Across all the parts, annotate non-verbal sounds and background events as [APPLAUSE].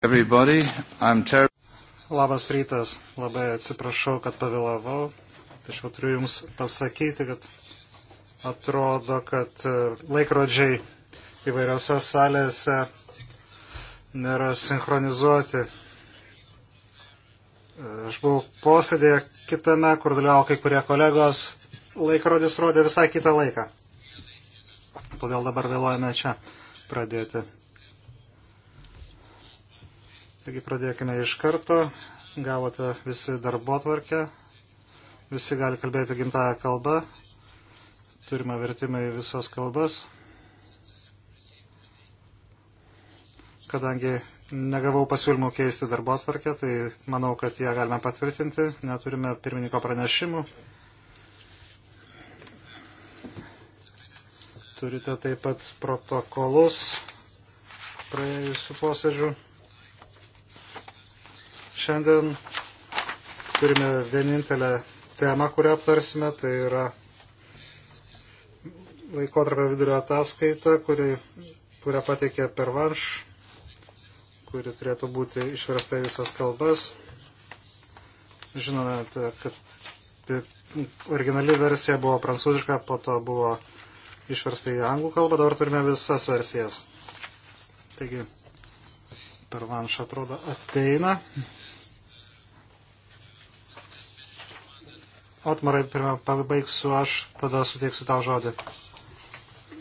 Everybody, I'm terrible. Labas rytas, labai atsiprašau, kad pavėlavau. Tačiau turiu Jums pasakyti, kad atrodo, kad e, laikrodžiai įvairiose salėse nėra sinchronizuoti. Aš buvau posėdėje kitame, kur dalyvavo kai kurie kolegos. Laikrodis rodė visai kitą laiką. Todėl dabar vėluojame čia pradėti. Taigi pradėkime iš karto. Gavote visi darbo tvarkę. Visi gali kalbėti gimtają kalbą. Turime vertimą į visas kalbas. Kadangi negavau pasiūlymų keisti darbo atvarkę, tai manau, kad ją galime patvirtinti. Neturime pirmininko pranešimų. Turite taip pat protokolus praėjusių posėdžių. Šiandien turime vienintelę temą, kurią aptarsime, tai yra laikotarpio vidurio ataskaita, kuri, kurią pateikė pervanš, kuri turėtų būti išversta visas kalbas. Žinome, kad originali versija buvo prancūziška, po to buvo išversta į anglų kalbą, dabar turime visas versijas. Taigi, pervanš atrodo ateina. Otmarai, pirmą pabaigsiu aš, tada suteiksiu tau žodį.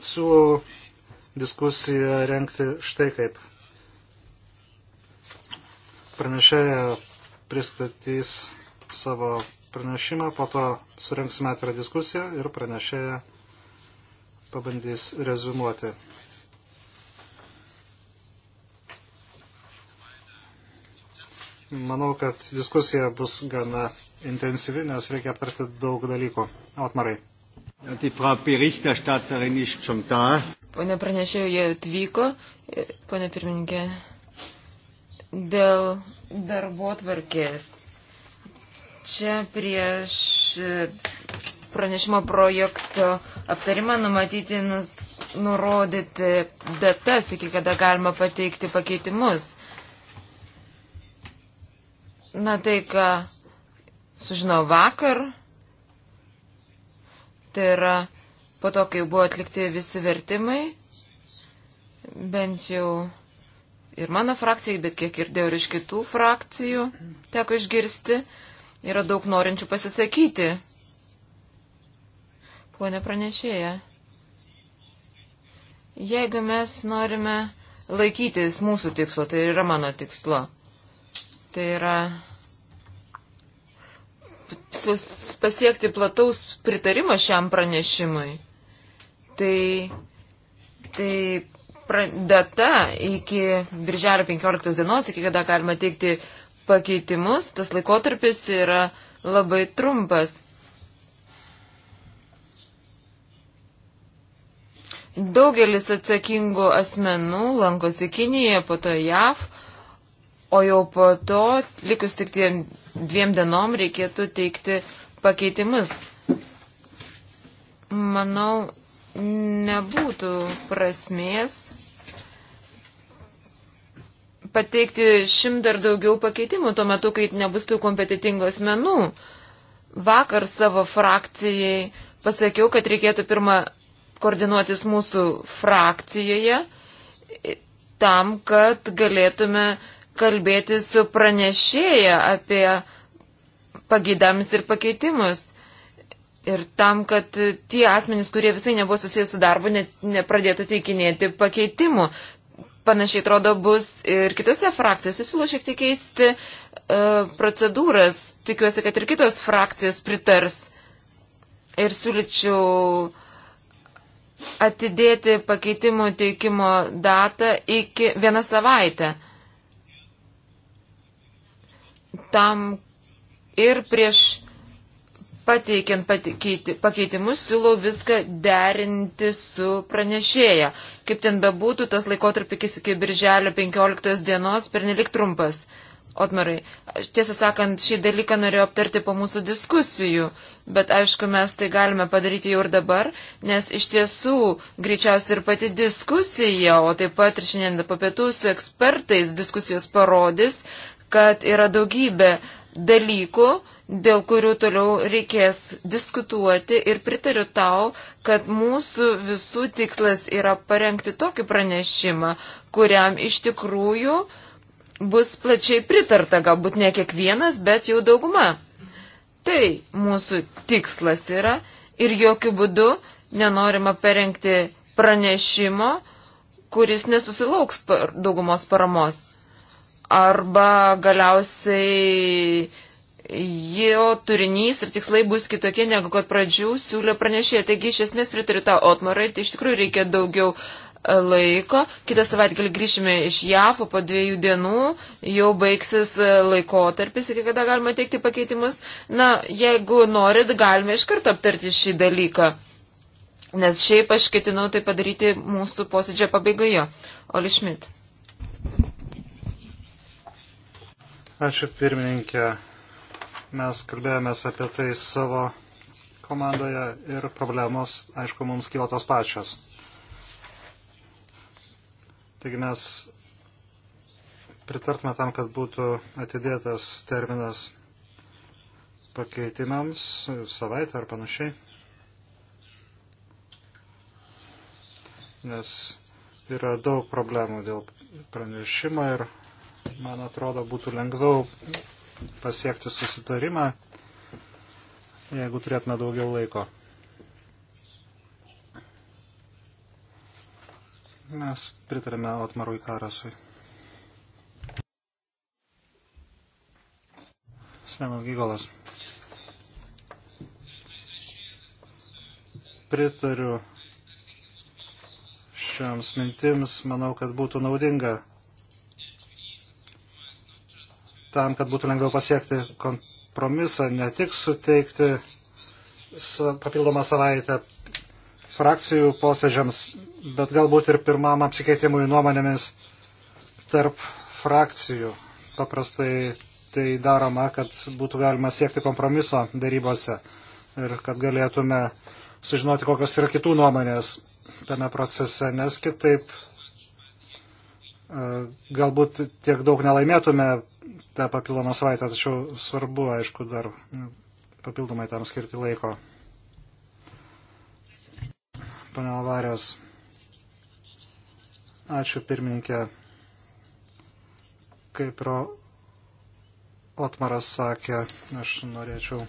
Siūlau diskusiją renkti štai kaip. Pranešėja pristatys savo pranešimą, po to surinksime atvirą diskusiją ir pranešėja pabandys rezumuoti. Manau, kad diskusija bus gana intensyvi, nes reikia aptarti daug dalykų. Otmarai. Pone pranešėjau, jie atvyko, pone pirmininkė, dėl darbo tvarkės. Čia prieš e, pranešimo projekto aptarimą numatyti, nus, nurodyti datas, iki kada galima pateikti pakeitimus. Na tai, ką sužinau vakar, tai yra po to, kai buvo atlikti visi vertimai, bent jau ir mano frakcijai, bet kiek ir dėl ir iš kitų frakcijų teko išgirsti, yra daug norinčių pasisakyti. Pone pranešėja, jeigu mes norime laikytis mūsų tikslo, tai yra mano tikslo, tai yra sus, pasiekti plataus pritarimo šiam pranešimui, tai, tai pra, data iki birželio 15 dienos, iki kada galima teikti pakeitimus, tas laikotarpis yra labai trumpas. Daugelis atsakingų asmenų lankosi Kinijoje, po to JAV o jau po to, likus tik tiem dviem dienom, reikėtų teikti pakeitimus. Manau, nebūtų prasmės pateikti šimt ar daugiau pakeitimų tuo metu, kai nebus tų kompetitingų asmenų. Vakar savo frakcijai pasakiau, kad reikėtų pirmą koordinuotis mūsų frakcijoje tam, kad galėtume uh, kalbėti su pranešėja apie pagydams ir pakeitimus. Ir tam, kad tie asmenys, kurie visai nebuvo susijęs su darbu, net, nepradėtų teikinėti pakeitimų. Panašiai atrodo bus ir kitose frakcijose. Siūlau šiek tiek keisti uh, procedūras. Tikiuosi, kad ir kitos frakcijos pritars. Ir siūlyčiau atidėti pakeitimų teikimo datą iki vieną savaitę tam ir prieš pateikiant pakeitimus siūlau viską derinti su pranešėja. Kaip ten bebūtų, tas laikotarpis iki birželio 15 dienos pernelik trumpas. Otmarai, aš tiesą sakant, šį dalyką norėjau aptarti po mūsų diskusijų, bet aišku, mes tai galime padaryti jau ir dabar, nes iš tiesų greičiausiai ir pati diskusija, o taip pat ir šiandien po pietų su ekspertais diskusijos parodys, kad yra daugybė dalykų, dėl kurių toliau reikės diskutuoti ir pritariu tau, kad mūsų visų tikslas yra parengti tokį pranešimą, kuriam iš tikrųjų bus plačiai pritarta, galbūt ne kiekvienas, bet jau dauguma. Tai mūsų tikslas yra ir jokių būdų nenorima parengti pranešimo, kuris nesusilauks daugumos paramos arba galiausiai jo turinys ir tikslai bus kitokie, negu kad pradžių siūlė pranešėja. Taigi iš esmės pritariu tą Otmarai, tai iš tikrųjų reikia daugiau e, laiko. Kitą savaitgalį grįšime iš JAF, po dviejų dienų jau baigsis e, laikotarpis, iki kada galima teikti pakeitimus. Na, jeigu norit, galime iš karto aptarti šį dalyką. Nes šiaip aš ketinau tai padaryti mūsų posėdžio pabaigoje. Oli Šmit. Ačiū pirmininkė. Mes kalbėjomės apie tai savo komandoje ir problemos, aišku, mums kyla tos pačios. Taigi mes pritartume tam, kad būtų atidėtas terminas pakeitimams savaitę ar panašiai. Nes yra daug problemų dėl pranešimo ir man atrodo, būtų lengviau pasiekti susitarimą, jeigu turėtume daugiau laiko. Mes pritarėme Otmarui Karasui. Senas Gygolas. Pritariu šiams mintims, manau, kad būtų naudinga tam, kad būtų lengviau pasiekti kompromisą, ne tik suteikti papildomą savaitę frakcijų posėdžiams, bet galbūt ir pirmam apsikeitimui nuomonėmis tarp frakcijų. Paprastai tai daroma, kad būtų galima siekti kompromiso darybose ir kad galėtume sužinoti, kokios yra kitų nuomonės tame procese, nes kitaip e, galbūt tiek daug nelaimėtume tą papildomą savaitę, tačiau svarbu, aišku, dar papildomai tam skirti laiko. Pane Alvarijos, ačiū pirmininkė, kaip ir Otmaras sakė, aš norėčiau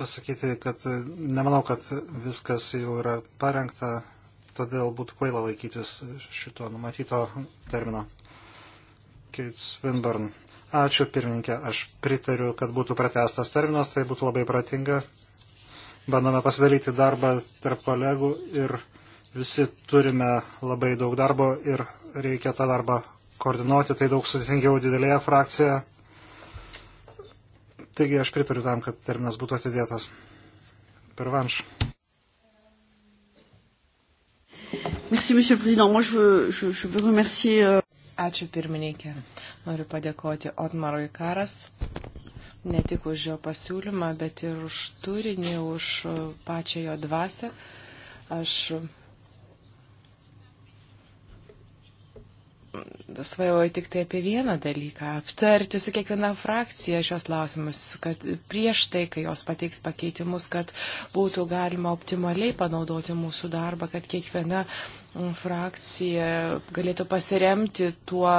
pasakyti, kad nemanau, kad viskas jau yra parengta todėl būtų kvaila laikytis šito numatyto termino. Kate Swinburne. Ačiū pirmininkė, aš pritariu, kad būtų pratestas terminas, tai būtų labai pratinga. Bandome pasidalyti darbą tarp kolegų ir visi turime labai daug darbo ir reikia tą darbą koordinuoti, tai daug sudėtingiau didelėje frakcijoje. Taigi aš pritariu tam, kad terminas būtų atidėtas. Per vanš. Merci, Monsieur le Président. Moi, je, je, je veux remercier. Euh... Ačiū pirmininkė. Noriu padėkoti Otmarui Karas ne tik už jo pasiūlymą, bet ir už turinį, už uh, pačią jo dvasę. Aš mm, svajoju tik tai apie vieną dalyką - aptarti su kiekviena frakcija šios klausimus, kad prieš tai, kai jos pateiks pakeitimus, kad būtų galima optimaliai panaudoti mūsų darbą, kad kiekviena frakcija galėtų pasiremti tuo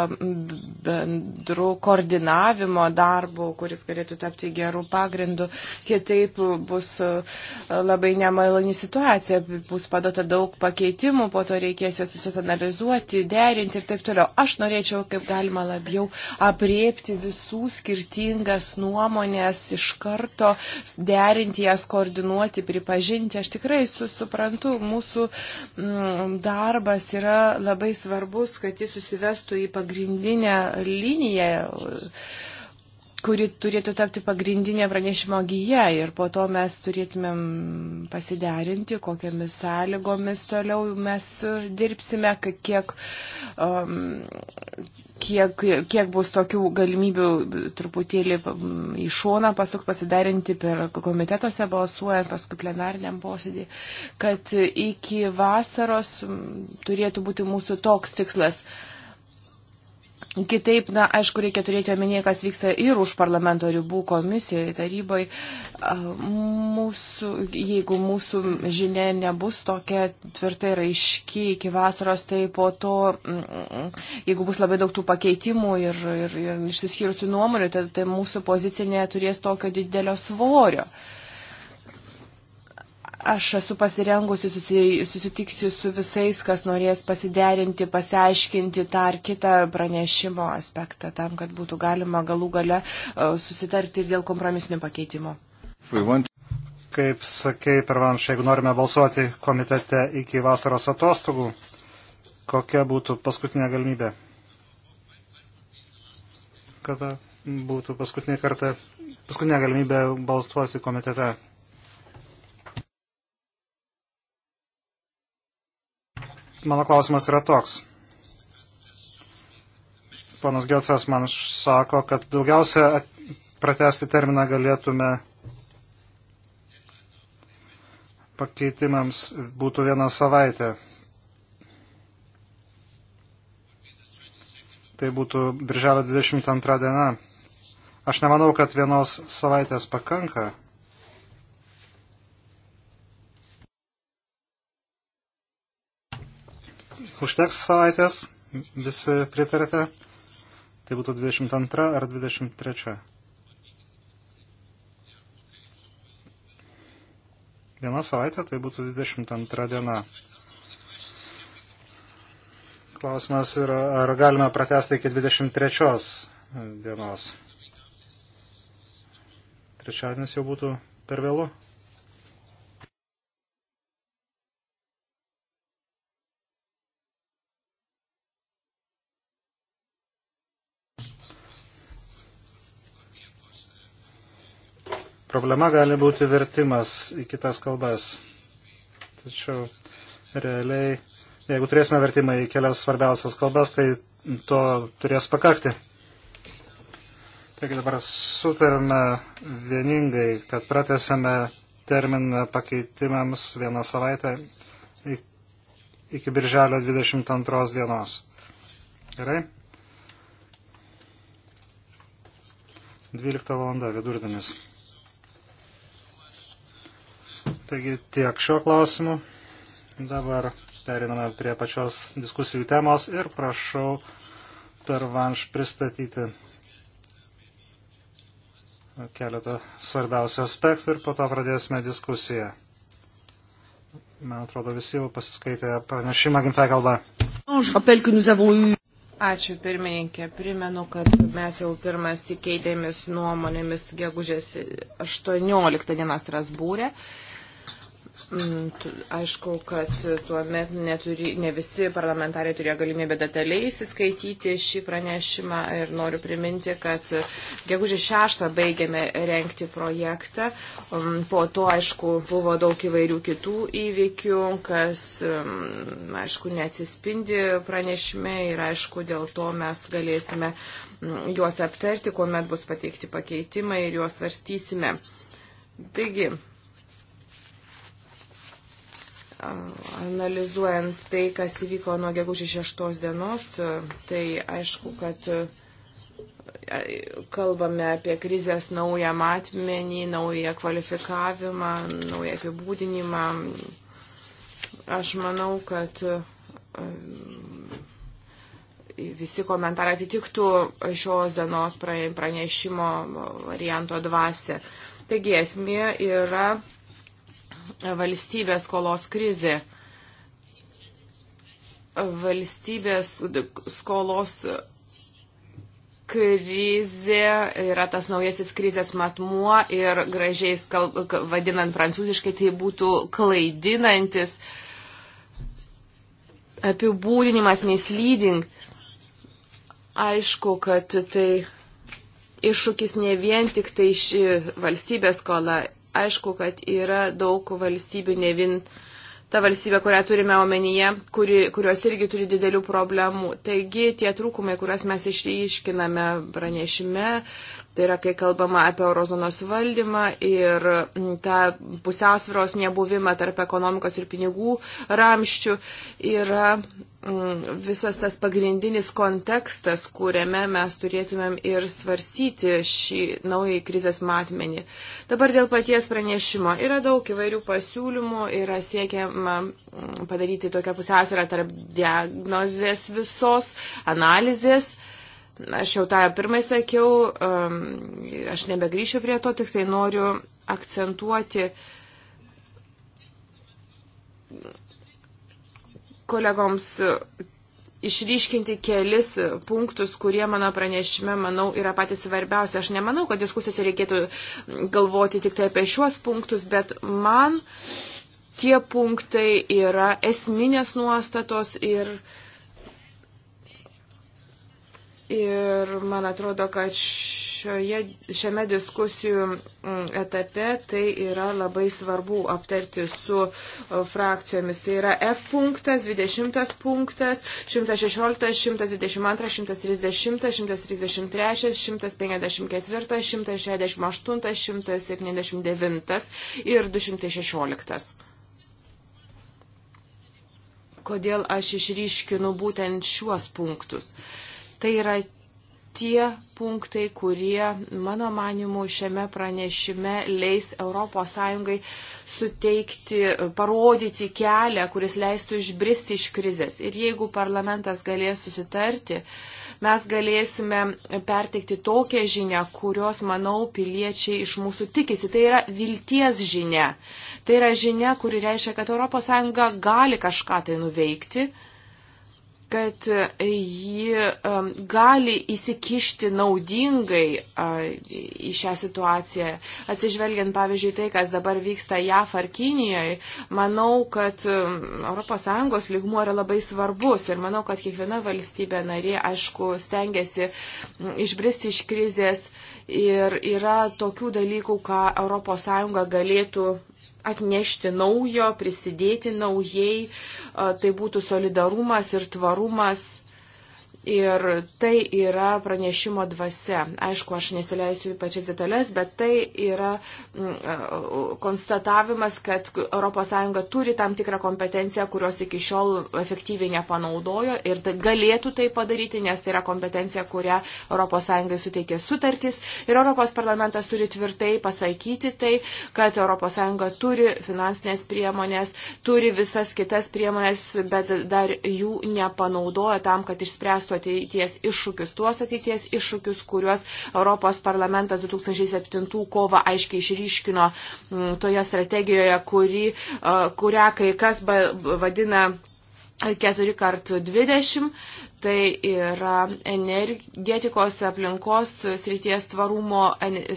bendru koordinavimo darbu, kuris galėtų tapti gerų pagrindų. Kitaip bus e, labai nemaloni situacija, bus padota daug pakeitimų, po to reikės juos visus analizuoti, derinti ir taip toliau. Aš norėčiau kaip galima labiau apriepti visų skirtingas nuomonės iš karto, derinti jas, koordinuoti, pripažinti. Aš tikrai su, suprantu mūsų mm, darbą darbas yra labai svarbus, kad jis susivestų į pagrindinę liniją kuri turėtų tapti pagrindinė pranešimo gyja ir po to mes turėtumėm pasiderinti, kokiamis sąlygomis toliau mes dirbsime, kiek um, kiek, kiek bus tokių galimybių truputėlį į šoną pasuk pasidarinti per komitetuose balsuojant, paskui plenariniam posėdį, kad iki vasaros turėtų būti mūsų toks tikslas. Uh, Kitaip, na, aišku, reikia turėti omenyje, kas vyksta ir už parlamento ribų komisijoje, taryboje. Mūsų, jeigu mūsų žinia nebus tokia tvirtai raiški iki vasaros, tai po to, mm, mm, jeigu bus labai daug tų pakeitimų ir, ir, ir išsiskyrusių nuomonių, tai, tai mūsų pozicija neturės tokio didelio svorio. Uh, Aš esu pasirengusi susitikti su visais, kas norės pasiderinti, pasiaiškinti tą ar kitą pranešimo aspektą, tam, kad būtų galima galų gale e, susitarti ir dėl kompromisinių pakeitimų. Kaip sakei, pervanš, jeigu norime balsuoti komitete iki vasaros atostogų, kokia būtų paskutinė galimybė? Kada būtų paskutinė kartą, paskutinė galimybė balsuoti komitete? mano klausimas yra toks. Panas Gelsas man sako, kad daugiausia pratesti terminą galėtume pakeitimams būtų viena savaitė. Tai būtų birželio 22 diena. Aš nemanau, kad vienos savaitės pakanka. užteks savaitės, visi pritarėte, tai būtų 22 ar 23. Viena savaitė, tai būtų 22 diena. Klausimas yra, ar galime pratesti iki 23 dienos. Trečiadienis jau būtų per vėlų. problema gali būti vertimas į kitas kalbas. Tačiau realiai, jeigu turėsime vertimą į kelias svarbiausias kalbas, tai to turės pakakti. Taigi dabar sutarime vieningai, kad pratesame terminą pakeitimams vieną savaitę iki birželio 22 dienos. Gerai? 12 val. vidurdienis. Taigi tiek šio klausimu. Dabar periname prie pačios diskusijų temos ir prašau per vanš pristatyti keletą svarbiausių aspektų ir po to pradėsime diskusiją. Man atrodo, visi jau pasiskaitė pranešimą gimtą kalbą. Ačiū pirmininkė. Primenu, kad mes jau pirmas įkeitėmis nuomonėmis gegužės 18 dienas Rasbūrė. E Mm, aišku, kad tuo metu neturi, ne visi parlamentarai turėjo galimybę detaliai įsiskaityti šį pranešimą ir noriu priminti, kad gegužė šeštą baigėme renkti projektą. Mm, po to, aišku, buvo daug įvairių kitų įvykių, kas, mm, aišku, neatsispindi pranešime ir, aišku, dėl to mes galėsime juos aptarti, kuomet bus pateikti pakeitimai ir juos svarstysime. Taigi, analizuojant tai, kas įvyko nuo gegužės 6 dienos, tai aišku, kad e, kalbame apie krizės naują matmenį, naują kvalifikavimą, naują apibūdinimą. Aš manau, kad e, visi komentarai atitiktų šios dienos pranešimo varianto dvasę. Taigi esmė yra valstybės skolos krizė. Valstybės skolos krizė yra tas naujasis krizės matmuo ir gražiai kalb, vadinant prancūziškai tai būtų klaidinantis apibūdinimas mislyding. Aišku, kad tai iššūkis ne vien tik tai ši valstybės skola Aišku, kad yra daug valstybių, ne vien ta valstybė, kurią turime omenyje, kuri, kurios irgi turi didelių problemų. Taigi tie trūkumai, kuriuos mes išryškiname pranešime, tai yra, kai kalbama apie eurozonos valdymą ir mm, tą pusiausvėros nebuvimą tarp ekonomikos ir pinigų ramščių, yra visas tas pagrindinis kontekstas, kuriame mes turėtumėm ir svarstyti šį naują krizės matmenį. Dabar dėl paties pranešimo. Yra daug įvairių pasiūlymų, yra siekiama mm, padaryti tokią pusiausvyrą tarp diagnozės visos, analizės. Aš jau tą pirmai sakiau, um, aš nebegrįšiu prie to, tik tai noriu akcentuoti uh, kolegoms išryškinti kelis punktus, kurie mano pranešime, manau, yra patys svarbiausia. Aš nemanau, kad diskusijose reikėtų galvoti tik tai apie šiuos punktus, bet man tie punktai yra esminės nuostatos ir uh, Ir man atrodo, kad šioje, šiame diskusijų mm, etape tai yra labai svarbu aptarti su e, frakcijomis. Tai yra F punktas, 20 punktas, 116, 122, 130, 133, 154, 168, 179 ir 216 kodėl aš išryškinu būtent šiuos punktus. Uh, Tai yra tie punktai, kurie, mano manimu, šiame pranešime leis ES suteikti, parodyti kelią, kuris leistų išbristi iš krizės. Ir jeigu parlamentas galės susitarti, mes galėsime perteikti tokią žinią, kurios, manau, piliečiai iš mūsų tikisi. Tai yra vilties žinia. Tai yra žinia, kuri reiškia, kad ES gali kažką tai nuveikti kad e, ji e, gali įsikišti naudingai e, į šią situaciją. Atsižvelgiant, pavyzdžiui, tai, kas dabar vyksta JAF ar Kinijoje, manau, kad ES lygmuo yra labai svarbus ir manau, kad kiekviena valstybė narė, aišku, stengiasi išbristi iš krizės ir yra tokių dalykų, ką ES galėtų atnešti naujo, prisidėti naujai, tai būtų solidarumas ir tvarumas Ir tai yra pranešimo dvasia. Aišku, aš nesileisiu į pačias detalės, bet tai yra mm, konstatavimas, kad ES turi tam tikrą kompetenciją, kurios iki šiol efektyviai nepanaudojo ir galėtų tai padaryti, nes tai yra kompetencija, kurią ES suteikė sutartys. Ir ES parlamentas turi tvirtai pasakyti tai, kad ES turi finansinės priemonės, turi visas kitas priemonės, bet dar jų nepanaudoja tam, kad išspręstų mūsų ateities iššūkius, tuos ateities iššūkius, kuriuos Europos parlamentas 2007 kovo aiškiai išryškino mm, toje strategijoje, kuri, kurią kai kas vadina 4 kart 20, tai yra energetikos aplinkos srities tvarumo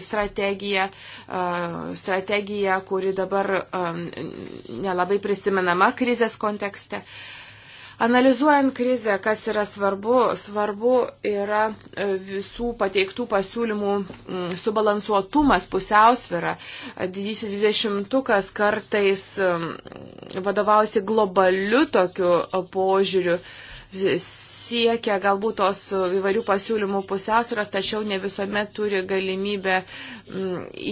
strategija, strategija, kuri dabar nelabai prisimenama krizės kontekste. Analizuojant krizę, kas yra svarbu, svarbu yra e, visų pateiktų pasiūlymų subalansuotumas, pusiausvėra. Didysis dvidešimtukas kartais vadovausi globaliu tokiu e, požiūriu siekia galbūt tos įvairių pasiūlymų pusiausvėros, tačiau ne visuomet turi galimybę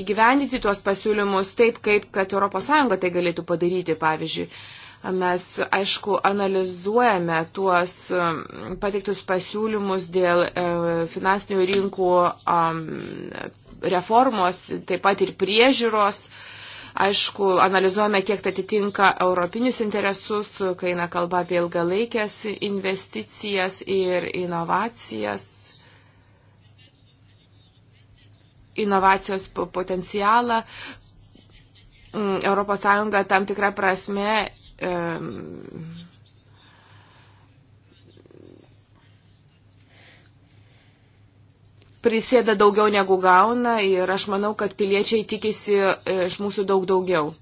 įgyvendyti tuos pasiūlymus taip, kaip kad ES tai galėtų padaryti, pavyzdžiui. Mes, aišku, analizuojame tuos um, pateiktus pasiūlymus dėl e, finansinių rinkų um, reformos, taip pat ir priežiūros aišku, analizuojame, kiek tai atitinka europinius interesus, kai eina kalba apie ilgalaikės investicijas ir inovacijas, inovacijos potencialą. Mm, ES tam tikrą prasme um, prisėda daugiau negu gauna ir aš manau, kad piliečiai tikisi e, iš mūsų daug daugiau.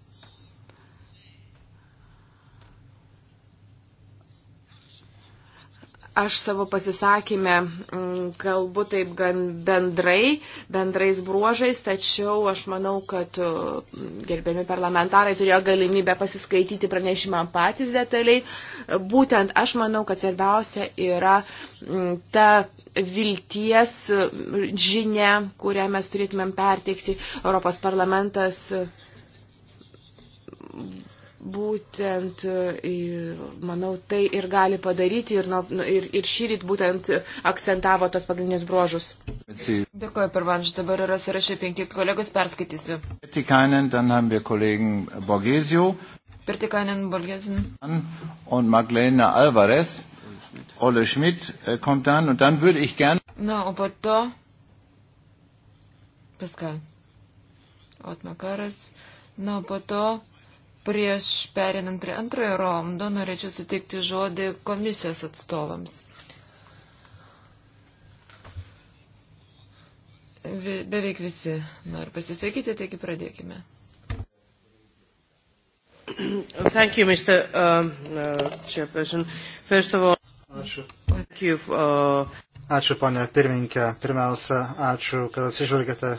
Aš savo pasisakymę mm, kalbu taip gan bendrai, bendrais bruožais, tačiau aš manau, kad mm, gerbiami parlamentarai turėjo galimybę pasiskaityti pranešimą patys detaliai. Būtent aš manau, kad svarbiausia yra mm, ta vilties žinia, kurią mes turėtumėm perteikti. Europos parlamentas būtent, e, manau, tai ir gali padaryti ir, nu, ir, ir šį rytą būtent akcentavo tos pagrindinius bruožus. Dėkuoju, Pervanš, dabar yra sąrašė penki kolegos, perskaitysiu. Pertikainen, dann haben wir Kollegen Borgesio. Pertikainen, Borgesin. Und Magdalena Alvarez, Ole Schmidt äh, kommt dann und dann würde ich gerne. Na, o po to. Pascal. Otmakaras. Na, o po to. Prieš perinant prie antrojo rondo, norėčiau suteikti žodį komisijos atstovams. Beveik visi nori pasisakyti, taigi pradėkime. Thank you, Mr. Um, uh, Chairperson. First of all, ačiū. Thank you, uh... Ačiū, ponė pirmininkė. Pirmiausia, ačiū, kad atsižvelgėte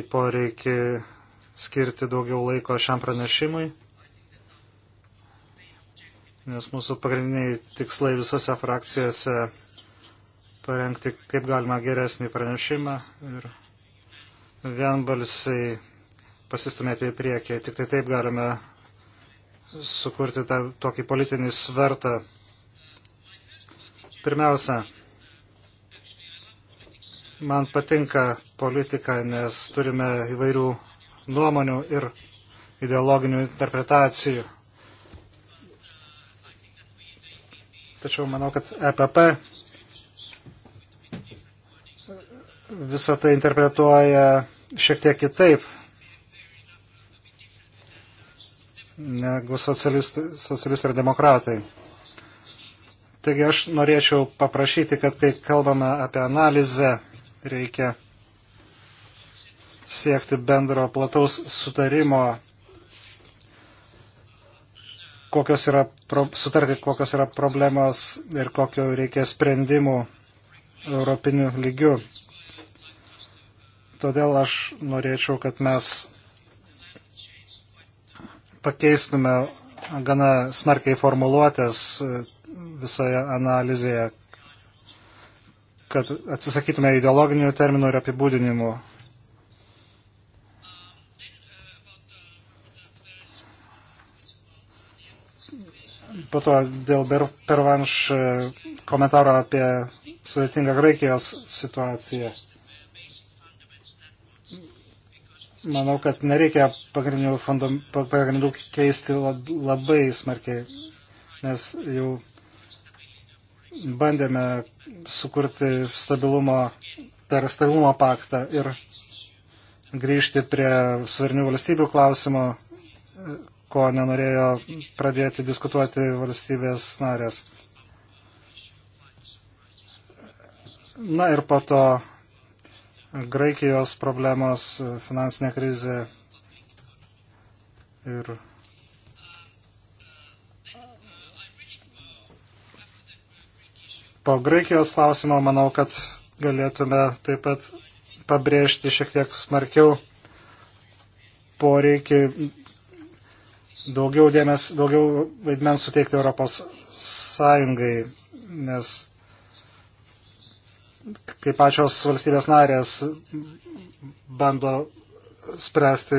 į poreikį skirti daugiau laiko šiam pranešimui nes mūsų pagrindiniai tikslai visose frakcijose parengti kaip galima geresnį pranešimą ir vienbalsiai pasistumėti į priekį. Tik tai taip galime sukurti tą, tokį politinį svertą. Pirmiausia, man patinka politika, nes turime įvairių nuomonių ir ideologinių interpretacijų tačiau manau, kad EPP visą tai interpretuoja šiek tiek kitaip negu socialistai, socialistai ir demokratai. Taigi aš norėčiau paprašyti, kad kai kalbame apie analizę, reikia siekti bendro plataus sutarimo kokios yra, sutarti, kokios yra problemos ir kokio reikia sprendimų europinių lygių. Todėl aš norėčiau, kad mes pakeistume gana smarkiai formuluotės e, visoje analizėje, kad atsisakytume ideologinių terminų ir apibūdinimų po to dėl pervanš e, komentaro apie sudėtingą Graikijos situaciją. Manau, kad nereikia pagrindinių, fondom, pagrindų keisti labai smarkiai, nes jau bandėme sukurti stabilumo, per stabilumo paktą ir grįžti prie suverinių valstybių klausimo, ko nenorėjo pradėti diskutuoti valstybės narės. Na ir po to Graikijos problemos, finansinė krizė ir po Graikijos klausimo manau, kad galėtume taip pat pabrėžti šiek tiek smarkiau poreikį daugiau, dėmes, daugiau vaidmens suteikti Europos Sąjungai, nes kaip pačios valstybės narės bando spręsti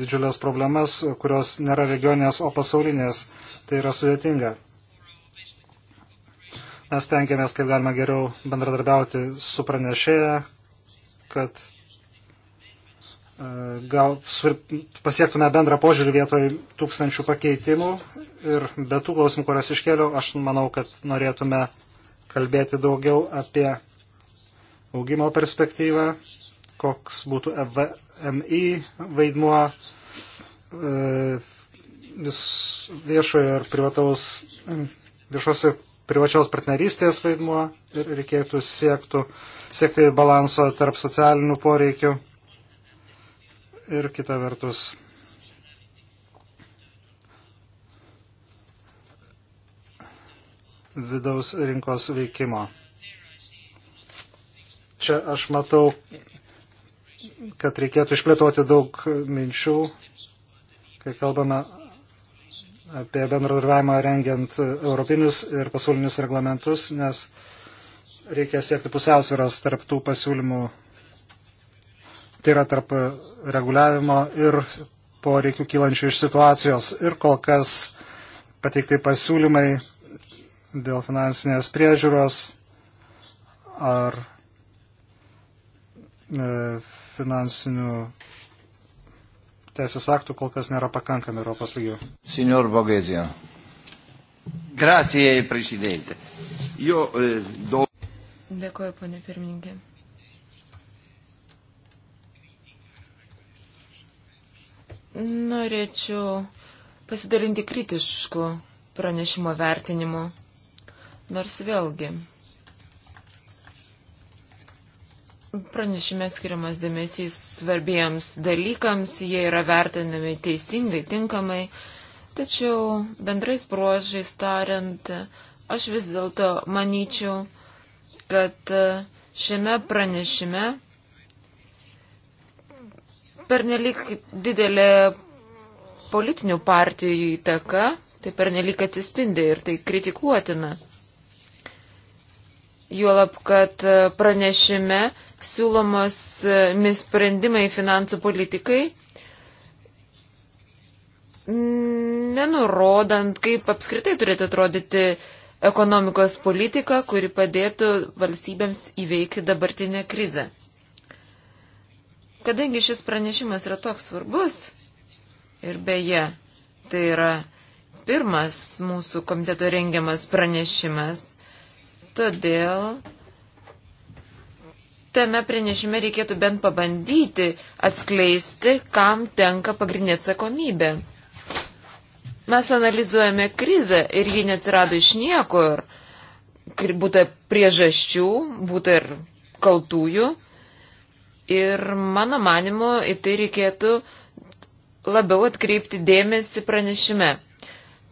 didžiulės problemas, kurios nėra regioninės, o pasaulinės, tai yra sudėtinga. Mes tenkėmės, kaip galima geriau bendradarbiauti su pranešėja, kad gal pasiektume bendrą požiūrį vietoj tūkstančių pakeitimų ir be tų klausimų, kurias iškėliau, aš manau, kad norėtume kalbėti daugiau apie augimo perspektyvą, koks būtų FMI vaidmuo e, vis viešojo ir privataus, viešos ir privačios partnerystės vaidmuo ir reikėtų siektų, siekti balanso tarp socialinių poreikių ir kita vertus vidaus rinkos veikimo. Čia aš matau, kad reikėtų išplėtoti daug minčių, kai kalbame apie bendradarbiavimą rengiant europinius ir pasaulinius reglamentus, nes reikia siekti pusiausvėros tarp tų pasiūlymų tai yra tarp reguliavimo ir poreikių kylančių iš situacijos. Ir kol kas pateikti pasiūlymai dėl finansinės priežiūros ar e, finansinių teisės aktų kol kas nėra pakankami Europos lygių. Signor Bogezio. Grazie, prezidente. Jo, eh, do... Dėkuoju, ponė pirmininkė. Norėčiau pasidalinti kritišku pranešimo vertinimu. Nors vėlgi. Pranešime skiriamas dėmesys svarbiems dalykams, jie yra vertinami teisingai, tinkamai, tačiau bendrais bruožais tariant, aš vis dėlto manyčiau, kad šiame pranešime pernelik didelė politinių partijų įtaka, tai pernelik atsispindi ir tai kritikuotina. Juolab, kad e, pranešime siūlomos e, misprendimai finansų politikai, nenurodant, kaip apskritai turėtų atrodyti ekonomikos politika, kuri padėtų valstybėms įveikti dabartinę krizę. Kadangi šis pranešimas yra toks svarbus ir beje, tai yra pirmas mūsų komiteto rengiamas pranešimas, todėl tame pranešime reikėtų bent pabandyti atskleisti, kam tenka pagrindinė atsakomybė. Mes analizuojame krizę ir ji neatsirado iš niekur. Būta priežasčių, būta ir kaltųjų. Ir mano manimu, į tai reikėtų labiau atkreipti dėmesį pranešime.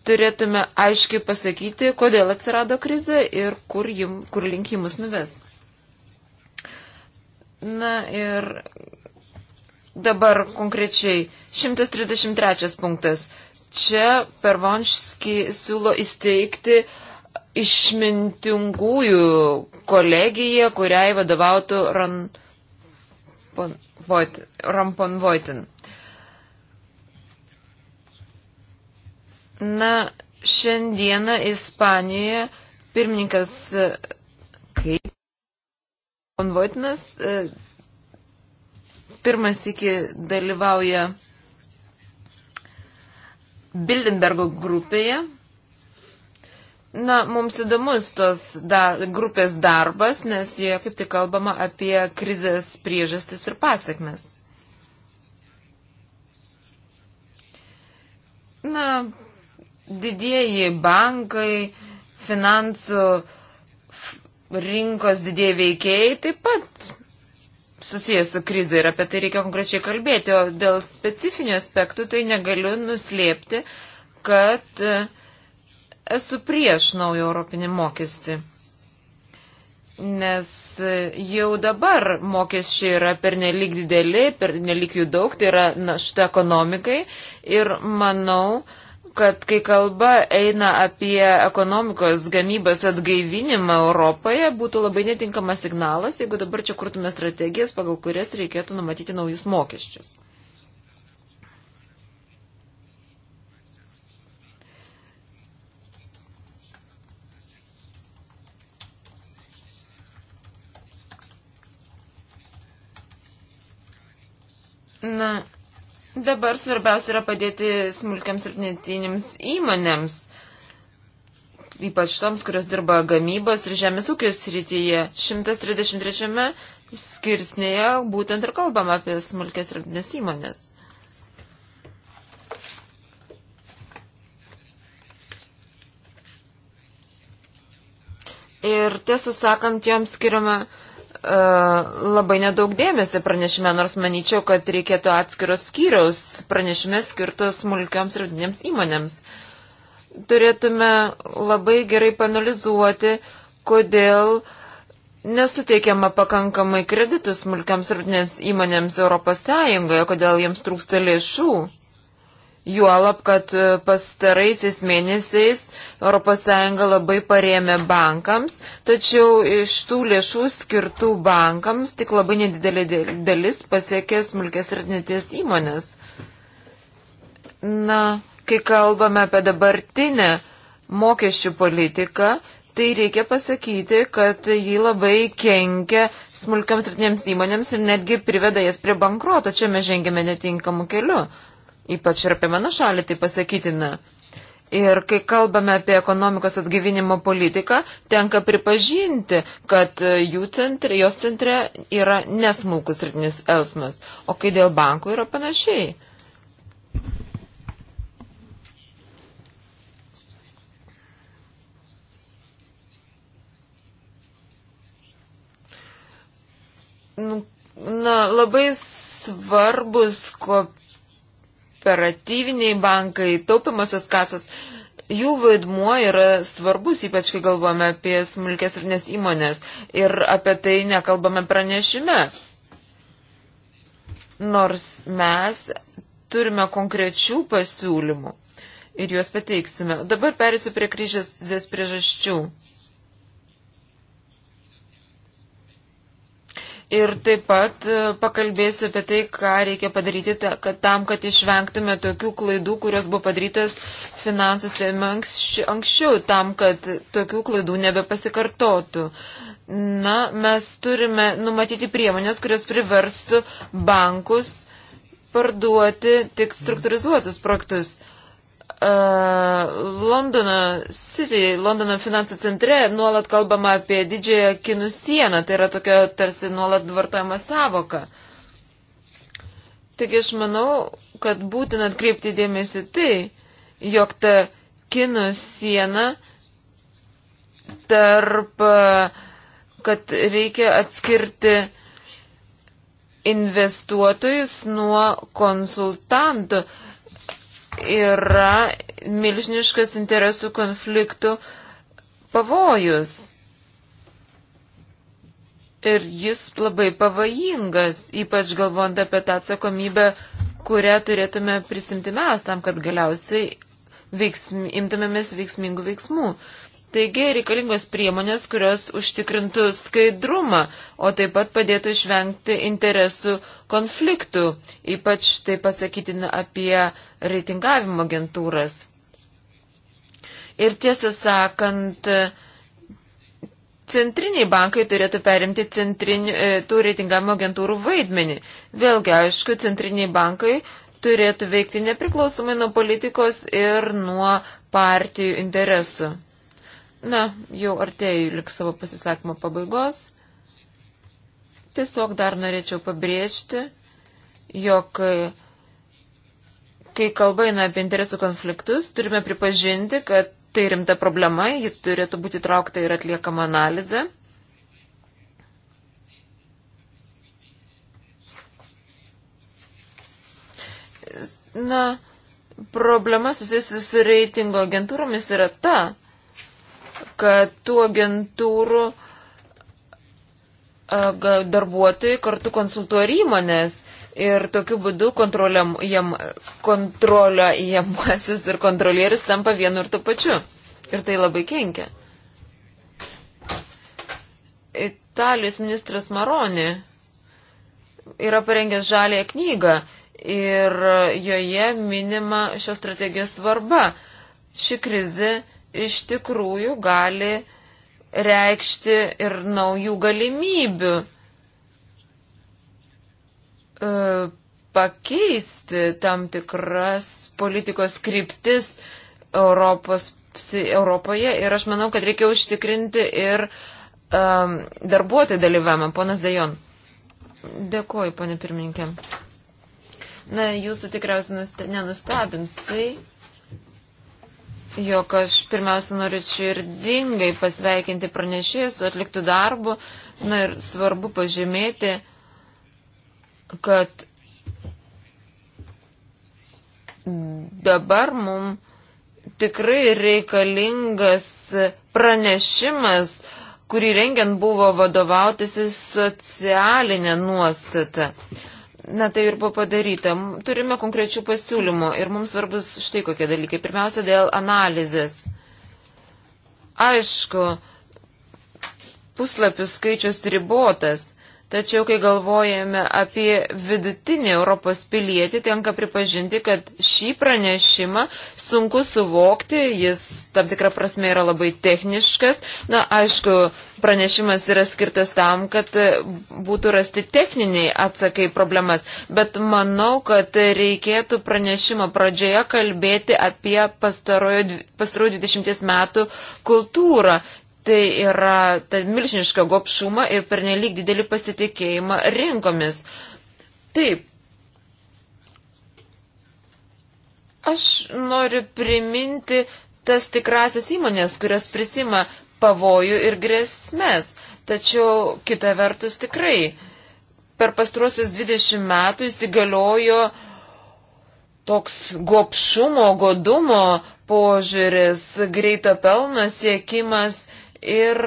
Turėtume aiškiai pasakyti, kodėl atsirado krizė ir kur, jim, kur link jį mus nuves. Na ir dabar konkrečiai 133 punktas. Čia Pervonški siūlo įsteigti išmintingųjų kolegiją, kuriai vadovautų Ran. Rompon Voitin. Na, šiandieną Ispanijoje pirmininkas e, kaip Rompon Voitinas e, pirmas iki dalyvauja Bildenbergo grupėje Na, mums įdomus tos dar, grupės darbas, nes joje kaip tik kalbama apie krizės priežastis ir pasiekmes. Na, didieji bankai, finansų rinkos didieji veikėjai taip pat susijęs su krize ir apie tai reikia konkrečiai kalbėti, o dėl specifinių aspektų tai negaliu nuslėpti, kad uh, Esu prieš naują europinį mokestį, nes jau dabar mokesčiai yra pernelyg dideli, pernelyg jų daug, tai yra našta ekonomikai ir manau, kad kai kalba eina apie ekonomikos gamybos atgaivinimą Europoje, būtų labai netinkamas signalas, jeigu dabar čia kurtume strategijas, pagal kurias reikėtų numatyti naujus mokesčius. Na, dabar svarbiausia yra padėti smulkiams ir netinėms įmonėms, ypač toms, kurios dirba gamybos ir žemės ūkio srityje. 133 skirsnėje būtent ir kalbam apie smulkės ir netinės įmonės. Ir tiesą sakant, joms skiriama E, labai nedaug dėmesio pranešime, nors manyčiau, kad reikėtų atskiros skyriaus pranešime skirtos smulkioms ir vidinėms įmonėms. Turėtume labai gerai panalizuoti, kodėl nesuteikiama pakankamai kreditų smulkiams ir vidinėms įmonėms Europos Sąjungoje, kodėl jiems trūksta lėšų. Juolab, kad pastaraisiais mėnesiais uh, ES labai parėmė bankams, tačiau iš tų lėšų skirtų bankams tik labai nedidelė dalis pasiekė smulkės ir neties įmonės. Na, kai kalbame apie dabartinę mokesčių politiką, tai reikia pasakyti, kad jį labai kenkia smulkiams rytinėms įmonėms ir netgi priveda jas prie bankruoto. Čia mes žengėme netinkamų kelių. Ypač ir apie mano šalį tai pasakytina. Ir kai kalbame apie ekonomikos atgyvinimo politiką, tenka pripažinti, kad e, jų centre, jos centre yra nesmulkus rytinis elsmas, o kai dėl bankų yra panašiai. Nu, na, labai svarbus, ko kooperatyviniai bankai, taupimosios kasas, jų vaidmuo yra svarbus, ypač kai galvome apie smulkės ir nes įmonės ir apie tai nekalbame pranešime. Nors mes turime konkrečių pasiūlymų ir juos pateiksime. Dabar perėsiu prie kryžės priežasčių. ir taip pat e, pakalbėsiu apie tai, ką reikia padaryti kad tam, kad išvengtume tokių klaidų, kurios buvo padarytas finansuose anksčiau, tam, kad tokių klaidų nebepasikartotų. Na, mes turime numatyti priemonės, kurios priverstų bankus parduoti tik struktūrizuotus projektus uh, Londono City, Londono finansų centre nuolat kalbama apie didžiąją kinų sieną. Tai yra tokia tarsi nuolat vartojama savoka. Taigi aš manau, kad būtina atkreipti dėmesį tai, jog ta kinų siena tarp, uh, kad reikia atskirti investuotojus nuo konsultantų. Uh, yra milžiniškas interesų konfliktų pavojus. Ir jis labai pavojingas, ypač galvojant apie tą atsakomybę, kurią turėtume prisimti mes tam, kad galiausiai veiksm, imtumėmės veiksmingų veiksmų. Taigi reikalingos priemonės, kurios užtikrintų skaidrumą, o taip pat padėtų išvengti interesų konfliktų, ypač tai pasakytina apie uh, reitingavimo agentūras. Ir tiesą sakant, centriniai bankai turėtų perimti centrinių, e, tų reitingavimo agentūrų vaidmenį. Vėlgi, aišku, centriniai bankai turėtų veikti nepriklausomai nuo politikos ir nuo partijų interesų. Na, jau artėjau lik savo pasisakymo pabaigos. Tiesiog dar norėčiau pabrėžti, jog Kai kalba eina apie interesų konfliktus, turime pripažinti, kad tai rimta problema, ji turėtų būti traukta ir atliekama analizė. Na, problema susijusi su reitingo agentūromis yra ta, kad tų agentūrų darbuotojai kartu konsultuoja įmonės Ir tokiu būdu kontroliuojamasis ir kontrolierius tampa vienu ir tuo pačiu. Ir tai labai kenkia. Italijos ministras Maroni yra parengęs žalę knygą ir joje minima šios strategijos svarba. Ši krizi iš tikrųjų gali reikšti ir naujų galimybių E, pakeisti tam tikras politikos kryptis Europos, Europoje ir aš manau, kad reikia užtikrinti ir um, darbuotojų dalyvavimą. Ponas Dejon. Dėkuoju, ponė pirmininkė. Na, jūsų tikriausiai nuste, nenustebins tai, jog aš pirmiausia noriu širdingai pasveikinti pranešėjus su atliktų darbu. Na ir svarbu pažymėti, kad dabar mums tikrai reikalingas pranešimas, kurį rengiant buvo vadovautasi socialinė nuostata. Na tai ir buvo padaryta. Turime konkrečių pasiūlymų ir mums svarbus štai kokie dalykai. Pirmiausia, dėl analizės. Aišku, puslapių skaičius ribotas, Tačiau, kai galvojame apie vidutinį Europos pilietį, tenka pripažinti, kad šį pranešimą sunku suvokti, jis tam tikrą prasme yra labai techniškas. Na, aišku, pranešimas yra skirtas tam, kad būtų rasti techniniai atsakai problemas, bet manau, kad reikėtų pranešimo pradžioje kalbėti apie pastarojo 20 metų kultūrą tai yra ta milžiniška gopšuma ir pernelyg didelį pasitikėjimą rinkomis. Taip. Aš noriu priminti tas tikrasias įmonės, kurios prisima pavojų ir grėsmės. Tačiau kita vertus tikrai per pastruosius 20 metų įsigaliojo toks gopšumo, godumo požiūris, greito pelno siekimas Ir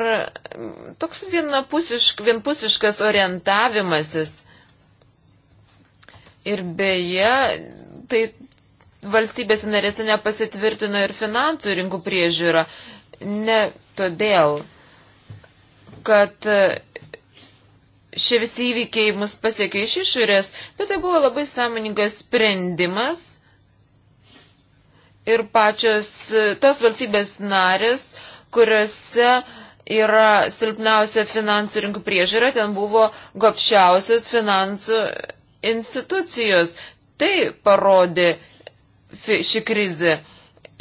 toks vienpusišk, vienpusiškas orientavimasis. Ir beje, tai valstybės narėse nepasitvirtino ir finansų rinkų priežiūra. Ne todėl, kad šie visi įvykiai mus pasiekė iš išorės, bet tai buvo labai sąmoningas sprendimas ir pačios tos valstybės narės kuriuose yra silpniausia finansų rinkų priežiūra, ten buvo gopšiausios finansų institucijos. Tai parodė ši krizė.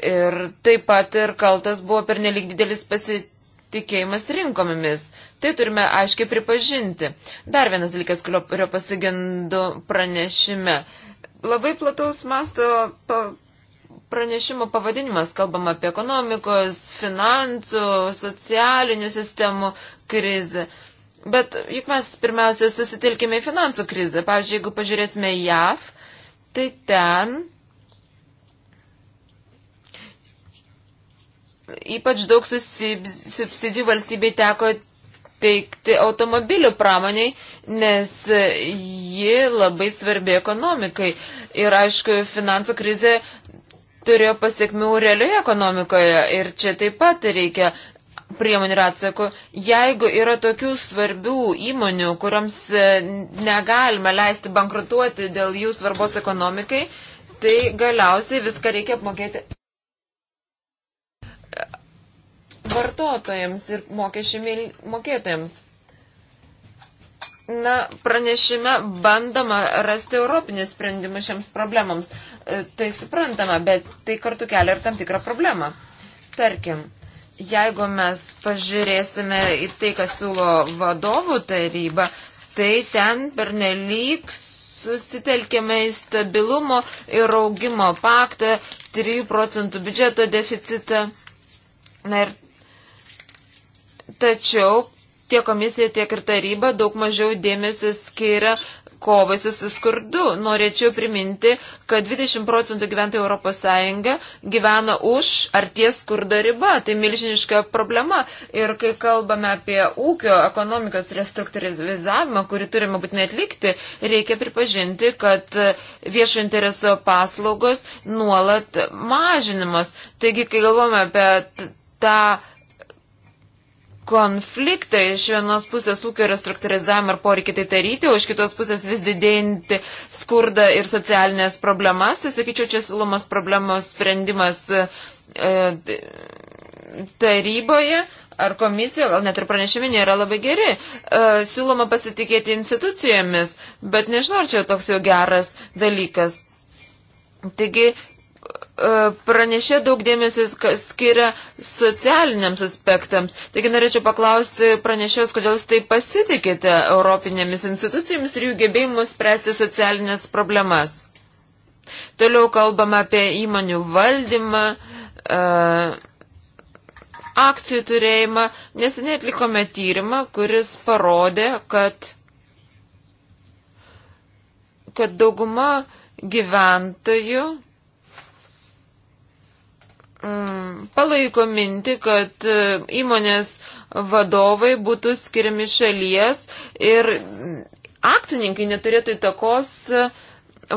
Ir taip pat ir kaltas buvo pernelik didelis pasitikėjimas rinkomis. Tai turime aiškiai pripažinti. Dar vienas dalykas, kurio pasigendu pranešime. Labai plataus masto pranešimo pavadinimas, kalbam apie ekonomikos, finansų, socialinių sistemų krizę. Bet juk mes pirmiausia susitelkime į finansų krizę. Pavyzdžiui, jeigu pažiūrėsime JAV, tai ten ypač daug subsidijų valstybei teko teikti automobilių pramoniai, nes ji labai svarbi ekonomikai. Ir aišku, finansų krizė turėjo pasiekmių realioje ekonomikoje ir čia taip pat reikia priemonių ir atsakų. Jeigu yra tokių svarbių įmonių, kuriams e, negalime leisti bankrutuoti dėl jų svarbos ekonomikai, tai galiausiai viską reikia apmokėti e, vartotojams ir mokesčių mokėtojams. Na, pranešime bandoma rasti europinį sprendimą šiams problemams. E, tai suprantama, bet tai kartu kelia ir tam tikrą problemą. Tarkim, jeigu mes pažiūrėsime į tai, kas siūlo vadovų taryba, tai ten pernelyg susitelkėme į stabilumo ir augimo paktą, 3 procentų biudžeto deficitą. Na ir tačiau tiek komisija, tiek ir taryba daug mažiau dėmesio skiria kovai su skurdu. Norėčiau priminti, kad 20 procentų gyventojų ES gyvena už ar ties skurdo riba. Tai milžiniška problema. Ir kai kalbame apie ūkio ekonomikos restruktūrizavimą, kurį turime būtinai atlikti, reikia pripažinti, kad viešo intereso paslaugos nuolat mažinimas. Taigi, kai galvome apie tą konfliktai iš vienos pusės ūkio restruktūrizavimą ir poreikį tai daryti, o iš kitos pusės vis didėjantį skurdą ir socialinės problemas. Tai sakyčiau, čia siūlomas problemos sprendimas e, taryboje ar komisijoje, gal net ir pranešimi nėra labai geri. E, siūloma pasitikėti institucijomis, bet nežinau, ar čia toks jau geras dalykas. Taigi E, pranešė daug dėmesio skiria socialiniams aspektams. Taigi norėčiau paklausti pranešėjus, kodėl jūs taip pasitikite Europinėmis institucijomis ir jų gebėjimu spręsti socialinės problemas. Toliau kalbame apie įmonių valdymą, e, akcijų turėjimą. Neseniai atlikome tyrimą, kuris parodė, kad, kad dauguma gyventojų Mm, palaiko minti, kad e, įmonės vadovai būtų skiriami šalies ir akcininkai neturėtų įtakos e,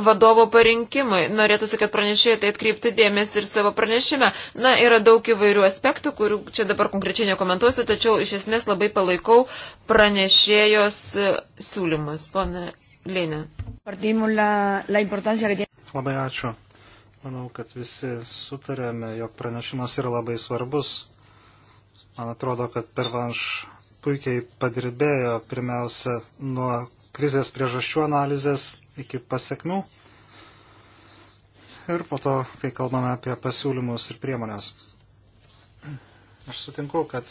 vadovo parinkimui. Norėtųsi, kad pranešėjai tai atkreiptų dėmesį ir savo pranešime. Na, yra daug įvairių aspektų, kurių čia dabar konkrečiai nekomentuosiu, tačiau iš esmės labai palaikau pranešėjos e, siūlymus. Pane Lėnė. Labai ačiū. Manau, kad visi sutarėme, jog pranešimas yra labai svarbus. Man atrodo, kad pervanš puikiai padirbėjo pirmiausia nuo krizės priežasčių analizės iki pasiekmių. Ir po to, kai kalbame apie pasiūlymus ir priemonės. Aš sutinku, kad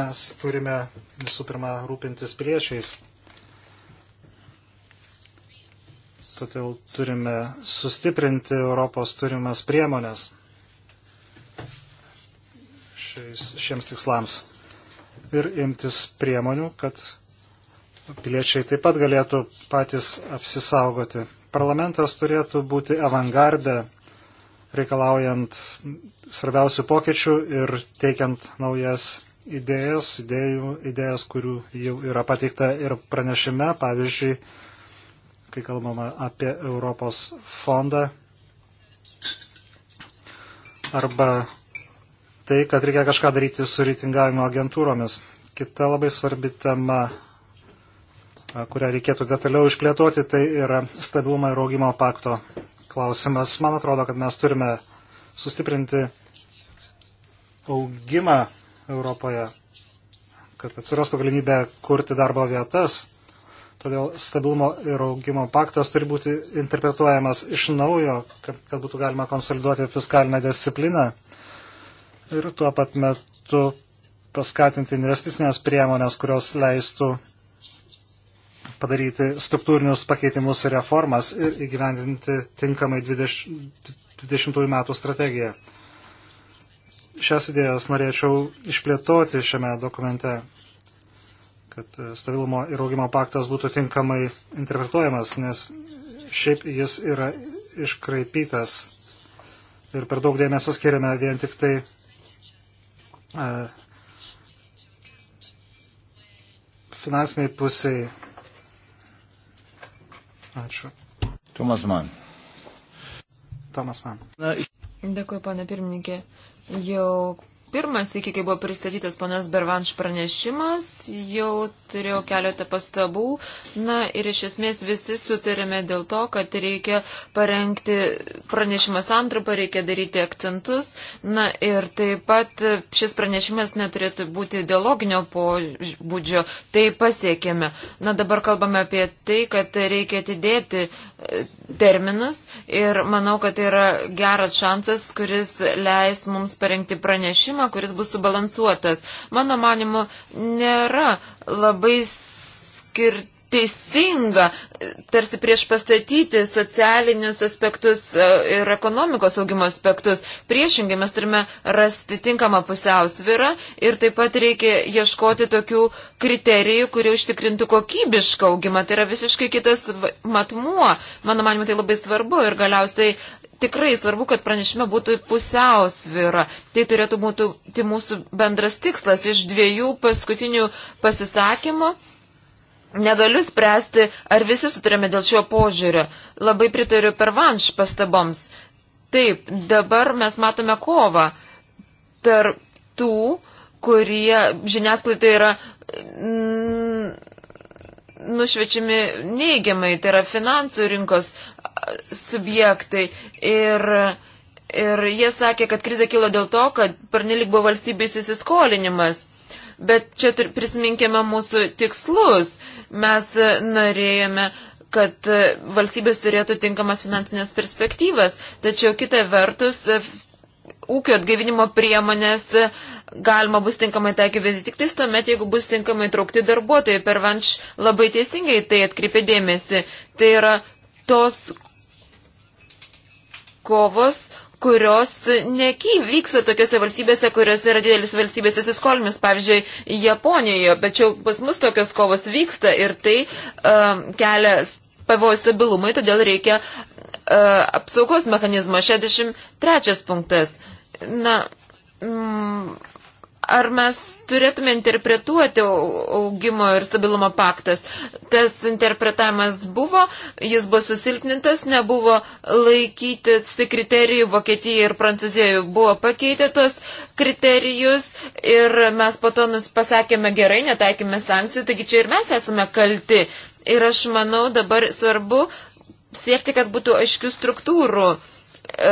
mes turime visų pirma rūpintis priešiais todėl turime sustiprinti Europos turimas priemonės šiais, šiems tikslams ir imtis priemonių, kad piliečiai taip pat galėtų patys apsisaugoti. Parlamentas turėtų būti avangardę, reikalaujant svarbiausių pokyčių ir teikiant naujas idėjas, idėjų, idėjas, kurių jau yra pateikta ir pranešime, pavyzdžiui, kai kalbama apie Europos fondą arba tai, kad reikia kažką daryti su reitingavimo agentūromis. Kita labai svarbi tema, kurią reikėtų detaliau išplėtoti, tai yra stabilumo ir augimo pakto klausimas. Man atrodo, kad mes turime sustiprinti augimą Europoje, kad atsirastų galimybė kurti darbo vietas Todėl stabilumo ir augimo paktas turi būti interpretuojamas iš naujo, kad, kad būtų galima konsoliduoti fiskalinę discipliną ir tuo pat metu paskatinti investicinės priemonės, kurios leistų padaryti struktūrinius pakeitimus ir reformas ir įgyvendinti tinkamai 20, 20 metų strategiją. Šias idėjas norėčiau išplėtoti šiame dokumente kad stabilumo ir augimo paktas būtų tinkamai interpretuojamas, nes šiaip jis yra iškraipytas ir per daug dėmesio skiriame vien tik tai e, finansiniai pusiai. Ačiū. Tomas man. Tomas man. Dėkui, pana pirmininkė. Jau pirmas, iki kai buvo pristatytas panas Bervanš pranešimas, jau turėjau keletą pastabų. Na ir iš esmės visi sutarėme dėl to, kad reikia parengti pranešimą santrupą, reikia daryti akcentus. Na ir taip pat šis pranešimas neturėtų būti dialoginio pobūdžio. Tai pasiekėme. Na dabar kalbame apie tai, kad reikia atidėti e, terminus ir manau, kad tai yra geras šansas, kuris leis mums parengti pranešimą pranešimą, kuris bus subalansuotas. Mano manimu, nėra labai skirti teisinga tarsi prieš pastatyti socialinius aspektus e, ir ekonomikos augimo aspektus. Priešingai mes turime rasti tinkamą pusiausvyrą ir taip pat reikia ieškoti tokių kriterijų, kurie užtikrintų kokybišką augimą. Tai yra visiškai kitas matmuo. Mano manimo, tai labai svarbu ir galiausiai tikrai svarbu, kad pranešime būtų pusiausvyra. Tai turėtų būti tai mūsų bendras tikslas iš dviejų paskutinių pasisakymų. Negaliu spręsti, ar visi sutarėme dėl šio požiūrio. Labai pritariu per vanš pastaboms. Taip, dabar mes matome kovą tarp tų, kurie žiniasklaidoje yra mm, nušvečiami neigiamai, tai yra finansų rinkos subjektai. Ir, ir jie sakė, kad krizė kilo dėl to, kad pernelik buvo valstybės įsiskolinimas. Bet čia prisiminkime mūsų tikslus. Mes norėjome kad valstybės turėtų tinkamas finansinės perspektyvas, tačiau kita vertus ūkio atgaivinimo priemonės galima bus tinkamai taikyti tik tais tuomet, jeigu bus tinkamai traukti darbuotojai. Per Vanš labai teisingai tai atkreipė dėmesį. Tai yra tos kovos, kurios vyksta tokiuose valstybėse, kuriuose yra didelis valstybės įsiskolinimas, pavyzdžiui, Japonijoje, tačiau pas mus tokios kovos vyksta ir tai um, kelia pavojų stabilumui, todėl reikia uh, apsaugos mechanizmo 63 punktas. Na, mm, ar mes turėtume interpretuoti augimo ir stabilumo paktas. Tas interpretavimas buvo, jis buvo susilpnintas, nebuvo laikyti kriterijų, Vokietija ir Prancūzija buvo pakeitę tos kriterijus ir mes po to pasakėme gerai, netaikėme sankcijų, taigi čia ir mes esame kalti. Ir aš manau dabar svarbu siekti, kad būtų aiškių struktūrų. E,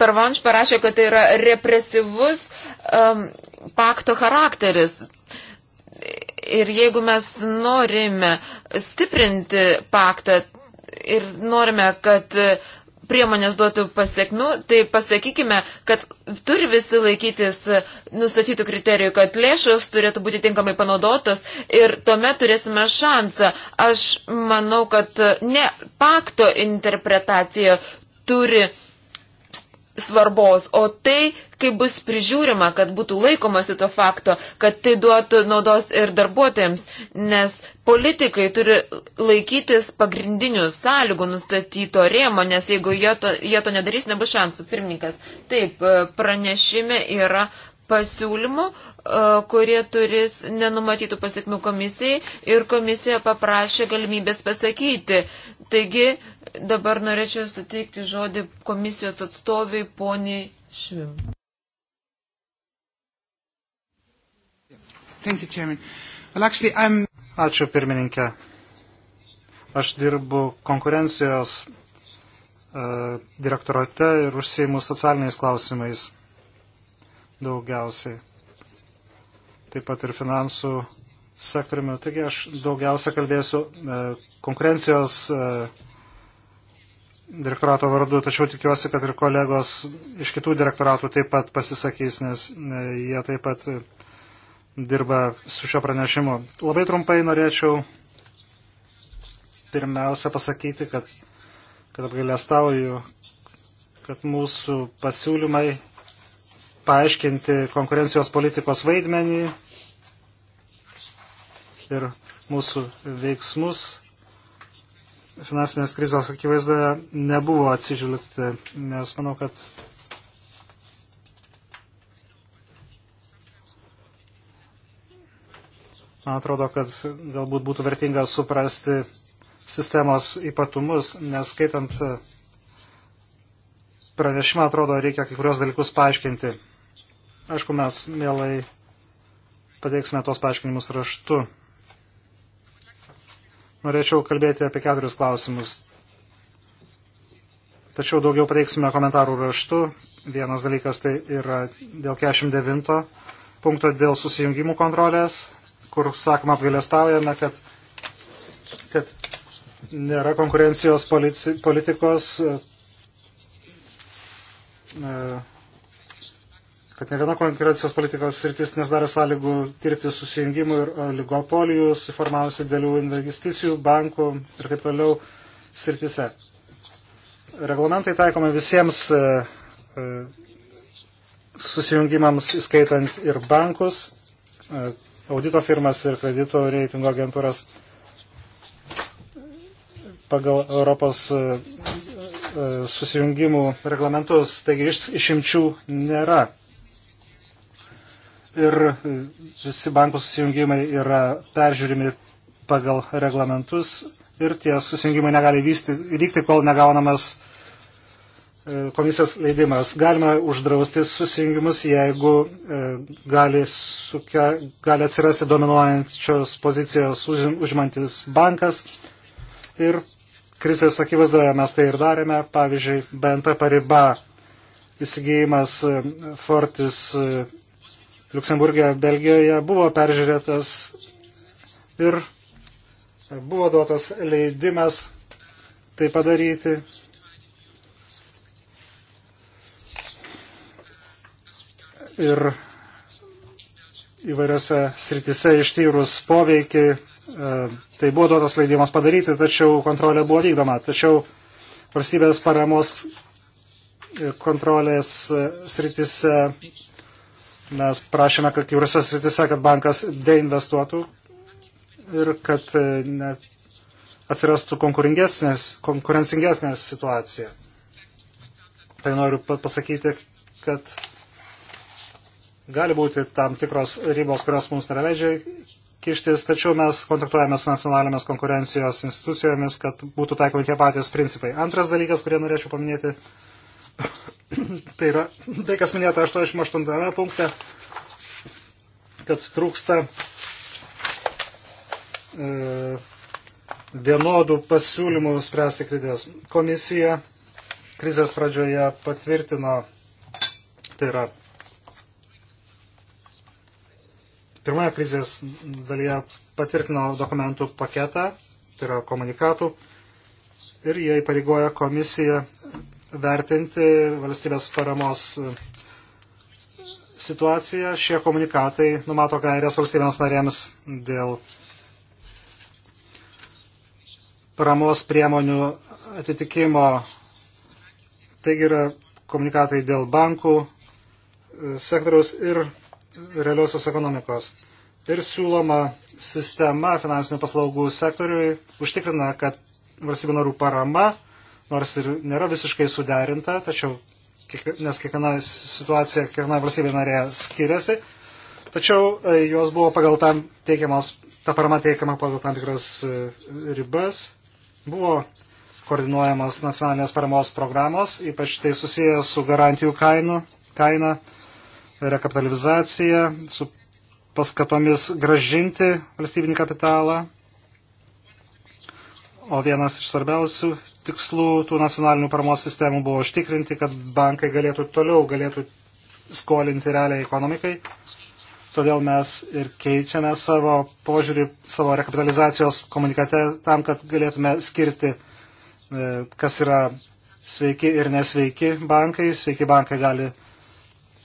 Pervanš parašė, kad tai yra represyvus um, pakto charakteris. Ir jeigu mes norime stiprinti paktą ir norime, kad priemonės duotų pasiekmių, tai pasakykime, kad turi visi laikytis nustatytų kriterijų, kad lėšos turėtų būti tinkamai panaudotos ir tuomet turėsime šansą. Aš manau, kad ne pakto interpretacija turi svarbos, o tai, kaip bus prižiūrima, kad būtų laikomasi to fakto, kad tai duotų naudos ir darbuotojams, nes politikai turi laikytis pagrindinių sąlygų nustatyto rėmo, nes jeigu jie to, jie to nedarys, nebus šansų. Pirmininkas, taip, e, pranešime yra pasiūlymų, e, kurie turis nenumatytų pasiekmių komisijai ir komisija paprašė galimybės pasakyti. Taigi dabar norėčiau suteikti žodį komisijos atstoviai poniai Švim. Thank you, Chairman. Well, actually, I'm... Ačiū pirmininkė. Aš dirbu konkurencijos uh, direktorate ir užsieimu socialiniais klausimais daugiausiai. Taip pat ir finansų sektoriumi. Taigi aš daugiausia kalbėsiu uh, konkurencijos uh, direktorato vardu, tačiau tikiuosi, kad ir kolegos iš kitų direktoratų taip pat pasisakys, nes jie taip pat dirba su šio pranešimu. Labai trumpai norėčiau pirmiausia pasakyti, kad, kad apgailestauju, kad mūsų pasiūlymai paaiškinti konkurencijos politikos vaidmenį ir mūsų veiksmus finansinės krizės akivaizdoje nebuvo atsižvelgti, nes manau, kad Man atrodo, kad galbūt būtų vertinga suprasti sistemos ypatumus, nes skaitant e, pranešimą, atrodo, reikia kai kurios dalykus paaiškinti. Aišku, mes mielai pateiksime tos paaiškinimus raštu. Norėčiau kalbėti apie keturis klausimus. Tačiau daugiau pateiksime komentarų raštu. Vienas dalykas tai yra dėl 49 punkto dėl susijungimų kontrolės kur sakoma apgailestaujame, kad, kad nėra konkurencijos polici, politikos, e, e, kad ne viena konkurencijos politikos sritis nesudarė sąlygų tirti susijungimų ir oligopolijų, suformavusi dėlių investicijų, bankų ir taip toliau sritise. Reglamentai taikomi visiems e, susijungimams, įskaitant ir bankus, audito firmas ir kredito reitingo agentūras pagal Europos e, e, susijungimų reglamentus, taigi išimčių nėra. Ir e, visi bankų susijungimai yra peržiūrimi pagal reglamentus ir tie susijungimai negali vykti, kol negaunamas uh, E, komisijos leidimas. Galima uždrausti susijungimus, jeigu e, gali, suke, gali atsirasti dominuojančios pozicijos užimantis bankas. Ir krizės akivaizdoje mes tai ir darėme. Pavyzdžiui, BNP pariba įsigijimas e, Fortis Luksemburgė, Belgijoje buvo peržiūrėtas ir buvo duotas leidimas tai padaryti ir įvairiose sritise ištyrus poveikį. E, tai buvo duotas leidimas padaryti, tačiau kontrolė buvo vykdoma. Tačiau valstybės paramos kontrolės e, sritise mes prašėme, kad įvairiose sritise, kad bankas deinvestuotų ir kad e, atsirastų konkurencingesnė situacija. Tai noriu pasakyti, kad Gali būti tam tikros ribos, kurios mums neleidžia kištis, tačiau mes kontaktuojame su nacionalinėmis konkurencijos institucijomis, kad būtų taikomi tie patys principai. Antras dalykas, kurį norėčiau paminėti, [COUGHS] tai yra tai, kas minėta 88 punkte, kad trūksta e, vienodų pasiūlymų spręsti krizės. Komisija krizės pradžioje patvirtino, tai yra pirmoje krizės dalyje patvirtino dokumentų paketą, tai yra komunikatų, ir jie įpareigoja komisiją vertinti valstybės paramos situaciją. Šie komunikatai numato gairias valstybėms narėms dėl paramos priemonių atitikimo. Taigi yra komunikatai dėl bankų e, sektoriaus ir realiosios ekonomikos. Ir siūloma sistema finansinių paslaugų sektoriui užtikrina, kad valstybių narų parama, nors ir nėra visiškai suderinta, tačiau, nes kiekviena situacija, kiekviena valstybė narė skiriasi, tačiau e, jos buvo pagal tam teikiamas, ta parama teikiama pagal tam tikras e, ribas, buvo koordinuojamos nacionalinės paramos programos, ypač tai susijęs su garantijų kainu, kaina rekapitalizacija su paskatomis gražinti valstybinį kapitalą. O vienas iš svarbiausių tikslų tų nacionalinių paramos sistemų buvo užtikrinti, kad bankai galėtų toliau galėtų skolinti realiai ekonomikai. Todėl mes ir keičiame savo požiūrį, savo rekapitalizacijos komunikate tam, kad galėtume skirti, e, kas yra sveiki ir nesveiki bankai. Sveiki bankai gali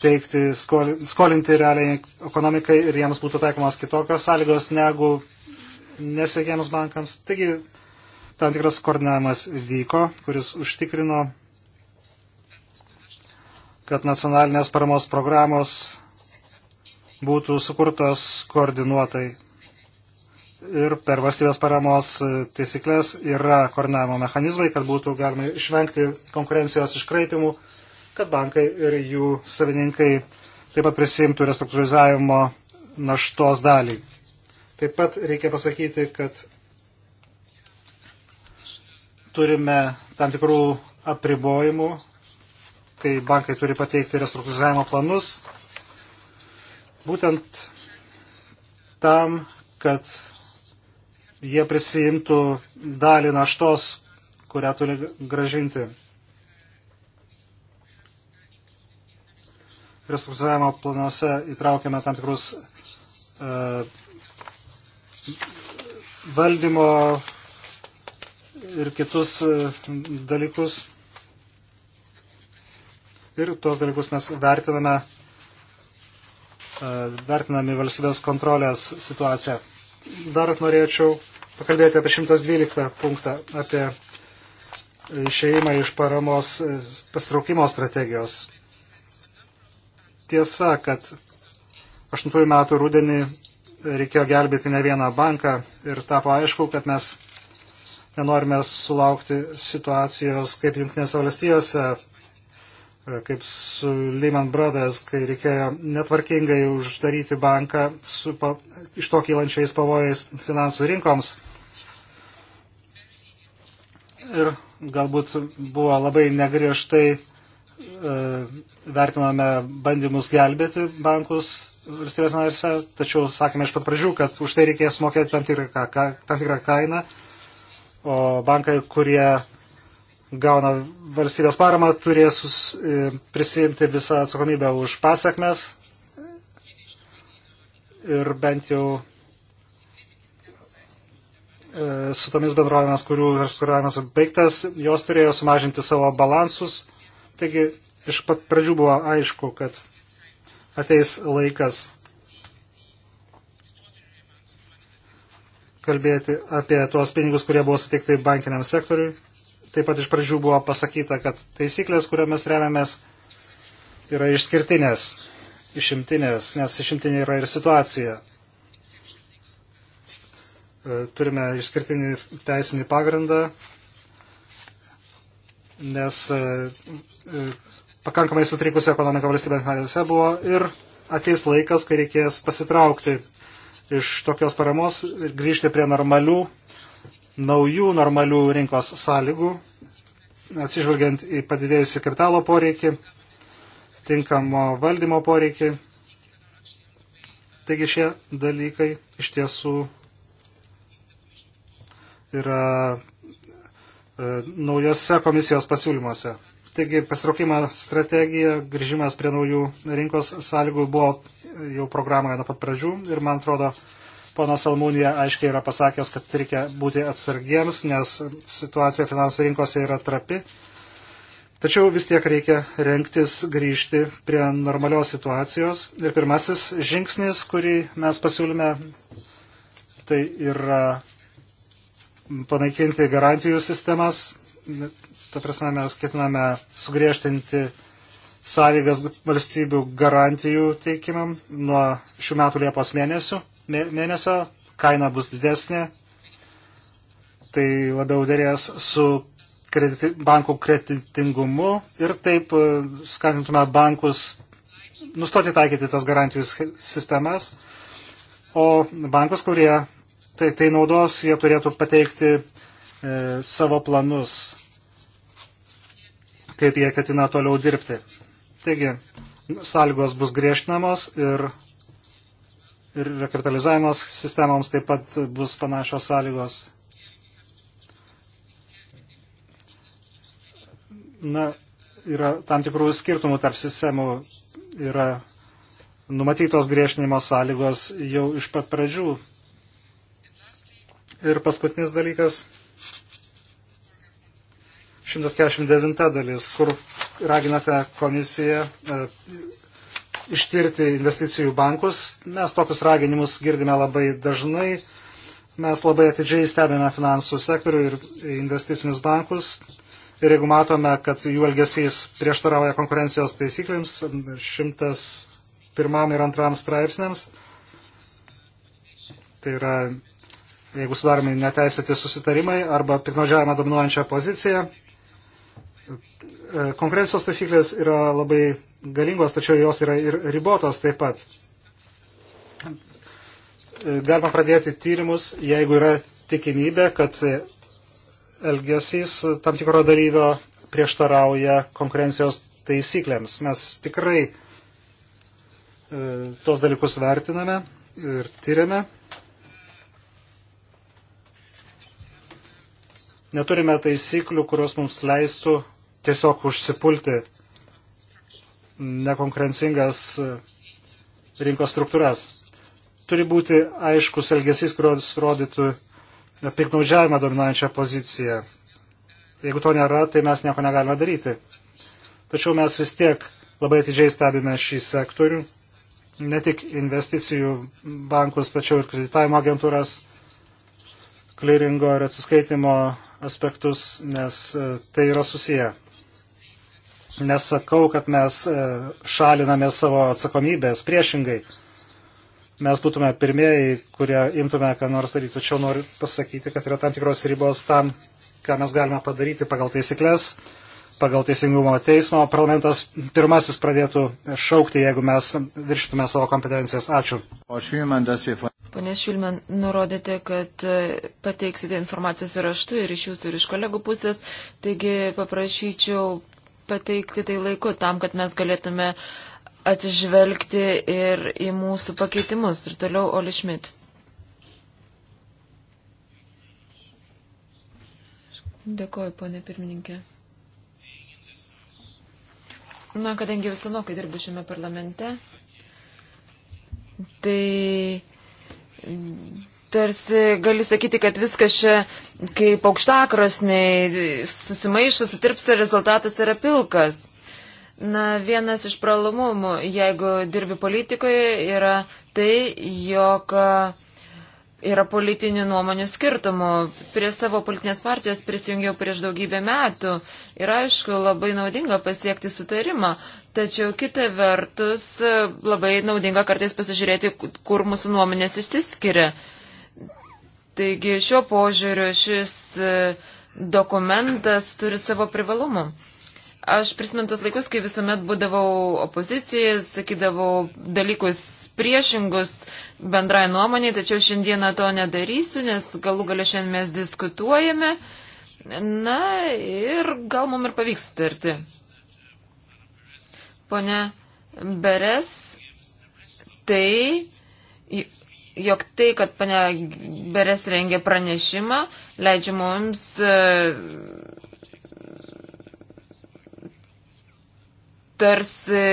teikti, skolinti realiai ekonomikai ir jiems būtų taikomos kitokios sąlygos negu nesveikiems bankams. Taigi tam tikras koordinavimas vyko, kuris užtikrino, kad nacionalinės paramos programos būtų sukurtos koordinuotai. Ir per valstybės paramos taisyklės yra koordinavimo mechanizmai, kad būtų galima išvengti konkurencijos iškraipimų kad bankai ir jų savininkai taip pat prisimtų restruktūrizavimo naštos dalį. Taip pat reikia pasakyti, kad turime tam tikrų apribojimų, kai bankai turi pateikti restruktūrizavimo planus, būtent tam, kad jie prisijimtų dalį naštos, kurią turi gražinti restruktūravimo planuose įtraukėme tam tikrus uh, valdymo ir kitus uh, dalykus. Ir tuos dalykus mes vertiname, uh, e, vertinami valstybės kontrolės situaciją. Dar norėčiau pakalbėti apie 112 punktą, apie išeimą iš paramos pasitraukimo strategijos tiesa, kad 8 metų rudenį reikėjo gelbėti ne vieną banką ir tapo aišku, kad mes nenorime sulaukti situacijos kaip Junktinėse valstijose, kaip su Lehman Brothers, kai reikėjo netvarkingai uždaryti banką su pa, iš to kylančiais pavojais finansų rinkoms. Ir galbūt buvo labai negriežtai E, vertiname bandymus gelbėti bankus valstybės narėse, tačiau sakėme iš pat pradžių, kad už tai reikės mokėti tam tikrą, ka, tam tikrą kainą, o bankai, kurie gauna valstybės paramą, turės e, prisimti visą atsakomybę už pasiekmes ir bent jau e, su tomis bendrovėmis, kurių restruktūravimas baigtas, jos turėjo sumažinti savo balansus. Taigi iš pat pradžių buvo aišku, kad ateis laikas kalbėti apie tuos pinigus, kurie buvo suteikti bankiniam sektoriui. Taip pat iš pradžių buvo pasakyta, kad taisyklės, kuriomis remiamės, yra išskirtinės, išimtinės, nes išimtinė yra ir situacija. E, turime išskirtinį teisinį pagrindą, nes e, e, pakankamai sutrikusi ekonomika valstybės narėse buvo ir ateis laikas, kai reikės pasitraukti iš tokios paramos ir grįžti prie normalių, naujų normalių rinkos sąlygų, atsižvelgiant į padidėjusi kapitalo poreikį, tinkamo valdymo poreikį. Taigi šie dalykai iš tiesų yra e, naujose komisijos pasiūlymuose. Taigi pasiraukimo strategija, grįžimas prie naujų rinkos sąlygų buvo jau programoje nuo pat pradžių ir man atrodo, ponas Almūnija aiškiai yra pasakęs, kad reikia būti atsargiems, nes situacija finansų rinkose yra trapi. Tačiau vis tiek reikia renktis grįžti prie normalios situacijos. Ir pirmasis žingsnis, kurį mes pasiūlėme, tai yra panaikinti garantijų sistemas, ta prasme mes ketiname sugriežtinti sąlygas valstybių garantijų teikimam nuo šių metų Liepos mėnesių, mėnesio, kaina bus didesnė, tai labiau dėrės su krediti, bankų kreditingumu ir taip e, skatintume bankus nustoti taikyti tas garantijų sistemas, o bankus, kurie tai, tai naudos, jie turėtų pateikti e, savo planus kaip jie ketina toliau dirbti. Taigi, sąlygos bus griežtinamos ir, ir rekapitalizavimas sistemoms taip pat bus panašios sąlygos. Na, yra tam tikrų skirtumų tarp sistemų. Yra numatytos griežtinimo sąlygos jau iš pat pradžių. Ir paskutinis dalykas 149 dalis, kur raginate komisiją e, ištirti investicijų bankus. Mes tokius raginimus girdime labai dažnai. Mes labai atidžiai stebime finansų sektorių ir investicinius bankus. Ir jeigu matome, kad jų elgesys prieštarauja konkurencijos taisyklėms, 101 ir 2 straipsniams, tai yra, jeigu sudaromi neteisėti susitarimai arba piknaudžiavimą dominuojančią poziciją, E, konkurencijos taisyklės yra labai galingos, tačiau jos yra ir ribotos taip pat. E, galima pradėti tyrimus, jeigu yra tikimybė, kad elgesys tam tikro dalyvio prieštarauja konkurencijos taisyklėms. Mes tikrai e, tuos dalykus vertiname ir tyriame. Neturime taisyklių, kurios mums leistų tiesiog užsipulti nekonkurencingas e, rinkos struktūras. Turi būti aiškus elgesys, kuris rodytų piknaudžiavimą dominuojančią poziciją. Jeigu to nėra, tai mes nieko negalime daryti. Tačiau mes vis tiek labai atidžiai stebime šį sektorių, ne tik investicijų bankus, tačiau ir kreditavimo agentūras, kliringo ir atsiskaitimo aspektus, nes e, tai yra susiję nesakau, kad mes e, šaliname savo atsakomybės, priešingai. Mes būtume pirmieji, kurie imtume, ką nors daryti. Tačiau noriu pasakyti, kad yra tam tikros ribos tam, ką mes galime padaryti pagal taisyklės, pagal teisingumo teismo. Parlamentas pirmasis pradėtų šaukti, jeigu mes viršytume savo kompetencijas. Ačiū. Pone Švilmen, nurodėte, kad e, pateiksite informacijos ir raštu ir iš jūsų ir iš kolegų pusės, taigi paprašyčiau pateikti tai laiku, tam, kad mes galėtume atsižvelgti ir į mūsų pakeitimus. Ir toliau Oli Šmit. Dėkoju, ponė pirmininkė. Na, kadangi visanokai dirbu šiame parlamente, tai tarsi gali sakyti, kad viskas čia kaip aukštakrosniai susimaišo, sutirpsta, rezultatas yra pilkas. Na, vienas iš pralumumų, jeigu dirbi politikoje, yra tai, jog yra politinių nuomonių skirtumų. Prie savo politinės partijos prisijungiau prieš daugybę metų ir aišku, labai naudinga pasiekti sutarimą. Tačiau kita vertus, labai naudinga kartais pasižiūrėti, kur mūsų nuomonės išsiskiria. Taigi šiuo požiūriu šis e, dokumentas turi savo privalumų. Aš prisimintus laikus, kai visuomet būdavau opozicijoje, sakydavau dalykus priešingus bendrai nuomonė, tačiau šiandieną to nedarysiu, nes galų galia šiandien mes diskutuojame. Na ir gal mums ir pavyks tarti. Pone Beres, tai jog tai, kad pane Beres rengė pranešimą, leidžia mums e, tarsi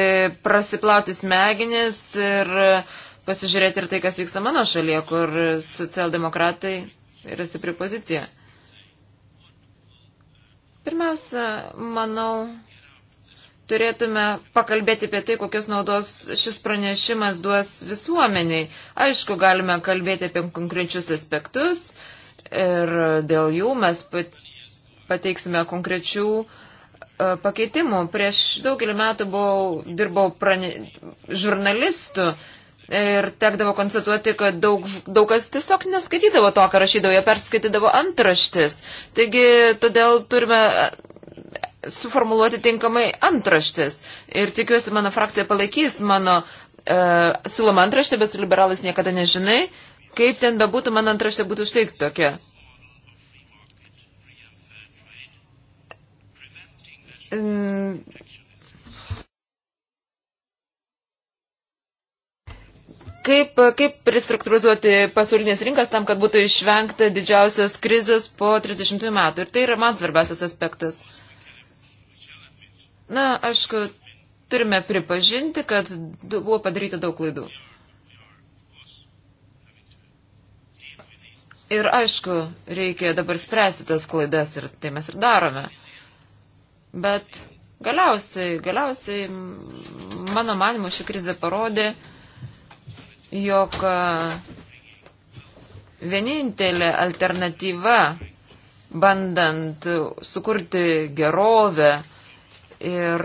prasiplauti smegenis ir pasižiūrėti ir tai, kas vyksta mano šalyje, kur socialdemokratai yra stipri pozicija. Pirmiausia, manau, turėtume pakalbėti apie tai, kokios naudos šis pranešimas duos visuomeniai. Aišku, galime kalbėti apie konkrečius aspektus ir dėl jų mes pateiksime konkrečių e, pakeitimų. Prieš daugelį metų buvau, dirbau prane, žurnalistu. Ir tekdavo konstatuoti, kad daug, daug kas tiesiog neskaitydavo to, ką rašydavo, jie perskaitydavo antraštis. Taigi, todėl turime suformuluoti tinkamai antraštės. Ir tikiuosi, mano frakcija palaikys mano e, siūlomą antraštę, bet su liberalais niekada nežinai, kaip ten bebūtų, mano antraštė būtų štai tokia. Mm. kaip, kaip pristruktūrizuoti pasaulinės rinkas tam, kad būtų išvengta didžiausios krizės po 30 metų. Ir tai yra man svarbiausias aspektas. Na, aišku, turime pripažinti, kad buvo padaryta daug klaidų. Ir aišku, reikia dabar spręsti tas klaidas ir tai mes ir darome. Bet galiausiai, galiausiai, mano manimo, ši krizė parodė, jog vienintelė alternatyva, bandant sukurti gerovę, ir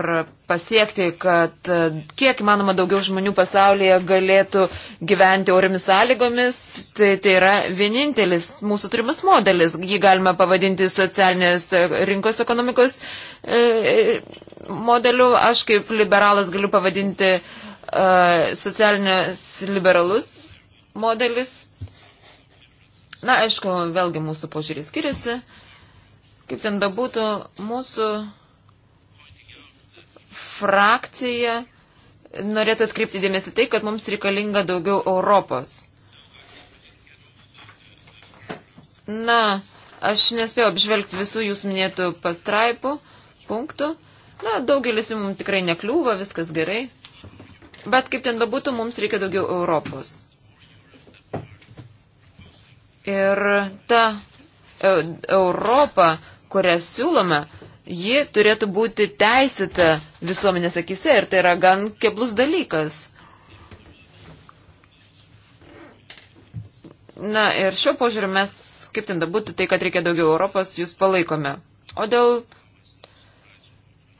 pasiekti, kad e, kiek manoma daugiau žmonių pasaulyje galėtų gyventi oriomis sąlygomis, tai, tai yra vienintelis mūsų turimas modelis. Jį galima pavadinti socialinės e, rinkos ekonomikos e, modeliu. Aš kaip liberalas galiu pavadinti socialinės liberalus modelis. Na, aišku, vėlgi mūsų požiūris skiriasi. Kaip ten bebūtų, mūsų frakcija norėtų atkreipti dėmesį tai, kad mums reikalinga daugiau Europos. Na, aš nespėjau apžvelgti visų jūs minėtų pastraipų, punktų. Na, daugelis jų mums tikrai nekliūva, viskas gerai. Bet kaip ten bebūtų, mums reikia daugiau Europos. Ir ta e, Europa, kurią siūlome, ji turėtų būti teisėta visuomenės akise ir tai yra gan keblus dalykas. Na ir šio požiūriu mes, kaip ten būtų, tai, kad reikia daugiau Europos, jūs palaikome. O dėl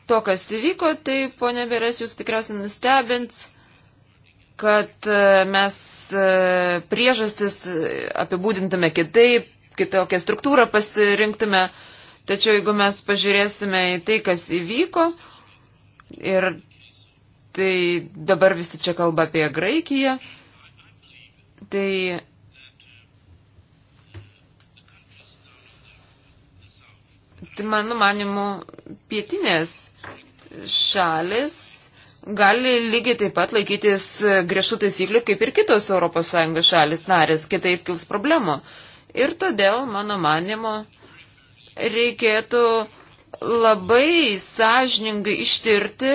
to, kas įvyko, tai ponė Beres jūs tikriausiai nustebins, kad e, mes e, priežastis e, apibūdintume kitaip, kitokią struktūrą pasirinktume. Uh, Tačiau jeigu mes pažiūrėsime į tai, kas įvyko, ir tai dabar visi čia kalba apie Graikiją, tai Tai mano manimu, pietinės šalis gali lygiai taip pat laikytis griežtų taisyklių kaip ir kitos ES šalis narės, kitaip kils problemų. Ir todėl, mano manimu, reikėtų labai sąžiningai ištirti,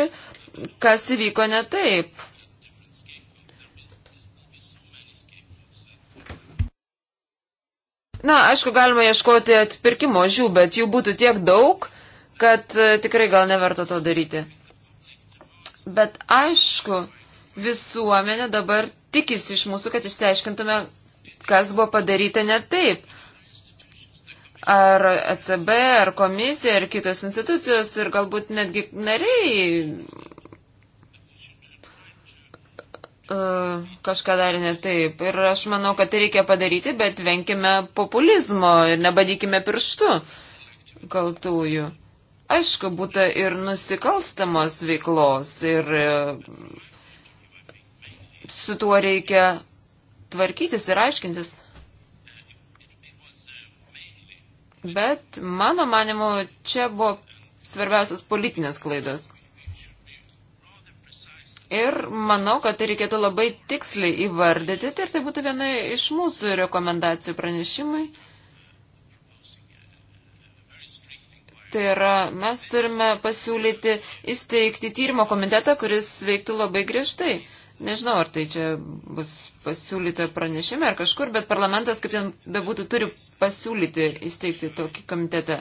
kas įvyko ne taip. Na, aišku, galima ieškoti atpirkimo žių, bet jų būtų tiek daug, kad e, tikrai gal neverta to daryti. Bet aišku, visuomenė dabar tikisi iš mūsų, kad išsiaiškintume, kas buvo padaryta ne taip ar ECB, ar komisija, ar kitos institucijos ir galbūt netgi nariai e, kažką darė ne taip. Ir aš manau, kad tai reikia padaryti, bet venkime populizmo ir nebadykime pirštu kaltųjų. Aišku, būtų ir nusikalstamos veiklos ir e, su tuo reikia tvarkytis ir aiškintis. Bet mano manimu, čia buvo svarbiausios politinės klaidos. Ir manau, kad tai reikėtų labai tiksliai įvardyti tai ir tai būtų viena iš mūsų rekomendacijų pranešimai. Tai yra, mes turime pasiūlyti įsteigti tyrimo komitetą, kuris veiktų labai griežtai. Nežinau, ar tai čia bus pasiūlyta pranešime ar kažkur, bet parlamentas, kaip ten bebūtų, turi pasiūlyti įsteigti tokį komitetą.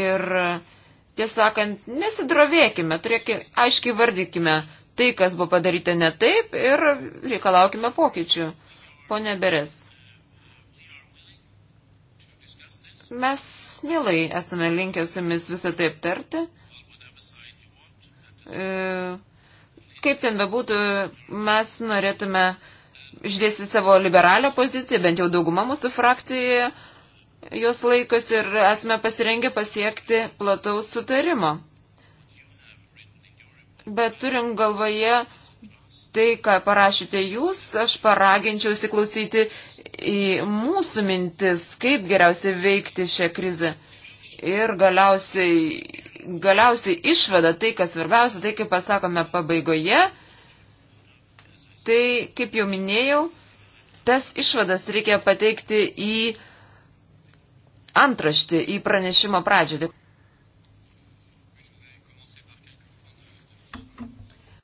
Ir tiesą sakant, nesidrovėkime, turėkime, aiškiai vardykime tai, kas buvo padaryta ne taip ir reikalaukime pokyčių. Pone Beres. Mes mielai esame linkę su jumis visą tai aptarti. E Kaip ten bebūtų, mes norėtume išdėsti savo liberalią poziciją, bent jau dauguma mūsų frakcijoje jos laikosi ir esame pasirengę pasiekti plataus sutarimo. Bet turim galvoje tai, ką parašyte jūs, aš paraginčiau įsiklausyti į mūsų mintis, kaip geriausiai veikti šią krizę. Ir galiausiai galiausiai išvada tai, kas svarbiausia, tai, kaip pasakome pabaigoje, tai, kaip jau minėjau, tas išvadas reikia pateikti į antraštį, į pranešimo pradžią. Tai-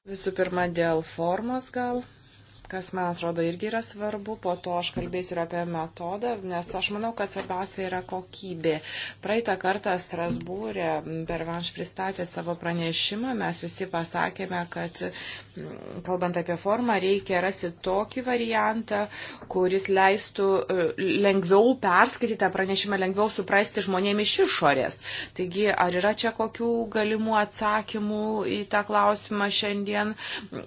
Visų pirma, dėl formos gal kas man atrodo irgi yra svarbu, po to aš kalbėsiu ir apie metodą, nes aš manau, kad svarbiausia yra kokybė. Praeitą kartą Strasbūrė per Vanš pristatė savo pranešimą, mes visi pasakėme, kad mm, kalbant apie formą, reikia rasti tokį variantą, kuris leistų e, lengviau perskaityti tą pranešimą, lengviau suprasti žmonėmis iš išorės. Taigi, ar yra čia kokių galimų atsakymų į tą klausimą šiandien,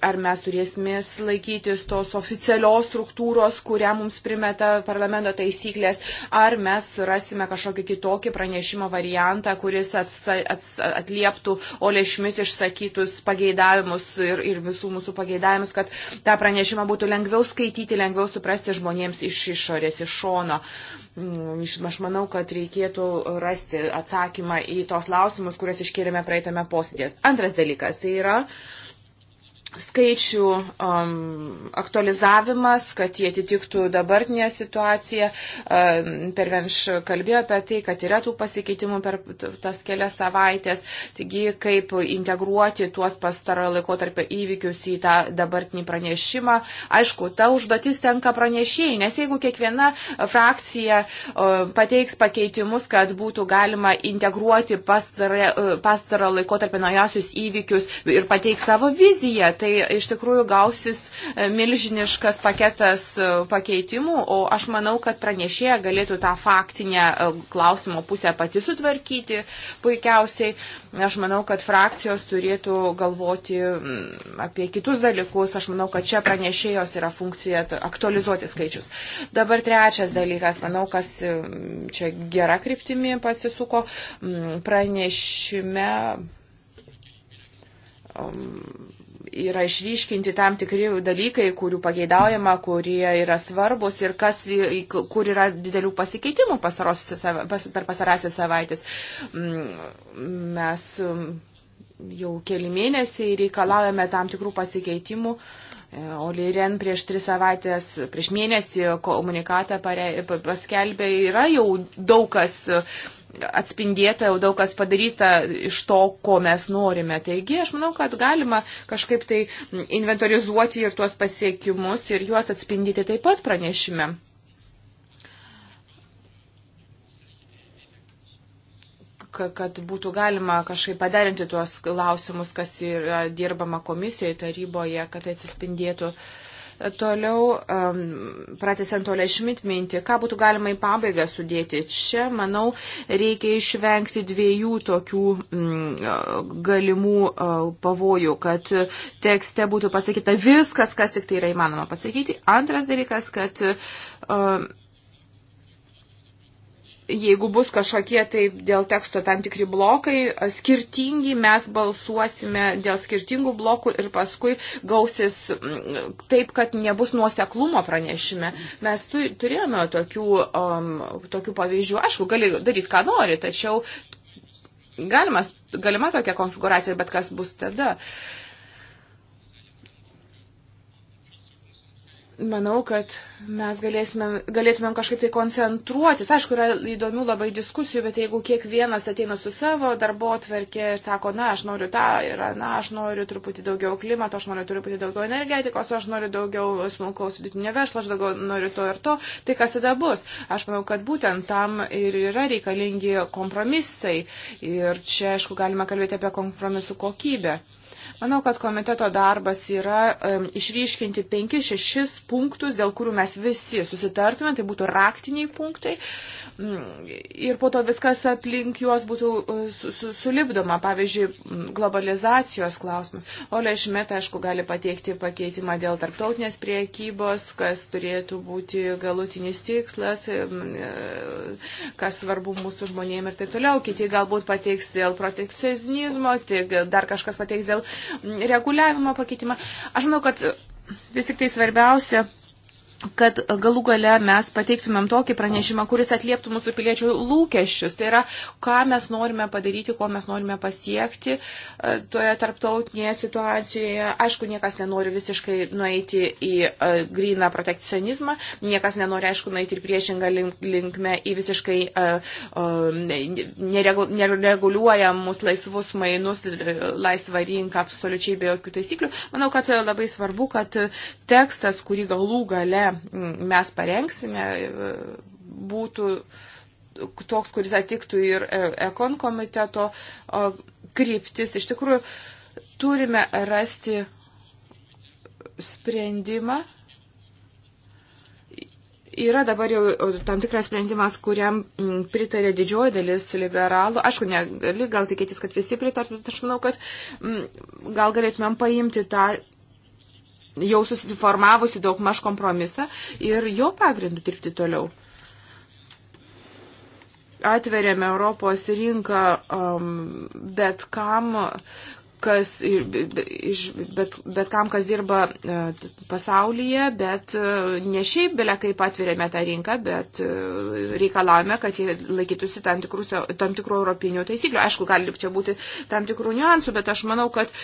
ar mes turėsime laikytis tos oficialios struktūros, kurią mums primeta parlamento taisyklės, ar mes rasime kažkokį kitokį pranešimo variantą, kuris atsa, ats, atlieptų Ole Šmit išsakytus pageidavimus ir, ir visų mūsų pageidavimus, kad tą pranešimą būtų lengviau skaityti, lengviau suprasti žmonėms iš išorės, iš šono. Mm, aš manau, kad reikėtų rasti atsakymą į tos lausimus, kuriuos iškėlėme praeitame posėdėje. Antras dalykas tai yra uh, skaičių um, aktualizavimas, kad jie atitiktų dabartinę situaciją. Um, per venš kalbėjo apie tai, kad yra tų pasikeitimų per tas kelias savaitės. Taigi, kaip integruoti tuos pastarojo laiko tarp įvykius į tą dabartinį pranešimą. Aišku, ta užduotis tenka pranešėjai, nes jeigu kiekviena frakcija um, pateiks pakeitimus, kad būtų galima integruoti pastarojo laiko tarp naujausius įvykius ir pateiks savo viziją, tai iš tikrųjų gausis e, milžiniškas paketas e, pakeitimų, o aš manau, kad pranešėja galėtų tą faktinę e, klausimo pusę pati sutvarkyti puikiausiai. Aš manau, kad frakcijos turėtų galvoti mm, apie kitus dalykus. Aš manau, kad čia pranešėjos yra funkcija aktualizuoti skaičius. Dabar trečias dalykas, manau, kas čia gera kryptimi pasisuko mm, pranešime. Um, yra išryškinti tam tikri dalykai, kurių pageidaujama, kurie yra svarbus ir kas, kur yra didelių pasikeitimų per pasarąsias savaitės. Mm, mes mm, jau keli mėnesiai reikalavome tam tikrų pasikeitimų. Oli Ren prieš tris savaitės, prieš mėnesį komunikatą paskelbė, yra jau daug kas atspindėta, jau daug kas padaryta iš to, ko mes norime. Taigi aš manau, kad galima kažkaip tai inventorizuoti ir tuos pasiekimus ir juos atspindyti taip pat pranešime. kad būtų galima kažkaip paderinti tuos klausimus, kas yra dirbama komisijoje, taryboje, kad tai atsispindėtų uh, Toliau, um, pratesiant tolę šmitminti, ką būtų galima į pabaigą sudėti. Čia, manau, reikia išvengti dviejų tokių mm, galimų uh, pavojų, kad tekste būtų pasakyta viskas, kas tik tai yra įmanoma pasakyti. Antras dalykas, kad uh, jeigu bus kažkokie tai dėl teksto tam tikri blokai, skirtingi mes balsuosime dėl skirtingų blokų ir paskui gausis mm, taip, kad nebus nuoseklumo pranešime. Mes tu, turėjome tokių, um, tokių pavyzdžių, aišku, gali daryti, ką nori, tačiau galimas, galima tokia konfiguracija, bet kas bus tada. Uh, manau, kad mes galėsime, galėtumėm kažkaip tai koncentruotis. Aišku, yra įdomių labai diskusijų, bet jeigu kiekvienas ateina su savo darbo atverkė ir sako, na, aš noriu tą, ir, na, aš noriu truputį daugiau klimato, aš noriu truputį daugiau energetikos, aš noriu daugiau smulkaus vidutinio verslo, aš daugiau noriu to ir to, tai kas tada bus? Aš manau, kad būtent tam ir yra reikalingi kompromisai. Ir čia, aišku, galima kalbėti apie kompromisų kokybę. Manau, kad komiteto darbas yra um, išryškinti 5-6 punktus, dėl kurių mes visi susitartume, tai būtų raktiniai punktai, Mm, ir po to viskas aplink juos būtų e, su, su, sulibdoma, pavyzdžiui, mm, globalizacijos klausimas. Ole Šmet, aišku, gali pateikti pakeitimą dėl tarptautinės priekybos, kas turėtų būti galutinis tikslas, e, e, kas svarbu mūsų žmonėm ir taip toliau. Kiti galbūt pateiks dėl protekcionizmo, tik dar kažkas pateiks dėl reguliavimo pakeitimą. Aš manau, kad vis tik tai svarbiausia kad galų gale mes pateiktumėm tokį pranešimą, kuris atlieptų mūsų piliečių lūkesčius. Tai yra, ką mes norime padaryti, ko mes norime pasiekti e, toje tarptautinėje situacijoje. Aišku, niekas nenori visiškai nueiti į e, gryną protekcionizmą, niekas nenori, aišku, nueiti ir priešingą linkmę į visiškai e, nereguliuojamus laisvus mainus, laisvą rinką, absoliučiai be jokių taisyklių. Manau, kad labai svarbu, kad tekstas, kurį galų gale kurią mes parengsime, būtų toks, kuris atiktų ir e, ekon komiteto kryptis. Iš tikrųjų, turime rasti sprendimą. Yra dabar jau tam tikras sprendimas, kuriam pritarė didžioji dalis liberalų. Aišku, negali gal tikėtis, kad visi pritartų, bet aš manau, kad gal galėtumėm paimti tą jau susiformavusi daugmaž kompromisą ir jo pagrindu dirbti toliau. Atveriame Europos rinką um, bet kam, kas, iš, bet, bet kam, kas dirba uh, pasaulyje, bet uh, ne šiaip belia kaip atveriame tą rinką, bet uh, reikalavome, kad jie laikytųsi tam, tikrus, tam tikrų europinių taisyklių. Aišku, gali čia būti tam tikrų niuansų, bet aš manau, kad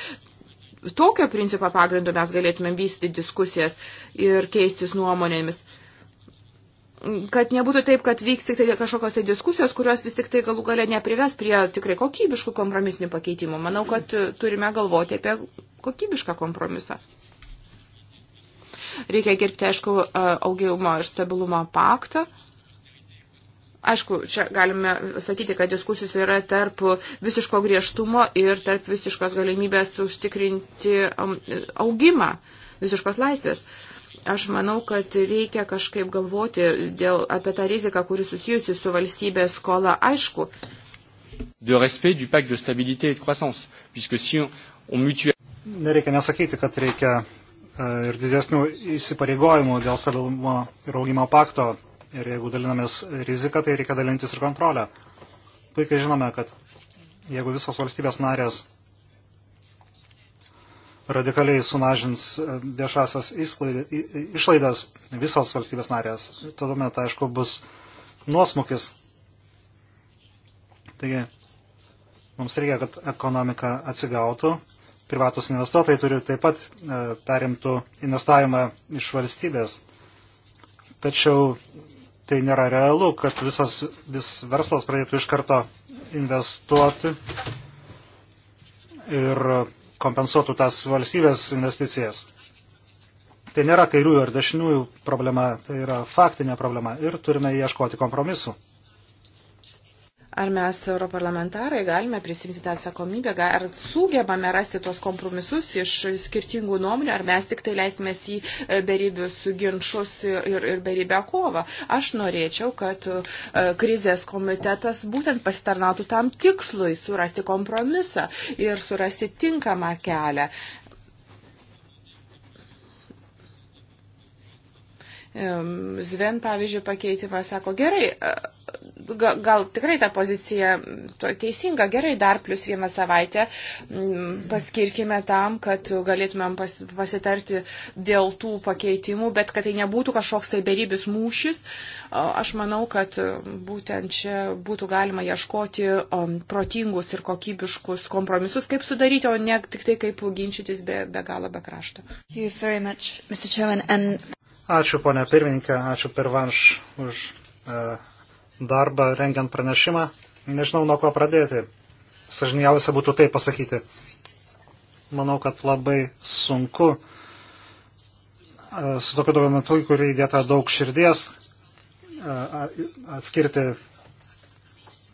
tokio principo pagrindu mes galėtumėm vystyti diskusijas ir keistis nuomonėmis. Kad nebūtų taip, kad vyks tik tai kažkokios tai diskusijos, kurios vis tik tai galų galę neprives prie tikrai kokybiškų kompromisinių pakeitimų. Manau, kad turime galvoti apie kokybišką kompromisą. Reikia gerbti, aišku, augimo ir stabilumo paktą. Aišku, čia galime sakyti, kad diskusijos yra tarp visiško griežtumo ir tarp visiškos galimybės užtikrinti um, augimą, visiškos laisvės. Aš manau, kad reikia kažkaip galvoti dėl, apie tą riziką, kuri susijusi su valstybės skola. Aišku. De respect du pacte de stabilité et de croissance, puisque si on, on mutualise. Nereikia nesakyti, kad reikia e, ir didesnių įsipareigojimų dėl stabilumo ir augimo pakto, Ir jeigu dalinamės riziką, tai reikia dalintis ir kontrolę. Puikiai žinome, kad jeigu visos valstybės narės radikaliai sumažins e, viešasias išlaidas visos valstybės narės, tuomet, aišku, bus nuosmukis. Taigi, mums reikia, kad ekonomika atsigautų, privatus investuotojai turi taip pat e, perimtų investavimą iš valstybės. Tačiau tai nėra realu, kad visas vis verslas pradėtų iš karto investuoti ir kompensuotų tas valstybės investicijas. Tai nėra kairiųjų ar dešiniųjų problema, tai yra faktinė problema ir turime ieškoti kompromisu. Ar mes, europarlamentarai, galime prisimti tą atsakomybę, ar sugebame rasti tuos kompromisus iš skirtingų nuomonių, ar mes tik tai leisime į e, beribius ginčius ir, ir beribę kovą. Aš norėčiau, kad e, krizės komitetas būtent pasitarnautų tam tikslui surasti kompromisą ir surasti tinkamą kelią. Zven, pavyzdžiui, pakeitimas sako, gerai, e, gal, gal tikrai ta pozicija mm, teisinga, gerai, dar plus vieną savaitę mm, paskirkime tam, kad galėtumėm pas, pasitarti dėl tų pakeitimų, bet kad tai nebūtų kažkoks tai beribis mūšis. Aš manau, kad e, būtent čia būtų galima ieškoti protingus ir kokybiškus kompromisus, kaip sudaryti, o ne tik tai kaip ginčytis be, be galo be krašto. Much, Chairman, and... Ačiū, ponė pirmininkė, ačiū pirvanš už e, darbą rengiant pranešimą. Nežinau, nuo ko pradėti. Sažiniausia būtų tai pasakyti. Manau, kad labai sunku e, su tokiu dokumentu, į kurį įdėta daug širdies, e, atskirti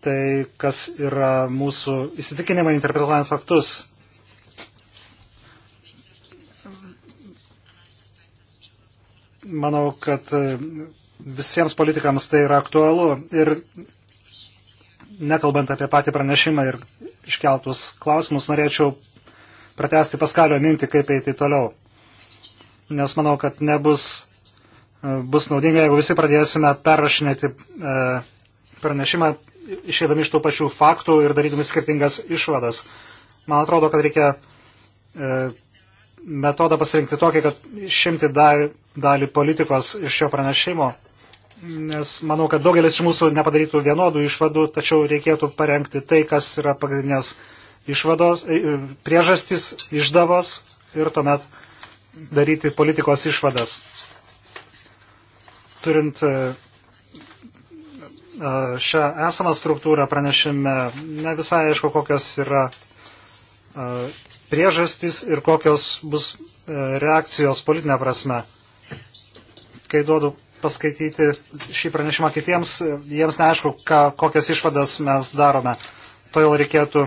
tai, kas yra mūsų įsitikinimai interpretuojant faktus manau, kad e, visiems politikams tai yra aktualu ir nekalbant apie patį pranešimą ir iškeltus klausimus, norėčiau pratesti Paskalio mintį, kaip eiti toliau. Nes manau, kad nebus e, bus naudinga, jeigu visi pradėsime perrašinėti e, pranešimą, išėdami iš tų pačių faktų ir darydami skirtingas išvadas. Man atrodo, kad reikia e, metodą pasirinkti tokį, kad išimti dar dalį politikos iš šio pranešimo, nes manau, kad daugelis iš mūsų nepadarytų vienodų išvadų, tačiau reikėtų parengti tai, kas yra pagrindinės išvados, e, priežastis, išdavos ir tuomet daryti politikos išvadas. Turint e, e, šią esamą struktūrą pranešime, ne visai aišku, kokios yra priežastis ir kokios bus reakcijos politinė prasme kai duodu paskaityti šį pranešimą kitiems, jiems neaišku, ką, kokias išvadas mes darome. Todėl reikėtų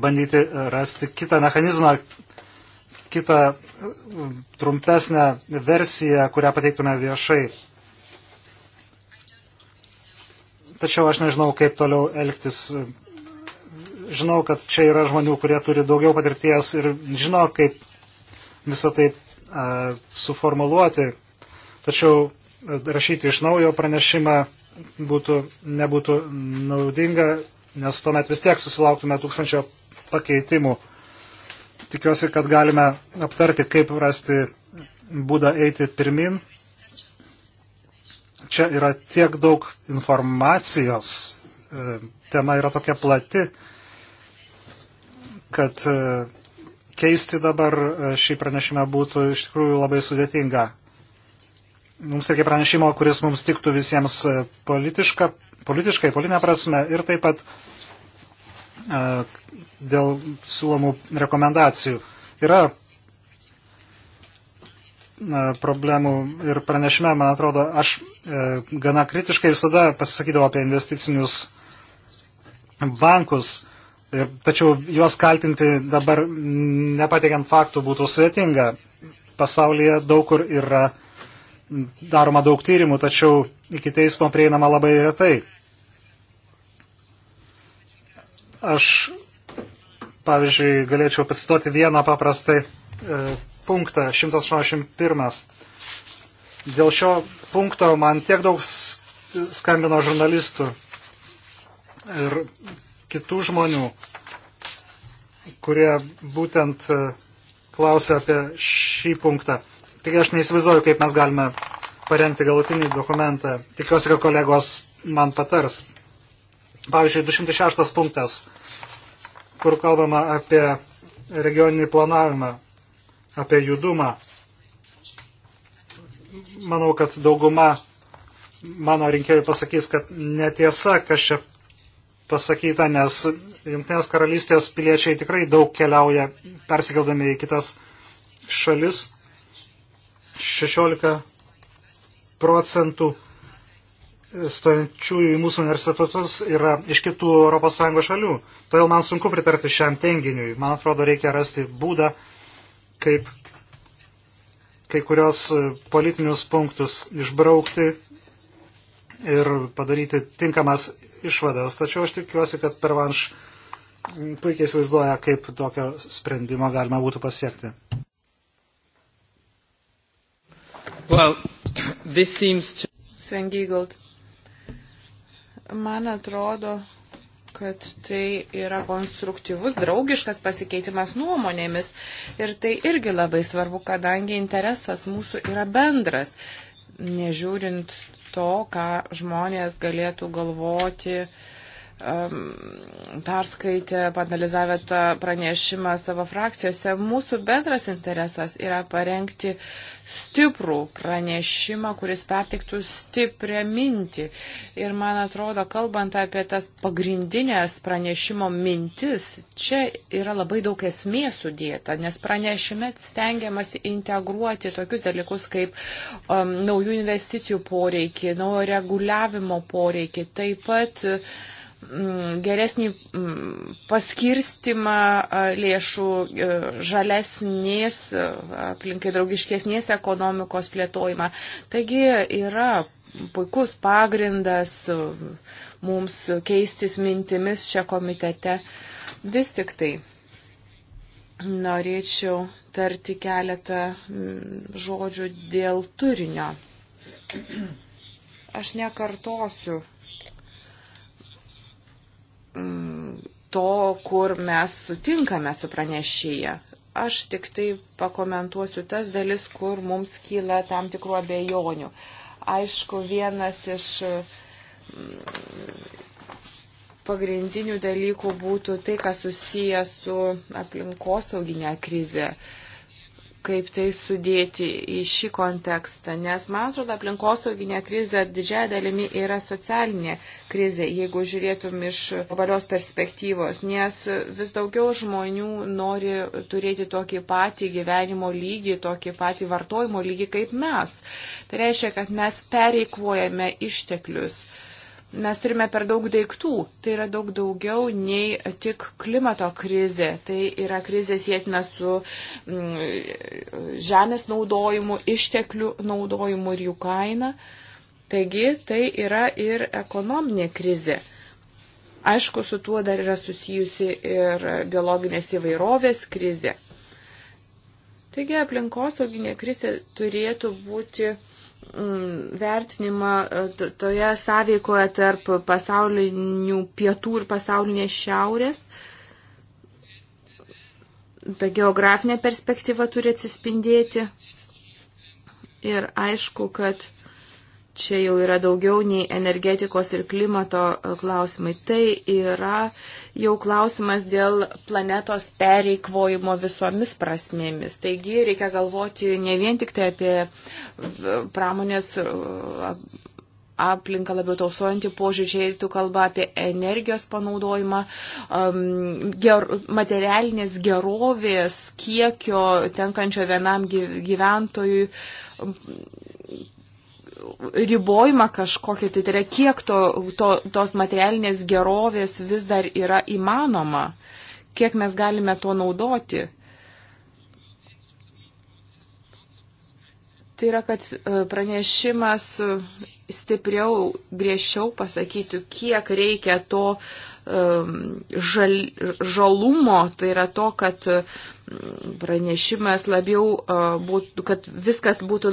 bandyti rasti kitą mechanizmą, kitą e, trumpesnę versiją, kurią pateiktume viešai. Tačiau aš nežinau, kaip toliau elgtis. Žinau, kad čia yra žmonių, kurie turi daugiau patirties ir žino, kaip visą tai a, e, suformuluoti Tačiau e, rašyti iš naujo pranešimą būtų, nebūtų naudinga, nes tuomet vis tiek susilauktume tūkstančio pakeitimų. Tikiuosi, kad galime aptarti, kaip rasti būdą eiti pirmin. Čia yra tiek daug informacijos, e, tema yra tokia plati, kad e, keisti dabar šį pranešimą būtų iš tikrųjų labai sudėtinga. Mums reikia pranešimo, kuris mums tiktų visiems e, politiška, politiškai, politinė prasme ir taip pat a, e, dėl siūlomų rekomendacijų. Yra e, problemų ir pranešime, man atrodo, aš gana kritiškai visada pasisakydavau apie investicinius bankus, tačiau juos kaltinti dabar nepateikiant faktų būtų sudėtinga. Pasaulyje daug kur yra daroma daug tyrimų, tačiau iki teismo prieinama labai retai. Aš, pavyzdžiui, galėčiau pacituoti vieną paprastai e, punktą, 181. Dėl šio punkto man tiek daug skambino žurnalistų ir kitų žmonių, kurie būtent e, klausia apie šį punktą. Tik aš neįsivaizduoju, kaip mes galime parengti galutinį dokumentą. Tikiuosi, kad kolegos man patars. Pavyzdžiui, 206 punktas, kur kalbama apie regioninį planavimą, apie judumą. Manau, kad dauguma mano rinkėjų pasakys, kad netiesa, kas čia pasakyta, nes Junktinės karalystės piliečiai tikrai daug keliauja persikeldami į kitas šalis 16 procentų stojančiųjų į mūsų universitetus yra iš kitų ES šalių. Todėl man sunku pritarti šiam teiginiui. Man atrodo, reikia rasti būdą, kaip kai kurios politinius punktus išbraukti ir padaryti tinkamas išvadas. Tačiau aš tikiuosi, kad pervanš puikiai įsivaizduoja, kaip tokio sprendimo galima būtų pasiekti. Well, this seems to... Sven Giegold. Man atrodo, kad tai yra konstruktyvus, draugiškas pasikeitimas nuomonėmis. Ir tai irgi labai svarbu, kadangi interesas mūsų yra bendras, nežiūrint to, ką žmonės galėtų galvoti uh, perskaitę, panalizavę tą pranešimą savo frakcijose, mūsų bendras interesas yra parengti stiprų pranešimą, kuris pertiktų stiprią mintį. Ir man atrodo, kalbant apie tas pagrindinės pranešimo mintis, čia yra labai daug esmės sudėta, nes pranešime stengiamas integruoti tokius dalykus kaip um, naujų investicijų poreikį, naujo reguliavimo poreikį, taip pat uh, Mm, geresnį mm, paskirstimą lėšų e, žalesnės, aplinkai draugiškesnės ekonomikos plėtojimą. Taigi yra puikus pagrindas mums keistis mintimis čia komitete. Vis tik tai norėčiau tarti keletą mm, žodžių dėl turinio. Aš nekartosiu to, kur mes sutinkame su pranešėje. Aš tik tai pakomentuosiu tas dalis, kur mums kyla tam tikrų abejonių. Aišku, vienas iš mm, pagrindinių dalykų būtų tai, kas susijęs su aplinkosauginė krize. Uh, kaip tai sudėti į šį kontekstą, nes, man atrodo, aplinkosauginė krizė didžiai dalimi yra socialinė krizė, jeigu žiūrėtum iš valios perspektyvos, nes vis daugiau žmonių nori turėti tokį patį gyvenimo lygį, tokį patį vartojimo lygį kaip mes. Tai reiškia, kad mes pereikvojame išteklius mes turime per daug daiktų. Tai yra daug daugiau nei tik klimato krizė. Tai yra krizė sėtina su mm, žemės naudojimu, išteklių naudojimu ir jų kaina. Taigi tai yra ir ekonominė krizė. Aišku, su tuo dar yra susijusi ir biologinės įvairovės krizė. Taigi aplinkosauginė krizė turėtų būti uh, vertinimą e, toje sąveikoje tarp pasaulinių pietų ir pasaulinės šiaurės. Ta geografinė perspektyva turi atsispindėti. Ir aišku, kad čia jau yra daugiau nei energetikos ir klimato e, klausimai. Tai yra jau klausimas dėl planetos pereikvojimo visomis prasmėmis. Taigi reikia galvoti ne vien tik tai apie pramonės e, aplinką labiau tausojantį požiūrį, čia eitų kalba apie energijos panaudojimą, um, ger, materialinės gerovės kiekio tenkančio vienam gyventojui. Um, ribojimą kažkokį, tai, tai yra kiek to, to, tos materialinės gerovės vis dar yra įmanoma, kiek mes galime to naudoti. Tai yra, kad e, pranešimas e, stipriau, griežčiau pasakytų, kiek reikia to um, žal, žalumo, tai yra to, kad uh, pranešimas labiau būtų, kad viskas būtų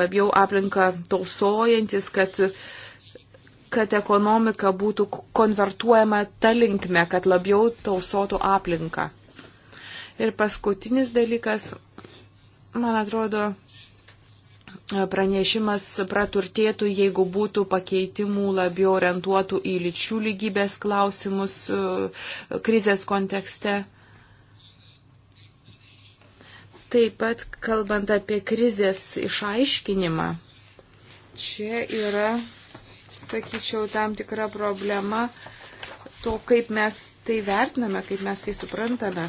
labiau aplinką tausojantis, kad kad ekonomika būtų konvertuojama ta linkme, kad labiau tausotų aplinką. Ir paskutinis dalykas, man atrodo, pranešimas praturtėtų, jeigu būtų pakeitimų labiau orientuotų į lyčių lygybės klausimus krizės kontekste. Taip pat kalbant apie krizės išaiškinimą, čia yra, sakyčiau, tam tikra problema to, kaip mes tai vertiname, kaip mes tai suprantame.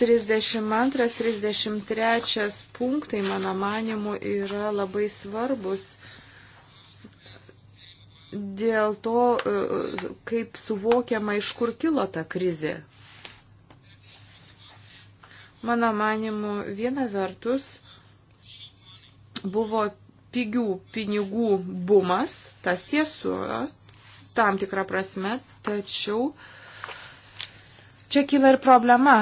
32-33 punktai, mano manimu, yra labai svarbus dėl to, e, kaip suvokiama, iš kur kilo ta krizė, Mano manimu, viena vertus buvo pigių pinigų bumas, tas tiesų, tam tikrą prasme, tačiau čia kyla ir problema,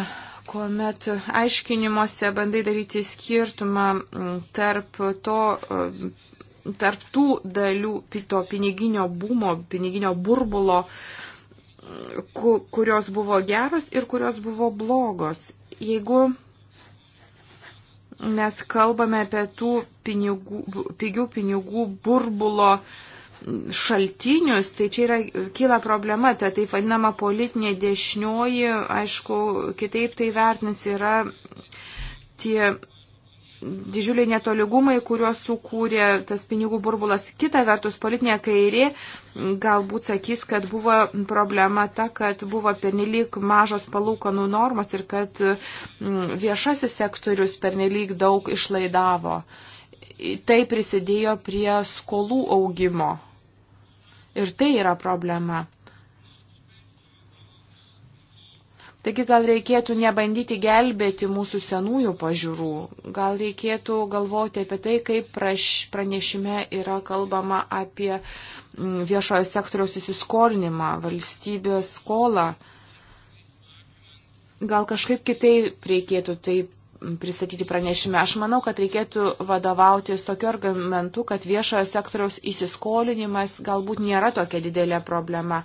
kuomet aiškinimuose bandai daryti skirtumą mm, tarp to mm, tarp tų dalių to piniginio bumo, piniginio burbulo, mm, kurios buvo geros ir kurios buvo blogos jeigu mes kalbame apie tų pinigų, pigių pinigų burbulo šaltinius, tai čia yra kyla problema, ta taip vadinama politinė dešinioji, aišku, kitaip tai vertins yra tie didžiuliai netoligumai, kuriuos sukūrė tas pinigų burbulas. Kita vertus, politinė kairė galbūt sakys, kad buvo problema ta, kad buvo pernelyg mažos palūkanų normos ir kad mm, viešasis sektorius pernelyg daug išlaidavo. Tai prisidėjo prie skolų augimo. Ir tai yra problema. Taigi gal reikėtų nebandyti gelbėti mūsų senųjų pažiūrų, gal reikėtų galvoti apie tai, kaip pranešime yra kalbama apie mm, viešojo sektoriaus įsiskolinimą, valstybės skolą. Gal kažkaip kitaip reikėtų taip pristatyti pranešime. Aš manau, kad reikėtų vadovautis tokiu argumentu, kad viešojo sektoriaus įsiskolinimas galbūt nėra tokia didelė problema.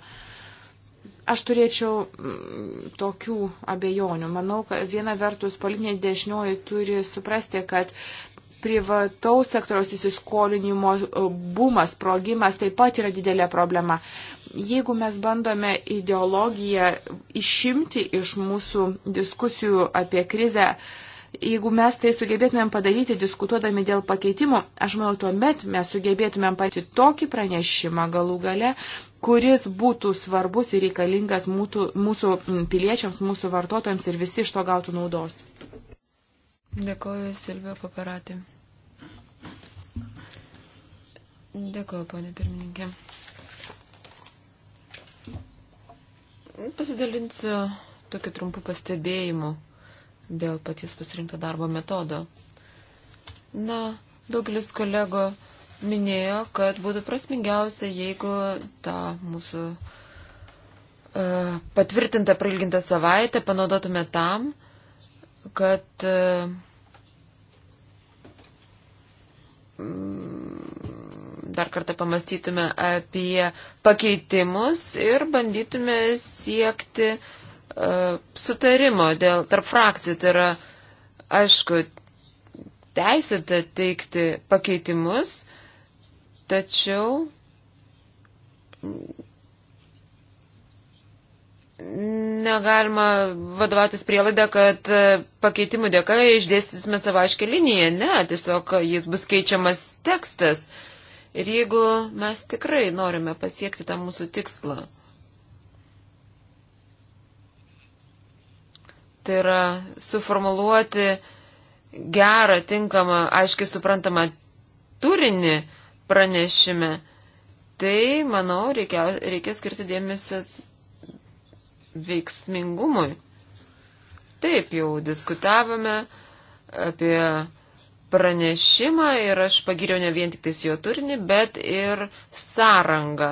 Aš turėčiau mm, tokių abejonių. Manau, kad viena vertus politinė dešinioji turi suprasti, kad privataus sektoriaus įsiskolinimo e, bumas, sprogimas taip pat yra didelė problema. Jeigu mes bandome ideologiją išimti iš mūsų diskusijų apie krizę, jeigu mes tai sugebėtumėm padaryti diskutuodami dėl pakeitimų, aš manau, tuomet mes sugebėtumėm pati tokį pranešimą galų gale, kuris būtų svarbus ir reikalingas mūsų, mūsų piliečiams, mūsų vartotojams ir visi iš to gautų naudos. Dėkoju Silvio Paparatį. Dėkoju, ponė pirmininkė. Pasidalinsiu tokiu trumpu pastebėjimu dėl paties pasirinkto darbo metodo. Na, daugelis kolego uh, minėjo, kad būtų prasmingiausia, jeigu tą mūsų uh, e, patvirtintą prailgintą savaitę panaudotume tam, kad uh, dar kartą pamastytume apie pakeitimus ir bandytume siekti uh, sutarimo dėl tarp frakcijų. Tai yra, aišku, teisėta teikti pakeitimus, Tačiau negalima vadovautis prielaida, kad e, pakeitimų dėka išdėstysime savo aiškę liniją. Ne, tiesiog jis bus keičiamas tekstas. Ir jeigu mes tikrai norime pasiekti tą mūsų tikslą, tai yra suformuluoti gerą, tinkamą, aiškiai suprantamą turinį, pranešime. Tai, manau, reikia, reikia skirti dėmesį veiksmingumui. Taip, jau diskutavome apie pranešimą ir aš pagiriau ne vien tik tais jo turinį, bet ir sąrangą.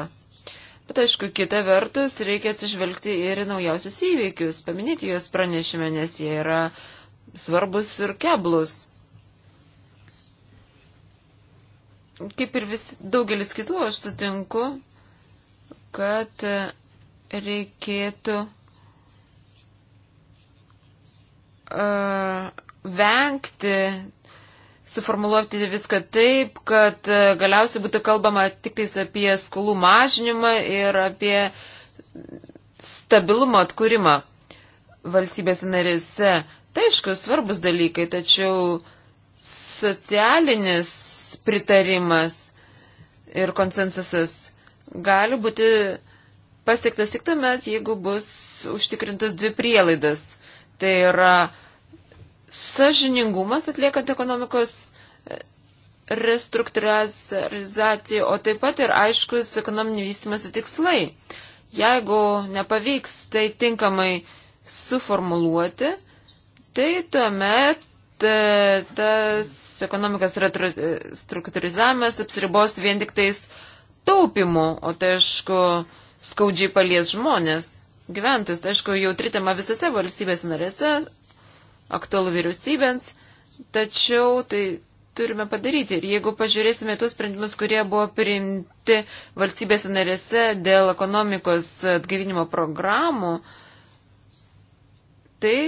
Bet aišku, kita vertus, reikia atsižvelgti ir į naujausius įvykius, paminėti juos pranešime, nes jie yra svarbus ir keblus. kaip ir vis, daugelis kitų, aš sutinku, kad reikėtų uh, vengti suformuluoti viską taip, kad galiausiai būtų kalbama tik tais apie skolų mažinimą ir apie stabilumo atkūrimą valstybės narėse. Tai aišku, svarbus dalykai, tačiau socialinis pritarimas ir konsensusas gali būti pasiektas tik tuomet, jeigu bus užtikrintas dvi prielaidas. Tai yra sažiningumas atliekant ekonomikos e, restruktūrizaciją, o taip pat ir aiškus ekonominį vystimąsi tikslai. Jeigu nepavyks tai tinkamai suformuluoti, tai tuomet e, tas ekonomikos restruktūrizavimas apsiribos vien tik tais taupimu, o tai aišku skaudžiai palies žmonės, gyventojus. Tai aišku, jautri tema visose valstybės narėse, aktualu vyriausybėms, tačiau tai turime padaryti. Ir jeigu pažiūrėsime tuos sprendimus, kurie buvo priimti valstybės narėse dėl ekonomikos atgyvinimo programų, tai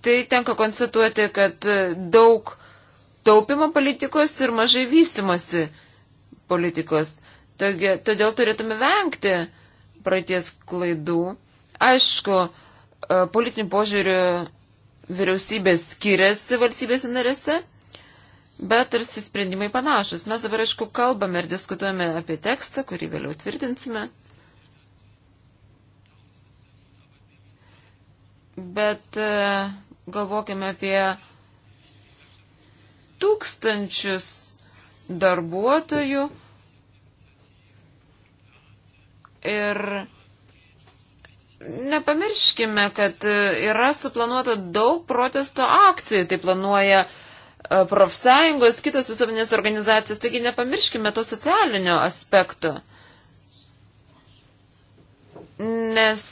tai tenka konstatuoti, kad e, daug taupimo politikos ir mažai vystimosi politikos. Todėl turėtume vengti praeities klaidų. Aišku, e, politinių požiūrių vyriausybės skiriasi valstybėse narėse, bet ir sprendimai panašus. Mes dabar, aišku, kalbame ir diskutuojame apie tekstą, kurį vėliau tvirtinsime. Bet uh, galvokime apie tūkstančius darbuotojų ir nepamirškime, kad yra suplanuota daug protesto akcijų, tai planuoja e, profsąjungos, kitos visuomenės organizacijos, taigi nepamirškime to socialinio aspekto nes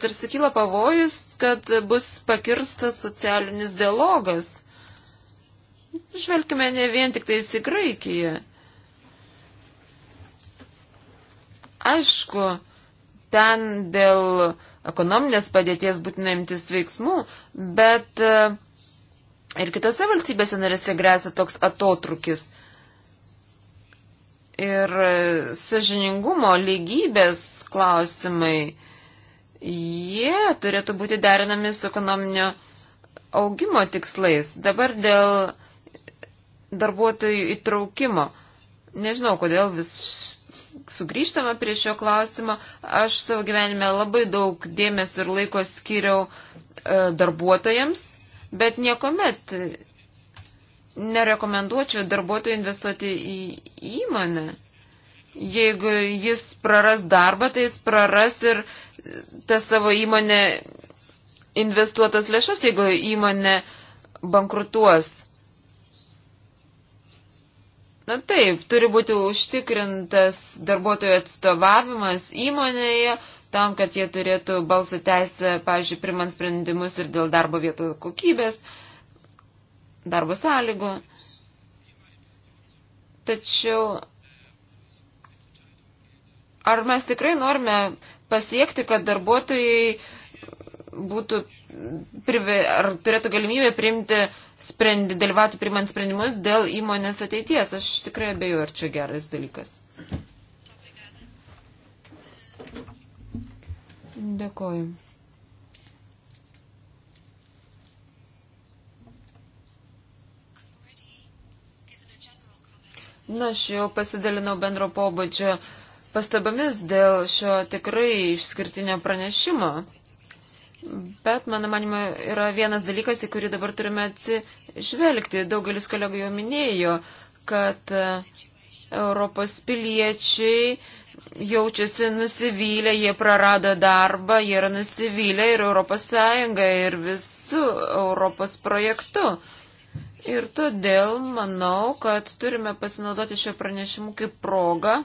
tarsi kyla pavojus, kad bus pakirstas socialinis dialogas. Žvelgime ne vien tik tai į Graikiją. Aišku, ten dėl ekonominės padėties būtina imtis veiksmų, bet e, ir kitose valstybėse narėse grėsia toks atotrukis. Ir e, sažiningumo lygybės klausimai, jie turėtų būti derinami su ekonominio augimo tikslais. Dabar dėl darbuotojų įtraukimo. Nežinau, kodėl vis sugrįžtama prie šio klausimo. Aš savo gyvenime labai daug dėmesio ir laiko skiriau e, darbuotojams, bet niekuomet nerekomenduočiau darbuotojų investuoti į įmonę. Jeigu jis praras darbą, tai jis praras ir tą savo įmonę investuotas lėšas, jeigu įmonė bankrutuos. Na taip, turi būti užtikrintas darbuotojų atstovavimas įmonėje tam, kad jie turėtų balsų teisę, pavyzdžiui, primant sprendimus ir dėl darbo vietų kokybės, darbo sąlygų. Tačiau Ar mes tikrai norime pasiekti, kad darbuotojai būtų prive, ar turėtų galimybę priimti sprendį, dalyvauti priimant sprendimus dėl įmonės ateities. Aš tikrai abejoju, ar čia geras dalykas. Dėkoju. Na, aš jau pasidalinau bendro pobūdžio uh, pastabomis dėl šio tikrai išskirtinio pranešimo. Bet, mano manimo, yra vienas dalykas, į kurį dabar turime atsižvelgti. Daugelis kolegų jau minėjo, kad e, Europos piliečiai jaučiasi nusivylę, jie prarado darbą, jie yra nusivylę ir Europos Sąjunga, ir visų Europos projektų. Ir todėl manau, kad turime pasinaudoti šio pranešimu kaip progą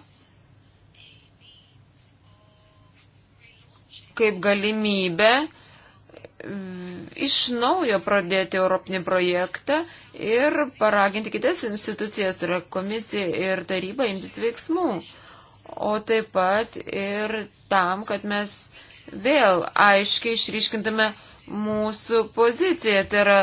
kaip galimybę iš naujo pradėti Europinį projektą ir paraginti kitas institucijas, tai yra komisija ir taryba imtis veiksmų. O taip pat ir tam, kad mes vėl aiškiai išryškintume mūsų poziciją. Tai yra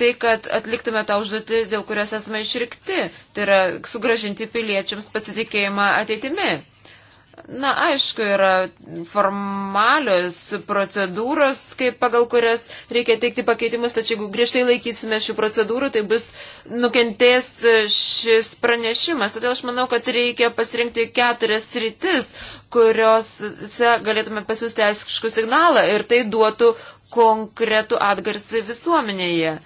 tai, kad atliktume tą užduotį, dėl kurios esame išrikti. Tai yra sugražinti piliečiams pasitikėjimą ateitimi. Na, aišku, yra formalios procedūros, kaip pagal kurias reikia teikti pakeitimus, tačiau jeigu griežtai laikysime šių procedūrų, tai bus nukentės šis pranešimas. Todėl aš manau, kad reikia pasirinkti keturias rytis, kurios galėtume pasiūsti aiškų signalą ir tai duotų konkretų atgarsį visuomenėje.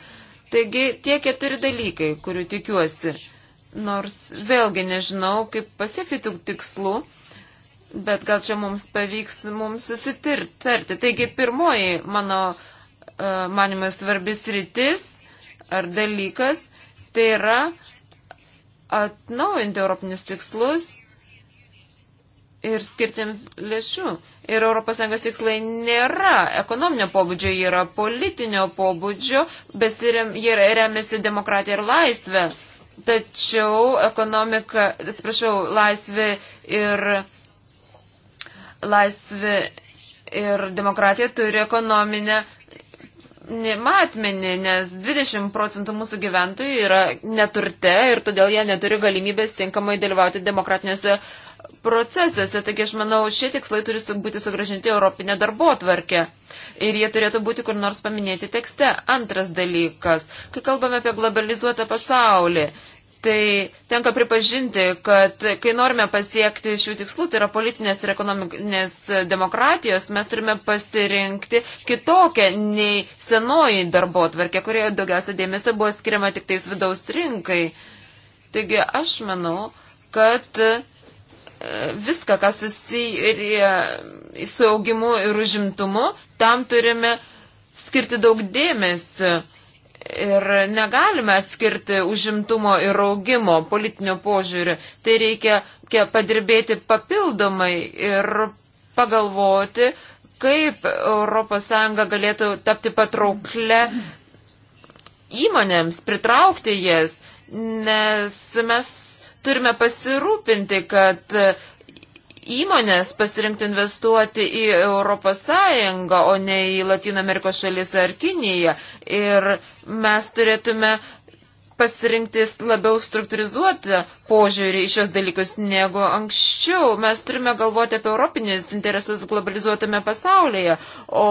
Taigi tie keturi dalykai, kurių tikiuosi. Nors vėlgi nežinau, kaip pasiekti tų tikslų bet gal čia mums pavyks mums susitirti. Taigi pirmoji mano e, manimo svarbis rytis ar dalykas tai yra atnaujinti europinius tikslus ir skirtiems lėšų. Ir ES tikslai nėra ekonominio pobūdžio, jie yra politinio pobūdžio, besirem, jie remiasi demokratija ir laisvė. Tačiau ekonomika, atsiprašau, laisvė ir laisvė ir demokratija turi ekonominę matmenį, nes 20 procentų mūsų gyventojų yra neturte ir todėl jie neturi galimybės tinkamai dalyvauti demokratinėse procesuose. Taigi aš manau, šie tikslai turi būti sugražinti Europinė darbo tvarkė. Ir jie turėtų būti kur nors paminėti tekste. Antras dalykas, kai kalbame apie globalizuotą pasaulį, tai tenka pripažinti, kad kai norime pasiekti šių tikslų, tai yra politinės ir ekonominės demokratijos, mes turime pasirinkti kitokią nei senoji darbo atvarkė, kurioje daugiausia dėmesio buvo skiriama tik tais vidaus rinkai. Taigi aš manau, kad e, viską, kas susiję su augimu ir užimtumu, tam turime skirti daug dėmesio. Ir negalime atskirti užimtumo ir augimo politinio požiūrį. Tai reikia padirbėti papildomai ir pagalvoti, kaip ES galėtų tapti patrauklę įmonėms, pritraukti jas, nes mes turime pasirūpinti, kad įmonės pasirinktų investuoti į Europos Sąjungą, o ne į Latino Amerikos šalis ar Kiniją. Ir mes turėtume pasirinkti labiau struktūrizuotą požiūrį į šios dalykus negu anksčiau. Mes turime galvoti apie europinius interesus globalizuotame pasaulyje, o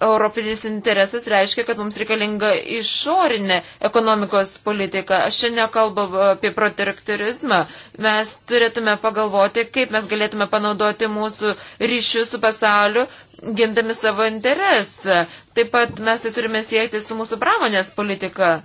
europinis interesas reiškia, kad mums reikalinga išorinė ekonomikos politika. Aš čia nekalbu apie protektorizmą. Mes turėtume pagalvoti, kaip mes galėtume panaudoti mūsų ryšius su pasauliu, gindami savo interesą. Taip pat mes tai turime siekti su mūsų pramonės politika.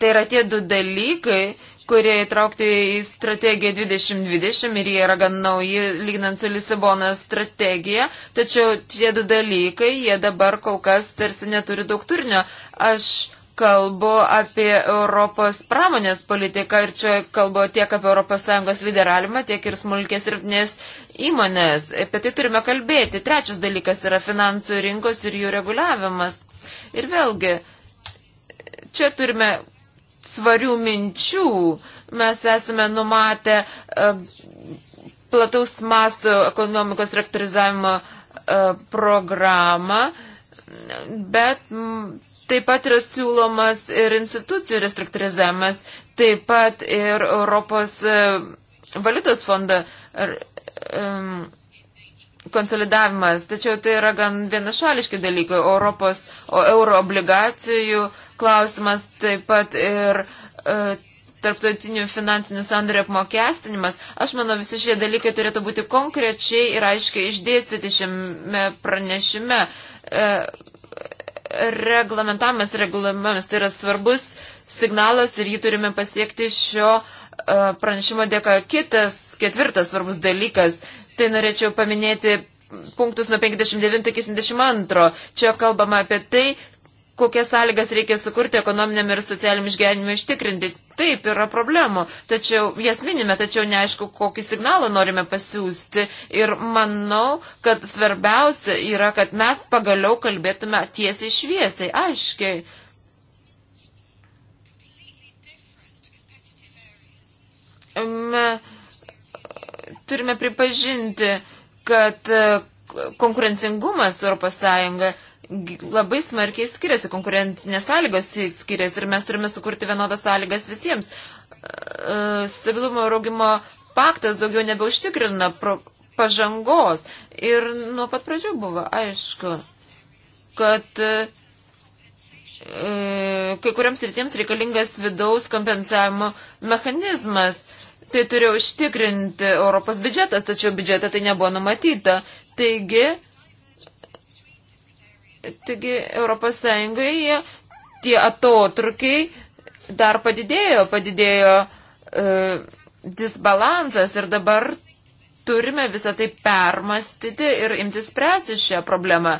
Tai yra tie du dalykai, kurie įtraukti į strategiją 2020 ir jie yra gan nauji, lygnant su Lisabono strategija, tačiau tie du dalykai, jie dabar kol kas tarsi neturi daug turinio. Aš kalbu apie Europos pramonės politiką ir čia kalbu tiek apie ES lideralimą, tiek ir smulkės ir nes įmonės. Apie tai turime kalbėti. Trečias dalykas yra finansų rinkos ir jų reguliavimas. Ir vėlgi, čia turime svarių minčių. Mes esame numatę e, plataus masto ekonomikos rektorizavimo e, programą, bet taip pat yra siūlomas ir institucijų restruktūrizavimas, taip pat ir Europos e, valiutos fondo konsolidavimas, tačiau tai yra gan vienašališki dalykai. Europos o euro obligacijų klausimas taip pat ir e, tarptautinių finansinių sandorių apmokestinimas. Aš manau, visi šie dalykai turėtų būti konkrečiai ir aiškiai išdėstyti šiame pranešime. E, reglamentavimas, reglamentavimas tai yra svarbus signalas ir jį turime pasiekti šio e, pranešimo dėka. Kitas, ketvirtas svarbus dalykas tai norėčiau paminėti punktus nuo 59 iki 72. Čia kalbama apie tai, kokias sąlygas reikia sukurti ekonominiam ir socialiniam išgyvenimui ištikrinti. Taip, yra problemų, tačiau jas minime, tačiau neaišku, kokį signalą norime pasiūsti. Ir manau, kad svarbiausia yra, kad mes pagaliau kalbėtume tiesiai šviesiai, aiškiai. Me, turime pripažinti, kad e, konkurencingumas ES labai smarkiai skiriasi, konkurencinės sąlygos skiriasi ir mes turime sukurti vienodas sąlygas visiems. E, stabilumo ir augimo paktas daugiau nebeužtikrina pažangos ir nuo pat pradžių buvo aišku, kad e, kai kuriams rytiems reikalingas vidaus kompensavimo mechanizmas Tai turėjo užtikrinti Europos biudžetas, tačiau biudžete tai nebuvo numatyta. Taigi, taigi Europos Sąjungoje tie atotrukiai dar padidėjo, padidėjo e, disbalansas ir dabar turime visą tai permastyti ir imti spręsti šią problemą.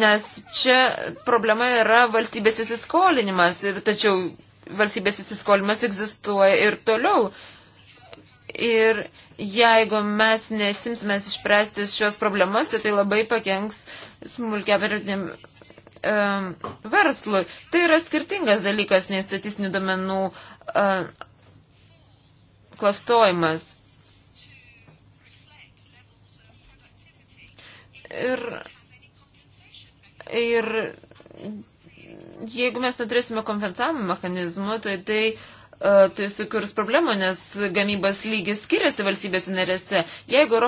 Nes čia problema yra valstybės įsiskolinimas, tačiau valstybės įsiskolimas egzistuoja ir toliau. Ir jeigu mes nesimsime išspręsti šios problemas, tai tai labai pakenks smulkia vertiniam um, verslui. Tai yra skirtingas dalykas nei statistinių domenų um, klastojimas. Ir, ir jeigu mes neturėsime kompensavimo mechanizmų, tai tai E, tai sukurs problemų, nes gamybos lygis skiriasi valstybės narėse. Jeigu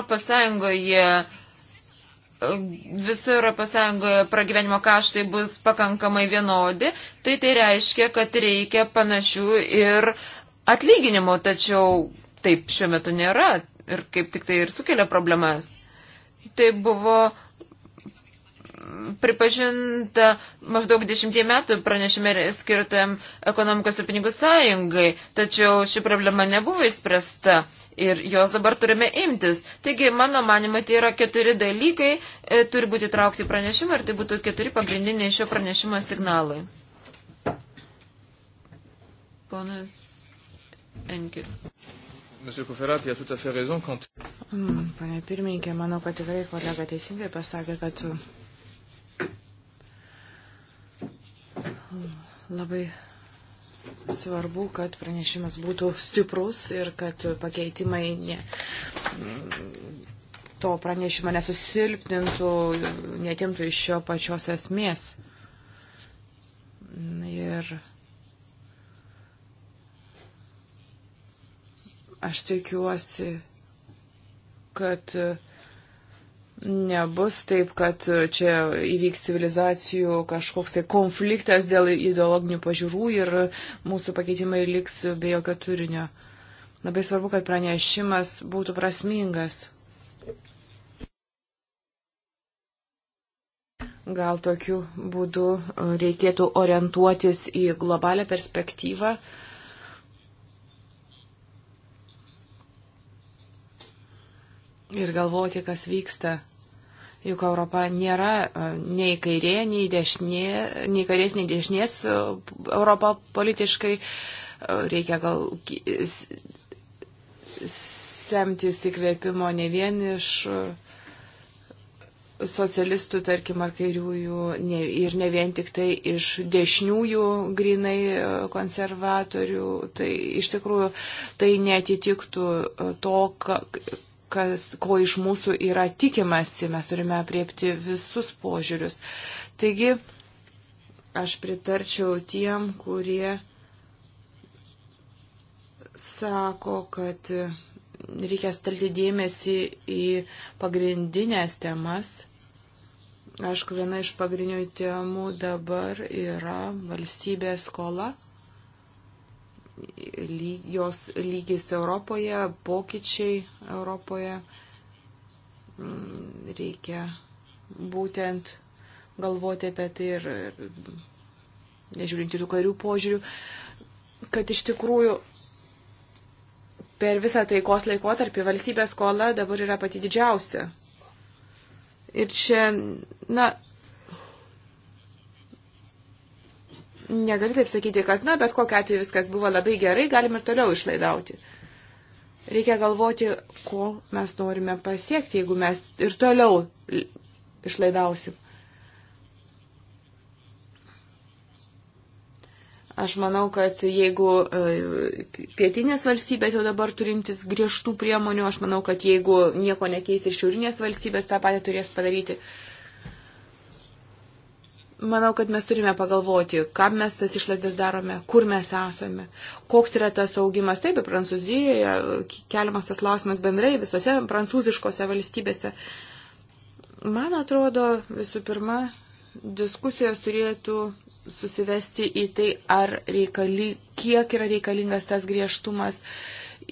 ES visų ES pragyvenimo kaštai bus pakankamai vienodi, tai tai reiškia, kad reikia panašių ir atlyginimų, tačiau taip šiuo metu nėra ir kaip tik tai ir sukelia problemas. Tai buvo uh, pripažinta maždaug dešimtie metų pranešime skirtam ekonomikos ir pinigų sąjungai, tačiau ši problema nebuvo įspręsta. Ir jos dabar turime imtis. Taigi, mano manimo, tai yra keturi dalykai, e, turi būti traukti pranešimą ir tai būtų keturi pagrindiniai šio pranešimo signalai. Ponas Enki. Hmm, pane pirmininkė, manau, kad tikrai kolega teisingai pasakė, kad Labai svarbu, kad pranešimas būtų stiprus ir kad pakeitimai ne, to pranešimo nesusilpnintų, netimtų iš jo pačios esmės. Ir aš tikiuosi, kad uh, nebus taip, kad čia įvyks civilizacijų kažkoks tai konfliktas dėl ideologinių pažiūrų ir mūsų pakeitimai liks be jokio turinio. Labai svarbu, kad pranešimas būtų prasmingas. Gal tokiu būdu reikėtų orientuotis į globalią perspektyvą. ir galvoti, kas vyksta. Juk Europa nėra e, nei kairė, nei, dešinė, nei kairės, nei dešinės e, Europa politiškai. E, reikia gal semtis įkvėpimo ne vien iš socialistų, tarkim, ar kairiųjų, ne, ir ne vien tik tai iš dešiniųjų grinai konservatorių, tai iš tikrųjų tai netitiktų to, kas, ko iš mūsų yra tikimasi. Mes turime apriepti visus požiūrius. Taigi, aš pritarčiau tiem, kurie sako, kad reikia sutelkti dėmesį į pagrindinės temas. Aišku, viena iš pagrindinių temų dabar yra valstybės skola jos lygis Europoje, pokyčiai Europoje. Mm, reikia būtent galvoti apie tai ir, ir nežiūrinti tų karių požiūrių, kad iš tikrųjų per visą taikos laikotarpį valstybės skola dabar yra pati didžiausia. Ir čia, na, negali taip sakyti, kad, na, bet kokiu atveju viskas buvo labai gerai, galim ir toliau išlaidauti. Reikia galvoti, ko mes norime pasiekti, jeigu mes ir toliau išlaidausim. Aš manau, kad jeigu e, pietinės valstybės jau dabar turintis griežtų priemonių, aš manau, kad jeigu nieko nekeis ir šiaurinės valstybės tą patį turės padaryti. Uh, Manau, kad mes turime pagalvoti, kam mes tas išlaidas darome, kur mes esame, koks yra tas augimas. Taip, Prancūzijoje keliamas tas klausimas bendrai visose prancūziškose valstybėse. Man atrodo, visų pirma, diskusijos turėtų susivesti į tai, ar reikali, kiek yra reikalingas tas griežtumas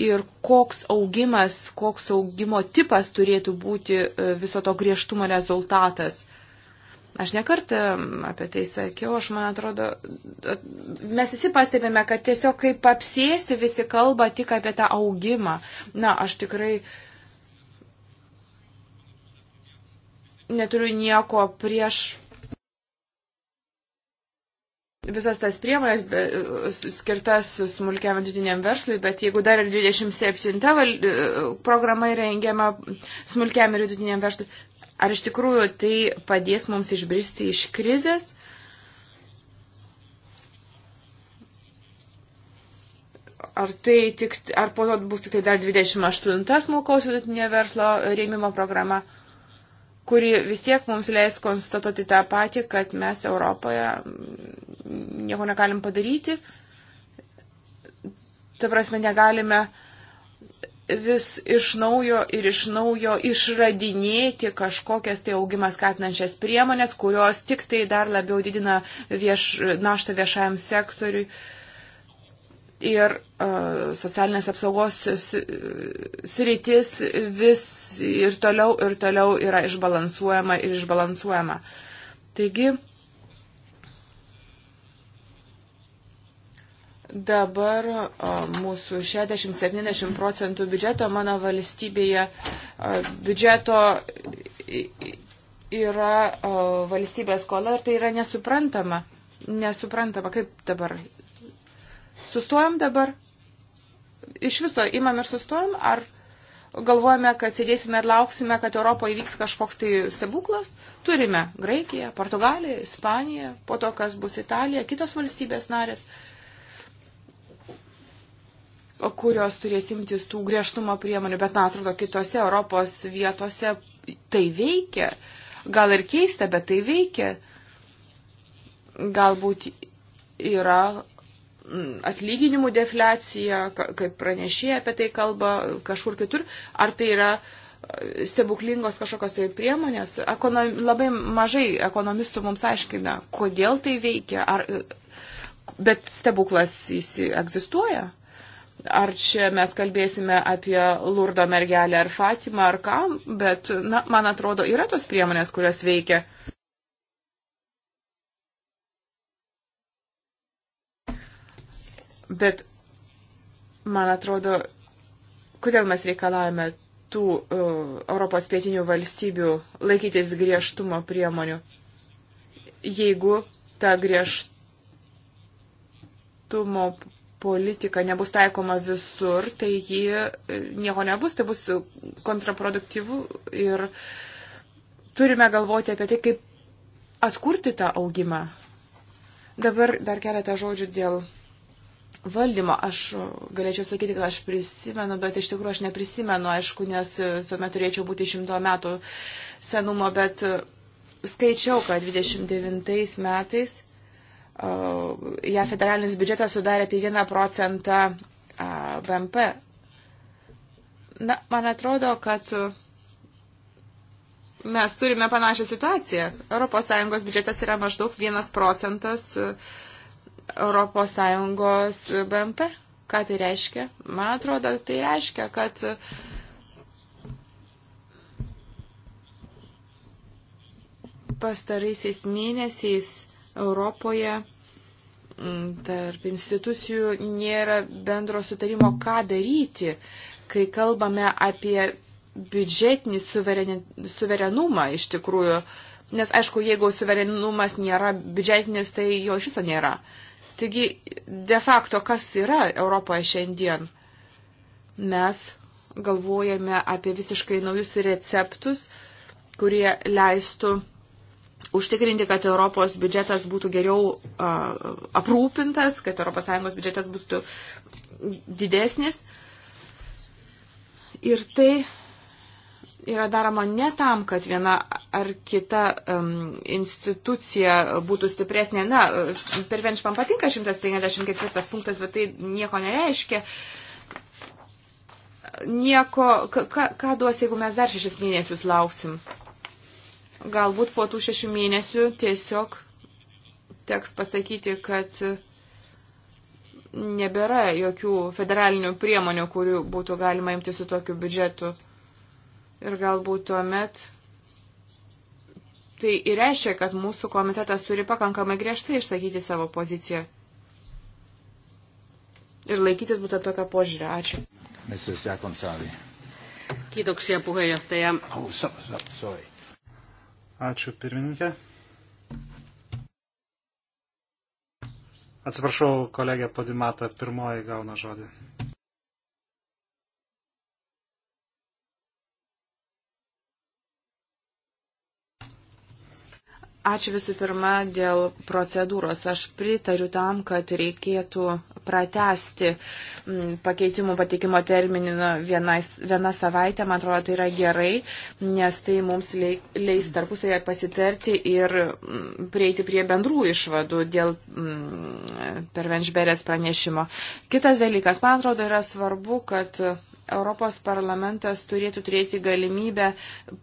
ir koks augimas, koks augimo tipas turėtų būti e, viso to griežtumo rezultatas. Aš nekartą apie tai sakiau, aš man atrodo, mes visi pastebėme, kad tiesiog kaip apsėsti visi kalba tik apie tą augimą. Na, aš tikrai neturiu nieko prieš visas tas priemonės skirtas smulkiam vidutiniam verslui, bet jeigu dar ir 27 programa rengiama smulkiam ir vidutiniam verslui, Ar iš tikrųjų tai padės mums išbristi iš krizės? Ar, tai tik, ar po to bus tik tai dar 28 smulkaus vidutinio verslo rėmimo programa? kuri vis tiek mums leis konstatuoti tą patį, kad mes Europoje mm, nieko negalim padaryti. Ta prasme, negalime uh, vis iš naujo ir iš naujo išradinėti kažkokias tai augimas skatinančias priemonės, kurios tik tai dar labiau didina vieš, naštą viešajam sektoriui. Ir uh, socialinės apsaugos sritis vis ir toliau ir toliau yra išbalansuojama ir išbalansuojama. Taigi, uh, Dabar mūsų 60-70 procentų biudžeto mano valstybėje biudžeto yra valstybės skola ir tai yra nesuprantama. Nesuprantama, kaip dabar. Sustojom dabar? Iš viso imam ir sustojom? Ar galvojame, kad sėdėsime ir lauksime, kad Europoje įvyks kažkoks tai stebuklas. Turime Graikiją, Portugaliją, Ispaniją, po to, kas bus Italija, kitos valstybės narės. Uh, kurios turės imtis tų griežtumo priemonių, bet man atrodo, kitose Europos vietose tai veikia. Gal ir keista, bet tai veikia. Galbūt yra mm, atlyginimų deflecija, kaip pranešėja apie tai kalba kažkur kitur, ar tai yra e, stebuklingos kažkokios tai priemonės. Ekonom, labai mažai ekonomistų mums aiškina, kodėl tai veikia, ar, e, bet stebuklas jis egzistuoja ar čia mes kalbėsime apie Lurdo mergelę ar Fatimą ar ką, bet, na, man atrodo, yra tos priemonės, kurios veikia. Bet, man atrodo, kodėl mes reikalavome tų uh, Europos pietinių valstybių laikytis griežtumo priemonių, jeigu ta griežtumo politika nebus taikoma visur, tai ji e, nieko nebus, tai bus kontraproduktyvu ir turime galvoti apie tai, kaip atkurti tą augimą. Dabar dar keletą žodžių dėl valdymo. Aš galėčiau sakyti, kad aš prisimenu, bet iš tikrųjų aš neprisimenu, aišku, nes tuomet turėčiau būti šimto metų senumo, bet skaičiau, kad 29 metais Uh, ją federalinis biudžetas sudarė apie 1 procentą uh, BMP. Na, man atrodo, kad mes turime panašią situaciją. ES biudžetas yra maždaug 1 procentas uh, ES BMP. Ką tai reiškia? Man atrodo, tai reiškia, kad pastaraisiais mėnesiais Europoje tarp institucijų nėra bendro sutarimo, ką daryti, kai kalbame apie biudžetinį suverenumą iš tikrųjų. Nes aišku, jeigu suverenumas nėra biudžetinis, tai jo iš viso nėra. Taigi, de facto, kas yra Europoje šiandien? Mes galvojame apie visiškai naujus receptus, kurie leistų užtikrinti, kad Europos biudžetas būtų geriau uh, aprūpintas, kad ES biudžetas būtų didesnis. Ir tai yra daroma ne tam, kad viena ar kita um, institucija būtų stipresnė. Na, per vienš man patinka 154 punktas, bet tai nieko nereiškia. Nieko, ką, ką duos, jeigu mes dar šešis mėnesius lauksim? galbūt po tų šešių mėnesių tiesiog teks pasakyti, kad nebėra jokių federalinių priemonių, kurių būtų galima imti su tokiu biudžetu. Ir galbūt tuomet tai ir reiškia, kad mūsų komitetas turi pakankamai griežtai išsakyti savo poziciją. Ir laikytis būtent tokio požiūrio. Ačiū. Kiitoksia puheenjohtaja. Oh, so, so, sorry. Ačiū pirmininkė. Atsiprašau, kolegė Podimata pirmoji gauna žodį. Ačiū visų pirma dėl procedūros. Aš pritariu tam, kad reikėtų pratesti mm, pakeitimų patikimo terminą vieną savaitę. Man atrodo, tai yra gerai, nes tai mums leis tarpusai pasitarti ir mm, prieiti prie bendrų išvadų dėl mm, pervenšberės pranešimo. Kitas dalykas, man atrodo, yra svarbu, kad Europos parlamentas turėtų turėti galimybę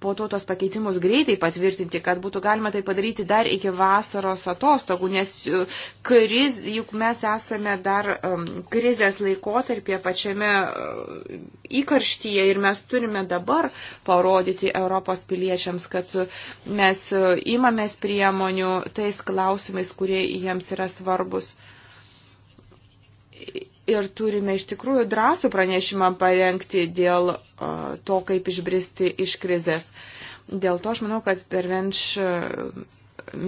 po to tos pakeitimus greitai patvirtinti, kad būtų galima tai padaryti dar iki vasaros atostogų, nes e, kriz, juk mes esame dar um, krizės laikotarpėje pačiame uh, įkarštyje ir mes turime dabar parodyti Europos piliečiams, kad mes uh, imamės priemonių tais klausimais, kurie jiems yra svarbus ir turime iš tikrųjų drąsų pranešimą parengti dėl to, kaip išbristi iš krizės. Dėl to aš manau, kad pervenš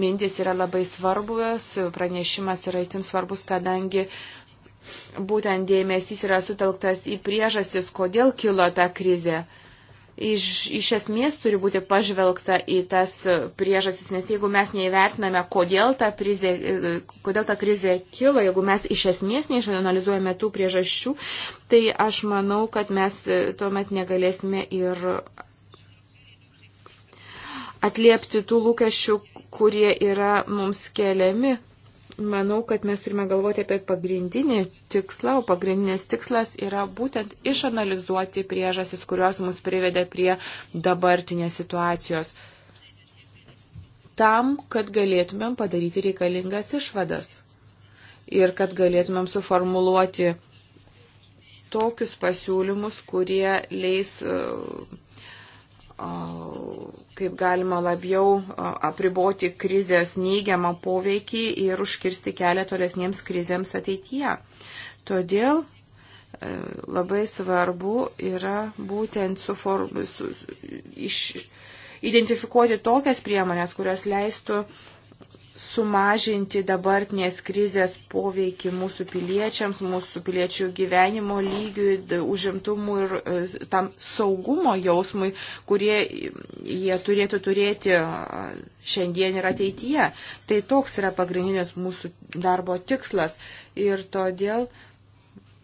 mintis yra labai svarbus, pranešimas yra itin svarbus, kadangi būtent dėmesys yra sutelktas į priežastis, kodėl kilo ta krizė iš, iš esmės turi būti pažvelgta į tas priežastis, nes jeigu mes neįvertiname, kodėl ta, prizė, kodėl ta krizė kilo, jeigu mes iš esmės neišanalizuojame tų priežasčių, tai aš manau, kad mes tuomet negalėsime ir atliepti tų lūkesčių, kurie yra mums keliami manau, kad mes turime galvoti apie pagrindinį tikslą, o pagrindinis tikslas yra būtent išanalizuoti priežasis, kurios mus privedė prie dabartinės situacijos, tam, kad galėtumėm padaryti reikalingas išvadas ir kad galėtumėm suformuluoti tokius pasiūlymus, kurie leis. Uh, kaip galima labiau apriboti krizės neigiamą poveikį ir užkirsti kelią tolesniems krizėms ateityje. Todėl e, labai svarbu yra būtent suform, su, iš, identifikuoti tokias priemonės, kurios leistų uh, sumažinti dabartinės krizės poveikį mūsų piliečiams, mūsų piliečių gyvenimo lygiui, užimtumui ir e, tam saugumo jausmui, kurie jie turėtų turėti šiandien ir ateityje. Tai toks yra pagrindinis mūsų darbo tikslas. Ir todėl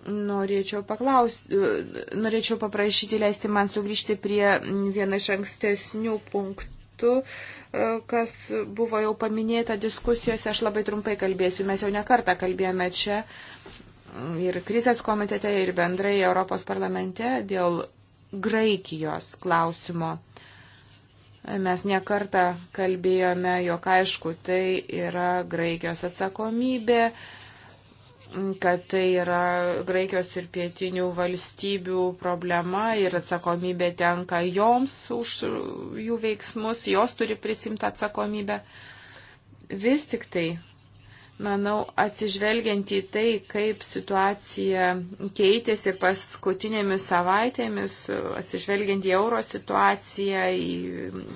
norėčiau paklausti, e, norėčiau paprašyti leisti man sugrįžti prie vieną iš ankstesnių punktų metu, e, kas buvo jau paminėta diskusijose, aš labai trumpai kalbėsiu, mes jau nekartą kalbėjome čia ir krizės komitete, ir bendrai Europos parlamente dėl Graikijos klausimo. Mes nekartą kalbėjome, jog aišku, tai yra Graikijos atsakomybė, kad tai yra Graikijos ir pietinių valstybių problema ir atsakomybė tenka joms už jų veiksmus, jos turi prisimti atsakomybę. Vis tik tai Manau, atsižvelgiant į tai, kaip situacija keitėsi paskutinėmis savaitėmis, atsižvelgiant į euro situaciją, į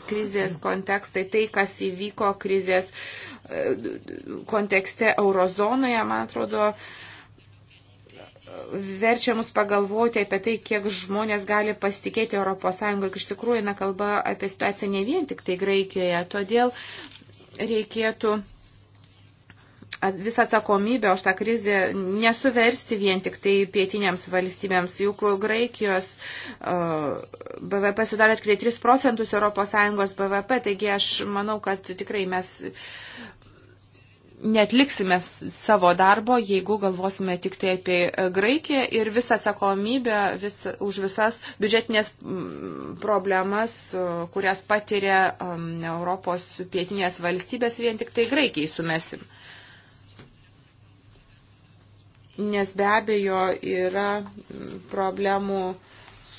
krizės kontekstai, tai, kas įvyko krizės e, kontekste eurozonoje, man atrodo, verčia mus pagalvoti apie tai, kiek žmonės gali pasitikėti ES, iš tikrųjų eina kalba apie situaciją ne vien tik tai Graikijoje. Todėl reikėtų visą atsakomybę už tą krizę nesuversti vien tik tai pietiniams valstybėms. Juk Graikijos BVP sudarė tik 3 procentus ES BVP, taigi aš manau, kad tikrai mes netliksime savo darbo, jeigu galvosime tik tai apie e, Graikiją ir visą atsakomybę vis, už visas biudžetinės problemas, kurias patiria Europos pietinės valstybės, vien tik tai Graikijai sumesim nes be abejo yra problemų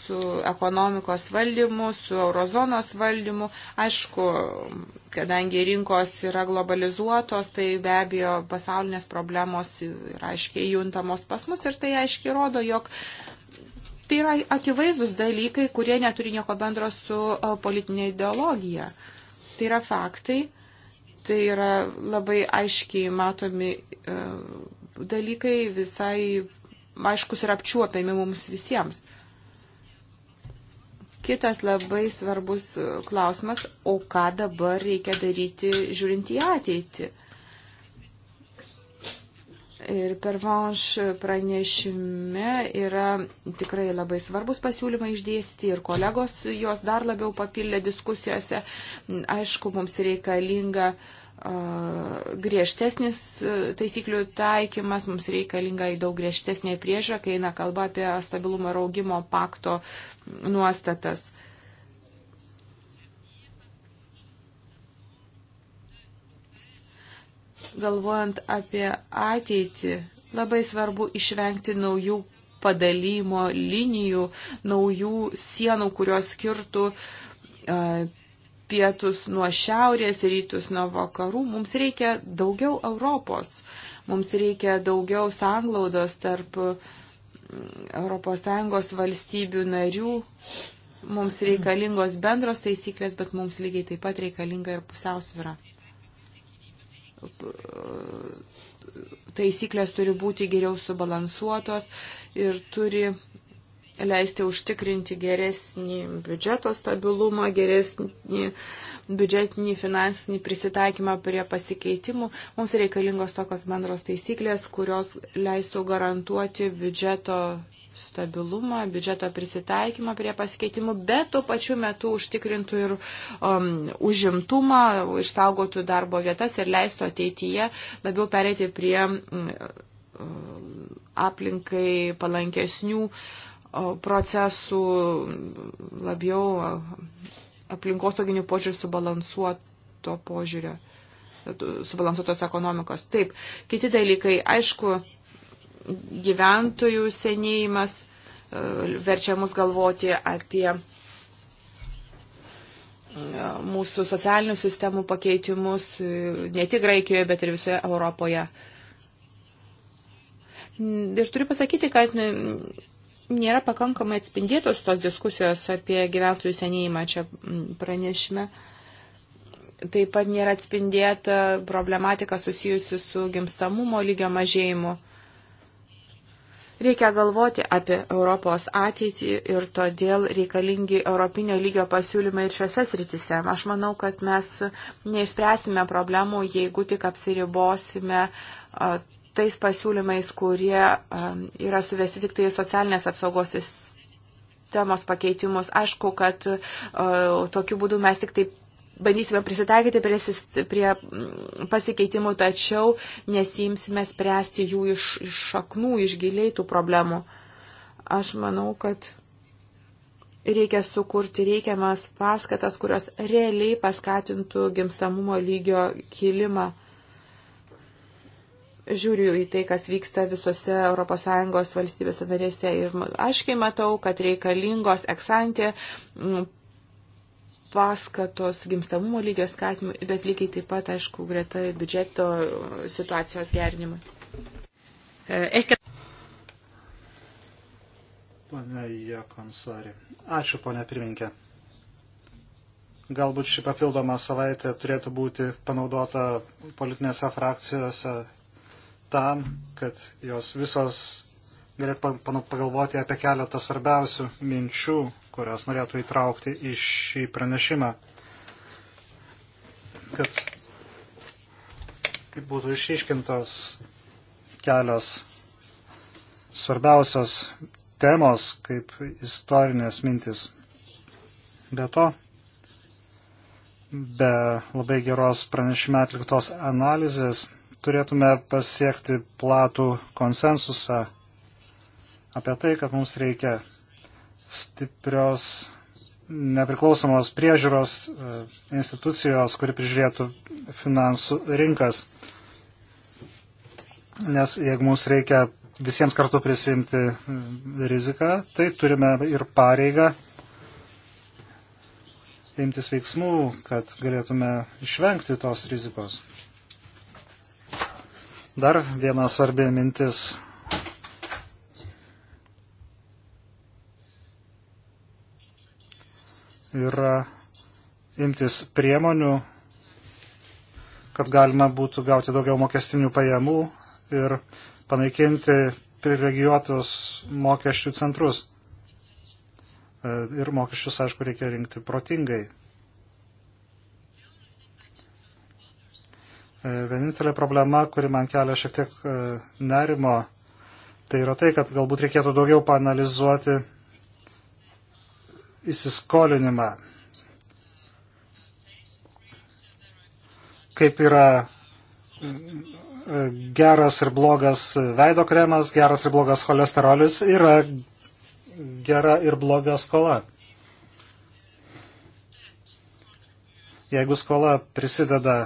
su ekonomikos valdymu, su eurozonos valdymu. Aišku, kadangi rinkos yra globalizuotos, tai be abejo pasaulinės problemos yra aiškiai juntamos pas mus ir tai aiškiai rodo, jog tai yra akivaizdus dalykai, kurie neturi nieko bendro su politinė ideologija. Tai yra faktai, tai yra labai aiškiai matomi. Uh, dalykai visai aiškus ir apčiuopiami mums visiems. Kitas labai svarbus e, klausimas, o ką dabar reikia daryti žiūrint į ateitį. Ir pervanš pranešime yra tikrai labai svarbus pasiūlymai išdėstyti ir kolegos juos dar labiau papildė diskusijose. Aišku, mums reikalinga uh, griežtesnis taisyklių taikymas, mums reikalinga į daug griežtesnė priežą, kai eina kalba apie stabilumo ir augimo pakto nuostatas. Galvojant apie ateitį, labai svarbu išvengti naujų padalymo linijų, naujų sienų, kurios skirtų uh, pietus nuo šiaurės, rytus nuo vakarų. Mums reikia daugiau Europos, mums reikia daugiau sanglaudos tarp mm, ES valstybių narių. Mums reikalingos bendros taisyklės, bet mums lygiai taip pat reikalinga ir pusiausvyra. Taisyklės turi būti geriau subalansuotos ir turi leisti užtikrinti geresnį biudžeto stabilumą, geresnį biudžetinį finansinį prisitaikymą prie pasikeitimų. Mums reikalingos tokios bendros taisyklės, kurios leistų garantuoti biudžeto stabilumą, biudžeto prisitaikymą prie pasikeitimų, bet tuo pačiu metu užtikrintų ir um, užimtumą, išsaugotų darbo vietas ir leistų ateityje labiau pereiti prie um, aplinkai palankesnių uh, procesų, labiau aplinkosauginių požiūrių subalansuoto požiūrio, subalansuotos ekonomikos. Taip, kiti dalykai, aišku, gyventojų senėjimas verčia mus galvoti apie mūsų socialinių sistemų pakeitimus ne tik Graikijoje, bet ir visoje Europoje. Ir turiu pasakyti, kad nėra pakankamai atspindėtos tos diskusijos apie gyventojų senėjimą čia pranešime. Taip pat nėra atspindėta problematika susijusi su gimstamumo lygio mažėjimu. Reikia galvoti apie Europos ateitį ir todėl reikalingi Europinio lygio pasiūlymai ir šiuose srityse. Aš manau, kad mes neišspręsime problemų, jeigu tik apsiribosime tais pasiūlymais, kurie um, yra suvesti tik tai socialinės apsaugos sistemos pakeitimus. Aišku, kad tokiu būdu mes tik taip bandysime prisitaikyti prie, prie mm, pasikeitimų, tačiau nesimsime spręsti jų iš, iš šaknų, iš giliai tų problemų. Aš manau, kad reikia sukurti reikiamas paskatas, kurios realiai paskatintų gimstamumo lygio kilimą žiūriu į tai, kas vyksta visose ES valstybėse narėse ir aiškiai matau, kad reikalingos eksantė paskatos gimstamumo lygio skatimui, bet lygiai taip pat, aišku, greta biudžeto situacijos gerinimui. Ehkä... Pane Jekonsari. Ačiū, ponė pirminkė. Galbūt ši papildoma savaitė turėtų būti panaudota politinėse frakcijose tam, kad jos visos galėtų pagalvoti apie keletą svarbiausių minčių, kurias norėtų įtraukti į šį pranešimą. Kad kaip būtų išiškintos kelios svarbiausios temos kaip istorinės mintis. Be to, be labai geros pranešime atliktos analizės, turėtume pasiekti platų konsensusą apie tai, kad mums reikia stiprios nepriklausomos priežiūros e, institucijos, kuri prižiūrėtų finansų rinkas. Nes jeigu mums reikia visiems kartu prisimti mm, riziką, tai turime ir pareigą imtis veiksmų, kad galėtume išvengti tos rizikos. Dar viena svarbi mintis. Yra imtis priemonių, kad galima būtų gauti daugiau mokestinių pajamų ir panaikinti privilegijuotus mokesčių centrus. E, ir mokesčius, aišku, reikia rinkti protingai. E, vienintelė problema, kuri man kelia šiek tiek e, nerimo, tai yra tai, kad galbūt reikėtų daugiau panalizuoti įsiskolinimą. Kaip yra e, geras ir blogas veido kremas, geras ir blogas cholesterolis yra gera ir bloga skola. Jeigu skola prisideda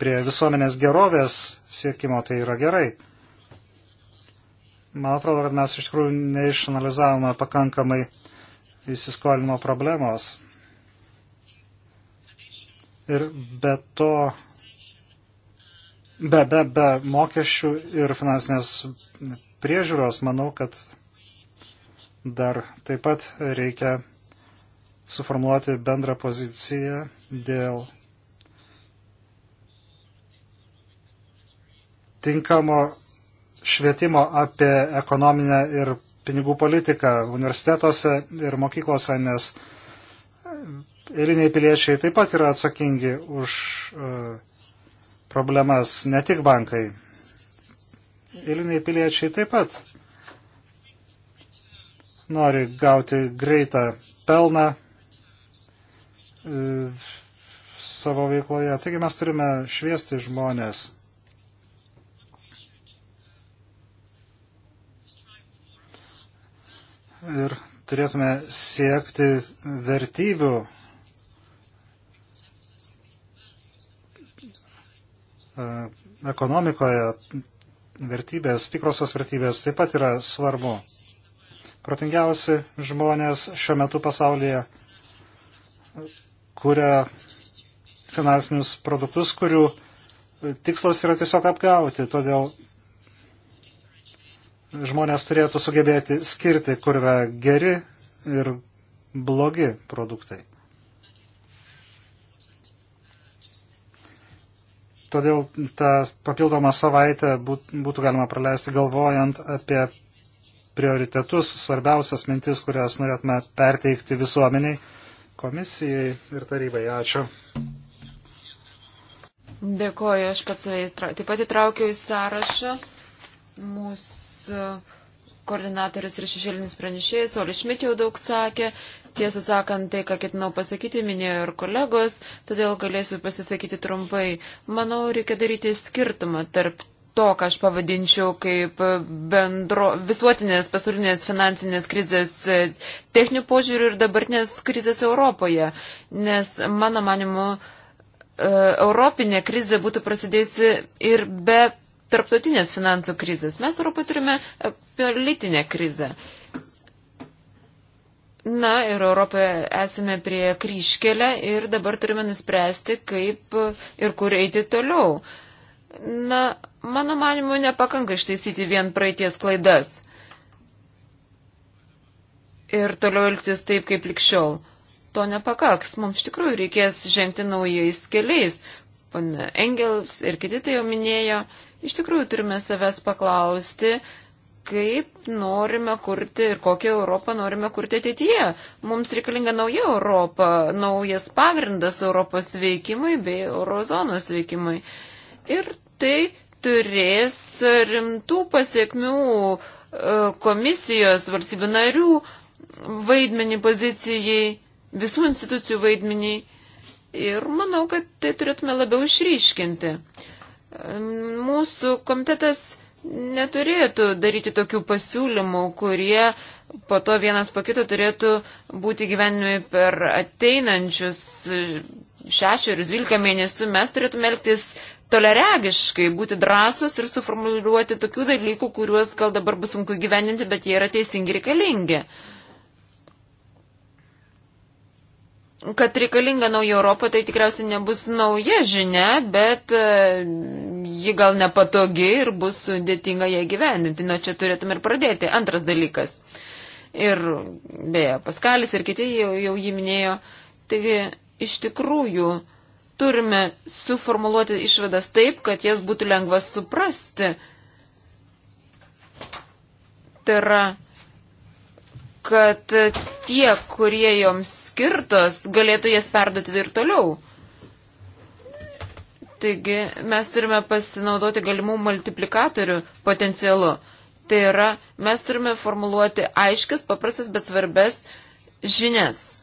prie visuomenės gerovės siekimo, tai yra gerai. Man atrodo, kad mes iš tikrųjų neišanalizavome pakankamai įsiskolinimo problemos. Ir be to, be, be, be mokesčių ir finansinės priežiūros, manau, kad dar taip pat reikia suformuoluoti bendrą poziciją dėl tinkamo švietimo apie ekonominę ir pinigų politiką universitetuose ir mokyklose, nes eiliniai piliečiai taip pat yra atsakingi už e, problemas, ne tik bankai. Eiliniai piliečiai taip pat nori gauti greitą pelną e, savo veikloje. Taigi mes turime šviesti žmonės ir turėtume siekti vertybių e, ekonomikoje, vertybės, tikrosios vertybės taip pat yra svarbu. Protingiausi žmonės šiuo metu pasaulyje kuria finansinius produktus, kurių tikslas yra tiesiog apgauti. Todėl žmonės turėtų sugebėti skirti, kur yra geri ir blogi produktai. Todėl tą papildomą savaitę būtų galima praleisti galvojant apie prioritetus, svarbiausias mintis, kurias norėtume perteikti visuomeniai, komisijai ir tarybai. Ačiū. Dėkoju, aš pats taip pat įtraukiau į sąrašą mūsų koordinatorius ir šešėlinis pranešėjas, Oli Šmit jau daug sakė. Tiesą sakant, tai, ką ketinau pasakyti, minėjo ir kolegos, todėl galėsiu pasisakyti trumpai. Manau, reikia daryti skirtumą tarp to, ką aš pavadinčiau kaip bendro, visuotinės pasaulinės finansinės krizės e, techninių požiūrių ir dabartinės krizės Europoje. Nes, mano manimu, e, europinė krizė būtų prasidėjusi ir be tarptautinės finansų krizės. Mes Europoje turime e, politinę krizę. Na ir Europoje esame prie kryškelę ir dabar turime nuspręsti, kaip e, ir kur eiti toliau. Na, mano manimu, nepakanka ištaisyti vien praeities klaidas ir toliau elgtis taip, kaip likščiol. To nepakaks, mums iš tikrųjų reikės žengti naujais keliais. Pana Engels ir kiti tai jau minėjo. Uh, Iš tikrųjų turime savęs paklausti, kaip norime kurti ir kokią Europą norime kurti ateityje. Mums reikalinga nauja Europa, naujas pagrindas Europos veikimui bei eurozonos veikimui. Ir tai turės rimtų pasiekmių e, komisijos valstybių narių vaidmenį pozicijai, visų institucijų vaidmenį. Ir manau, kad tai turėtume labiau išryškinti. Mūsų komitetas neturėtų daryti tokių pasiūlymų, kurie po to vienas po kito turėtų būti gyvenimi per ateinančius šešerius, dvylika mėnesių. Mes turėtume elgtis toleregiškai, būti drąsus ir suformuluoti tokių dalykų, kuriuos gal dabar bus sunku gyveninti, bet jie yra teisingi reikalingi. Mhm. kad reikalinga nauja Europa, tai tikriausiai nebus nauja žinia, bet e, ji gal nepatogi ir bus sudėtinga ją gyveninti. Nuo čia turėtume ir pradėti. Antras dalykas. Ir beje, Paskalis ir kiti jau, jau jį minėjo. Taigi, iš tikrųjų, turime suformuluoti išvadas taip, kad jas būtų lengva suprasti. Tai yra kad tie, kurie joms skirtos, galėtų jas perduoti ir toliau. Taigi mes turime pasinaudoti galimų multiplikatorių potencialu. Tai yra, mes turime formuluoti aiškis, paprastas, bet svarbes žinias,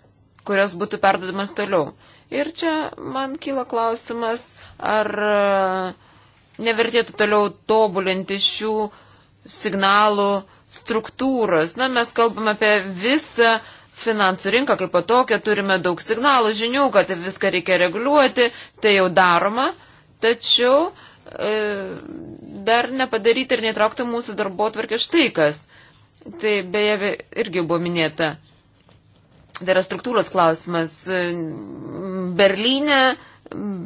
kurios būtų perdodamas toliau. Ir čia man kyla klausimas, ar e, nevertėtų toliau tobulinti šių signalų struktūros. Na, mes kalbame apie visą finansų rinką kaip po tokią, turime daug signalų, žinių, kad viską reikia reguliuoti, tai jau daroma, tačiau e, dar nepadaryti ir netraukti mūsų darbo atvarkė štai kas. Tai beje, irgi buvo minėta. Tai yra struktūros klausimas. E, Berlyne,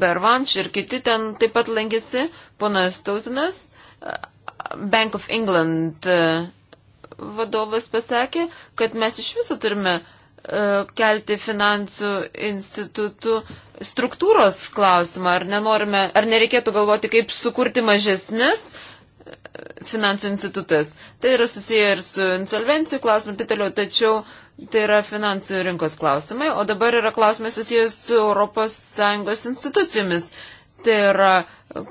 Bervanš ir kiti ten taip pat lankėsi, ponas Tausinas, Bank of England e, vadovas pasakė, kad mes iš viso turime e, kelti finansų institutų struktūros klausimą, ar, nenorime, ar nereikėtų galvoti, kaip sukurti mažesnis e, finansų institutas. Tai yra susiję ir su insolvencijų klausimu, tai toliau, tačiau tai yra finansų rinkos klausimai, o dabar yra klausimai susijęs su ES institucijomis. Tai yra,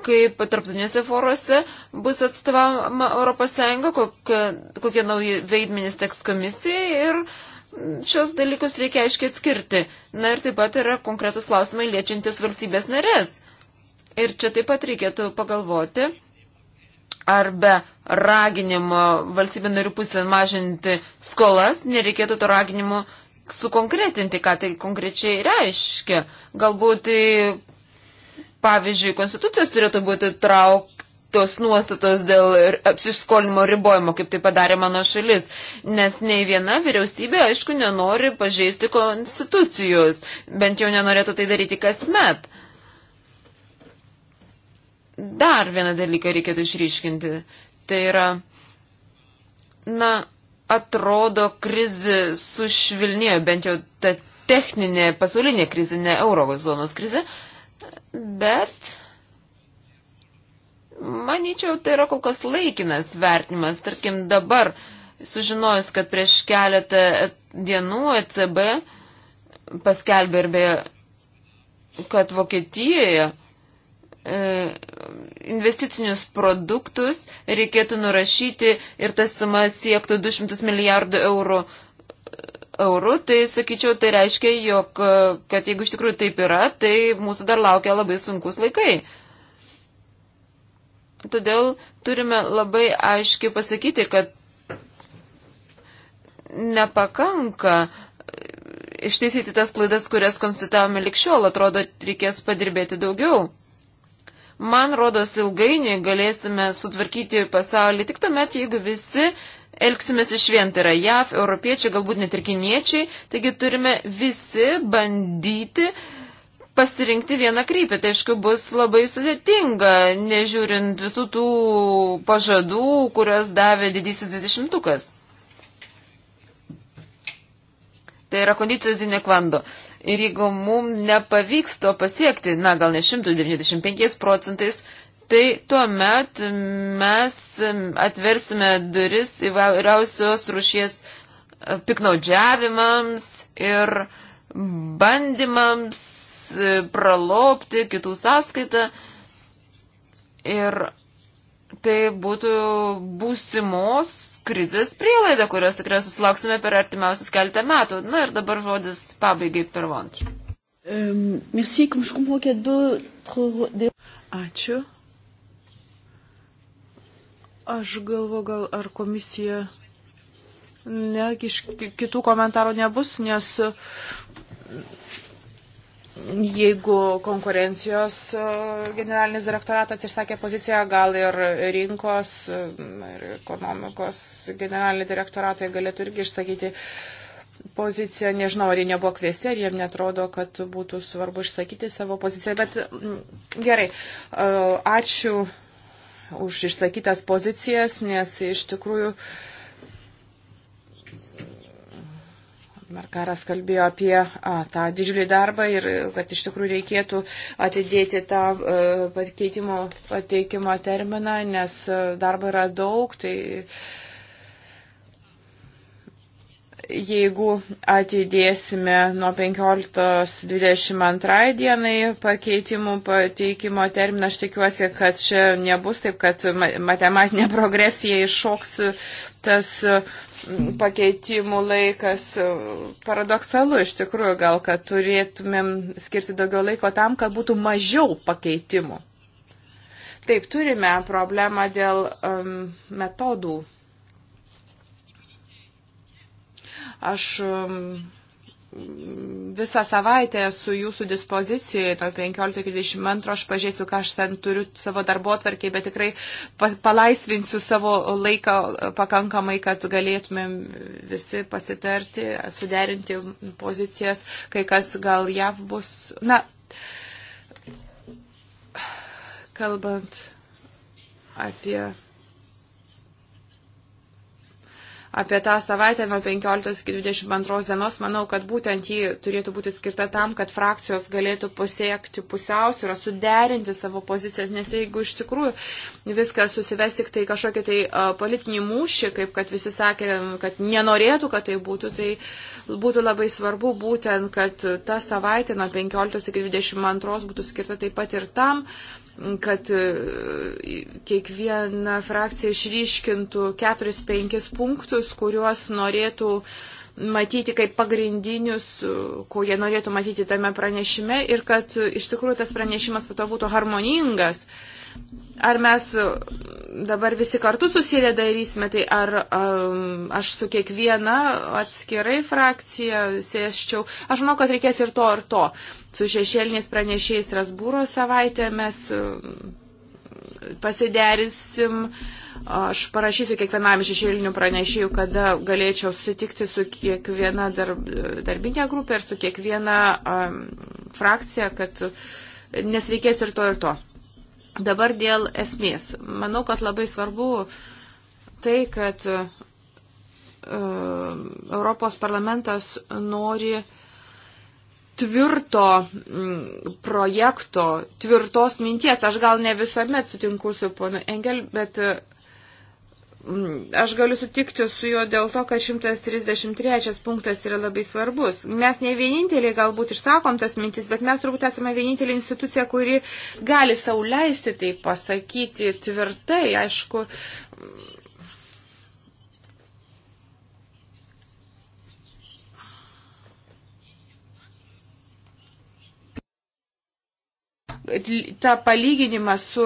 kaip tarptautinėse foruose bus atstovama ES, kokie, kokie nauji veidmenys teks komisijai ir šios dalykus reikia aiškiai atskirti. Na ir taip pat yra konkretus klausimai liečiantis valstybės narės. Ir čia taip pat reikėtų pagalvoti ar be raginimo valstybė narių pusė mažinti skolas, nereikėtų to raginimo sukonkretinti, ką tai konkrečiai reiškia. Galbūt tai Pavyzdžiui, konstitucijas turėtų būti trauktos nuostatos dėl apsiskolinimo ribojimo, kaip tai padarė mano šalis, nes nei viena vyriausybė, aišku, nenori pažeisti konstitucijos, bent jau nenorėtų tai daryti kasmet. Dar vieną dalyką reikėtų išryškinti. Tai yra, na, atrodo, krizė sušvilnėjo, bent jau ta techninė pasaulinė krizinė eurozonos krizė. Ne, bet manyčiau, tai yra kol kas laikinas vertinimas. Tarkim, dabar sužinojus, kad prieš keletą dienų ECB paskelbė ir beje, kad Vokietijoje e, investicinius produktus reikėtų nurašyti ir tas suma siektų 200 milijardų eurų eurų, tai sakyčiau, tai reiškia, jog, e, kad jeigu iš tikrųjų taip yra, tai mūsų dar laukia labai sunkus laikai. Todėl turime labai aiškiai pasakyti, kad nepakanka išteisyti tas klaidas, kurias konstatavome likščiol, atrodo, reikės padirbėti daugiau. Man rodos, ilgainiui galėsime sutvarkyti pasaulį tik tuomet, jeigu visi elgsimės iš vien, tai yra JAV, europiečiai, galbūt net ir kiniečiai, taigi turime visi bandyti pasirinkti vieną kryptį. Tai aišku, bus labai sudėtinga, nežiūrint visų tų pažadų, kurias davė didysis dvidešimtukas. Tai yra kondicijos dinekvando. Ir jeigu mums nepavyks to pasiekti, na gal ne 195 procentais, tai tuomet mes atversime duris įvairiausios rušies e, piknaudžiavimams ir bandymams e, pralopti kitų sąskaitą. Ir tai būtų būsimos krizės prielaida, kurios tikrai susilauksime per artimiausius keletą metų. Na ir dabar žodis pabaigai per vančių. Ačiū. Aš galvoju, gal ar komisija. Ne, iš kitų komentarų nebus, nes jeigu konkurencijos generalinis direktoratas išsakė poziciją, gal ir rinkos ir ekonomikos generaliniai direktoratai galėtų irgi išsakyti poziciją. Nežinau, ar jie nebuvo kviesti, ar jiem netrodo, kad būtų svarbu išsakyti savo poziciją. Bet gerai, ačiū už išsakytas pozicijas, nes iš tikrųjų Merkaras kalbėjo apie a, tą didžiulį darbą ir kad iš tikrųjų reikėtų atidėti tą a, e, pakeitimo pateikimo terminą, nes e, darbo yra daug, tai jeigu atidėsime nuo 15-22 dienai pakeitimų pateikimo terminą, aš tikiuosi, kad čia nebus taip, kad matematinė progresija iššoks tas pakeitimų laikas. Paradoksalu iš tikrųjų gal, kad turėtumėm skirti daugiau laiko tam, kad būtų mažiau pakeitimų. Taip, turime problemą dėl um, metodų Aš um, visą savaitę su jūsų dispozicijoje, nuo 15-22 aš pažiūrėsiu, ką aš ten turiu savo darbo atvarkiai, bet tikrai palaisvinsiu savo laiką pakankamai, kad galėtumėm visi pasitarti, suderinti pozicijas, kai kas gal jav bus. Na, kalbant apie apie tą savaitę nuo 15 iki 22 dienos, manau, kad būtent ji turėtų būti skirta tam, kad frakcijos galėtų pasiekti pusiausvyrą, suderinti savo pozicijas, nes jeigu iš tikrųjų viskas susives tik tai kažkokį tai politinį mūšį, kaip kad visi sakė, kad nenorėtų, kad tai būtų, tai būtų labai svarbu būtent, kad ta savaitė nuo 15 iki 22 būtų skirta taip pat ir tam, kad e, kiekviena frakcija išryškintų 4-5 punktus, kuriuos norėtų matyti kaip pagrindinius, ko jie norėtų matyti tame pranešime ir kad e, iš tikrųjų tas pranešimas po to būtų harmoningas. Ar mes e, dabar visi kartu susėdę darysime, tai ar um, aš su kiekviena atskirai frakcija sėščiau. Aš manau, kad reikės ir to, ir to. Uh, Su šešėliniais pranešėjais Rasbūro savaitę mes e, pasiderisim. Aš parašysiu kiekvienam šešėlinių pranešėjų, kada galėčiau sutikti su kiekviena darb, darbinė grupė ir su kiekviena um, frakcija, kad nes reikės ir to ir to. Dabar dėl esmės. Manau, kad labai svarbu tai, kad uh, Europos parlamentas nori uh, tvirto mm, projekto, tvirtos minties. Aš gal ne visuomet sutinku su ponu Engel, bet mm, aš galiu sutikti su juo dėl to, kad 133 punktas yra labai svarbus. Mes ne vieninteliai galbūt išsakom tas mintis, bet mes turbūt esame vienintelė institucija, kuri gali sauliaisti tai pasakyti tvirtai. Aišku, tą palyginimą su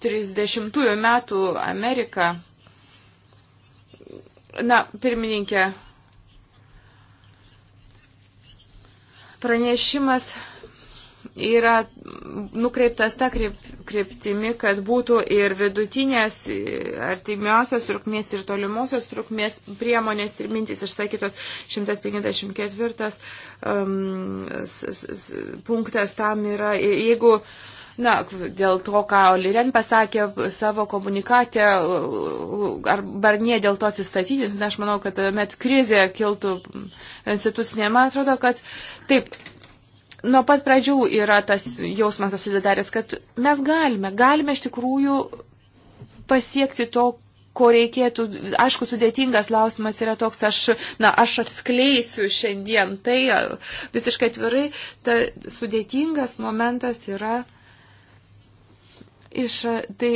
30-ųjų metų Amerika. Na, pirmininkė, pranešimas yra nukreiptas tą kryptimį kryptimi, kad būtų ir vidutinės, artimiausios trukmės ir tolimosios trukmės priemonės ir mintis išsakytos 154 um, punktas tam yra. Jeigu na, dėl to, ką Oliren pasakė savo komunikate, ar Barnie dėl to atsistatytis, na, aš manau, kad met krizė kiltų institucinė. Man atrodo, kad taip, nuo pat pradžių yra tas jausmas susidaręs, kad mes galime, galime iš tikrųjų pasiekti to, ko reikėtų. Aišku, sudėtingas klausimas yra toks, aš, na, aš atskleisiu šiandien tai visiškai atvirai, ta sudėtingas momentas yra iš, tai,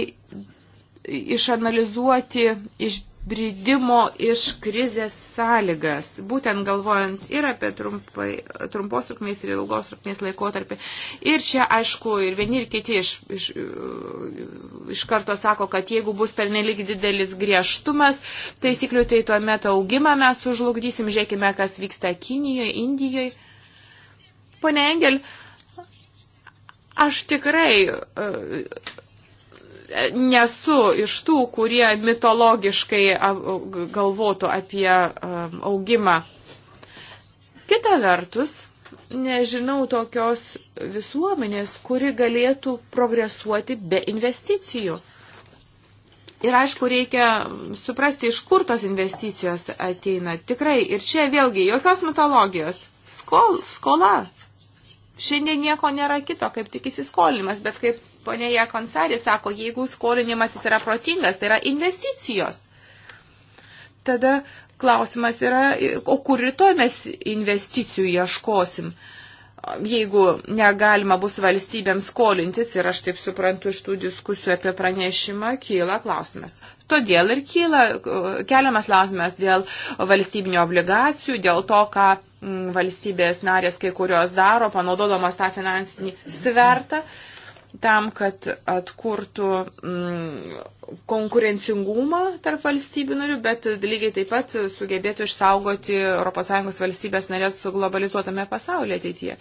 išanalizuoti, iš bridimo iš krizės sąlygas, būtent galvojant ir apie trumpai, trumpos trukmės ir ilgos trukmės laikotarpį. Ir čia, aišku, ir vieni ir kiti iš, iš, iš karto sako, kad jeigu bus pernelik didelis griežtumas taisyklių, tai tuomet augimą mes užlugdysim, žiūrėkime, kas vyksta Kinijoje, Indijoje. Pone Engel, aš tikrai. Uh, nesu iš tų, kurie mitologiškai galvotų apie um, augimą. Kita vertus, nežinau tokios visuomenės, kuri galėtų progresuoti be investicijų. Ir aišku, reikia suprasti, iš kur tos investicijos ateina. Tikrai, ir čia vėlgi jokios mitologijos. Skol, skola. Šiandien nieko nėra kito, kaip tik įsiskolinimas, bet kaip Pone Jakonsari sako, jeigu skolinimasis yra protingas, tai yra investicijos. Tada klausimas yra, o kur rytoj mes investicijų ieškosim, jeigu negalima bus valstybėms skolintis ir aš taip suprantu iš tų diskusijų apie pranešimą, kyla klausimas. Todėl ir kyla keliamas klausimas dėl valstybinio obligacijų, dėl to, ką mm, valstybės narės kai kurios daro, panaudodamas tą finansinį svertą. Mm tam, kad atkurtų mm, konkurencingumą tarp valstybių narių, bet lygiai taip pat sugebėtų išsaugoti ES valstybės narės globalizuotame pasaulyje ateityje.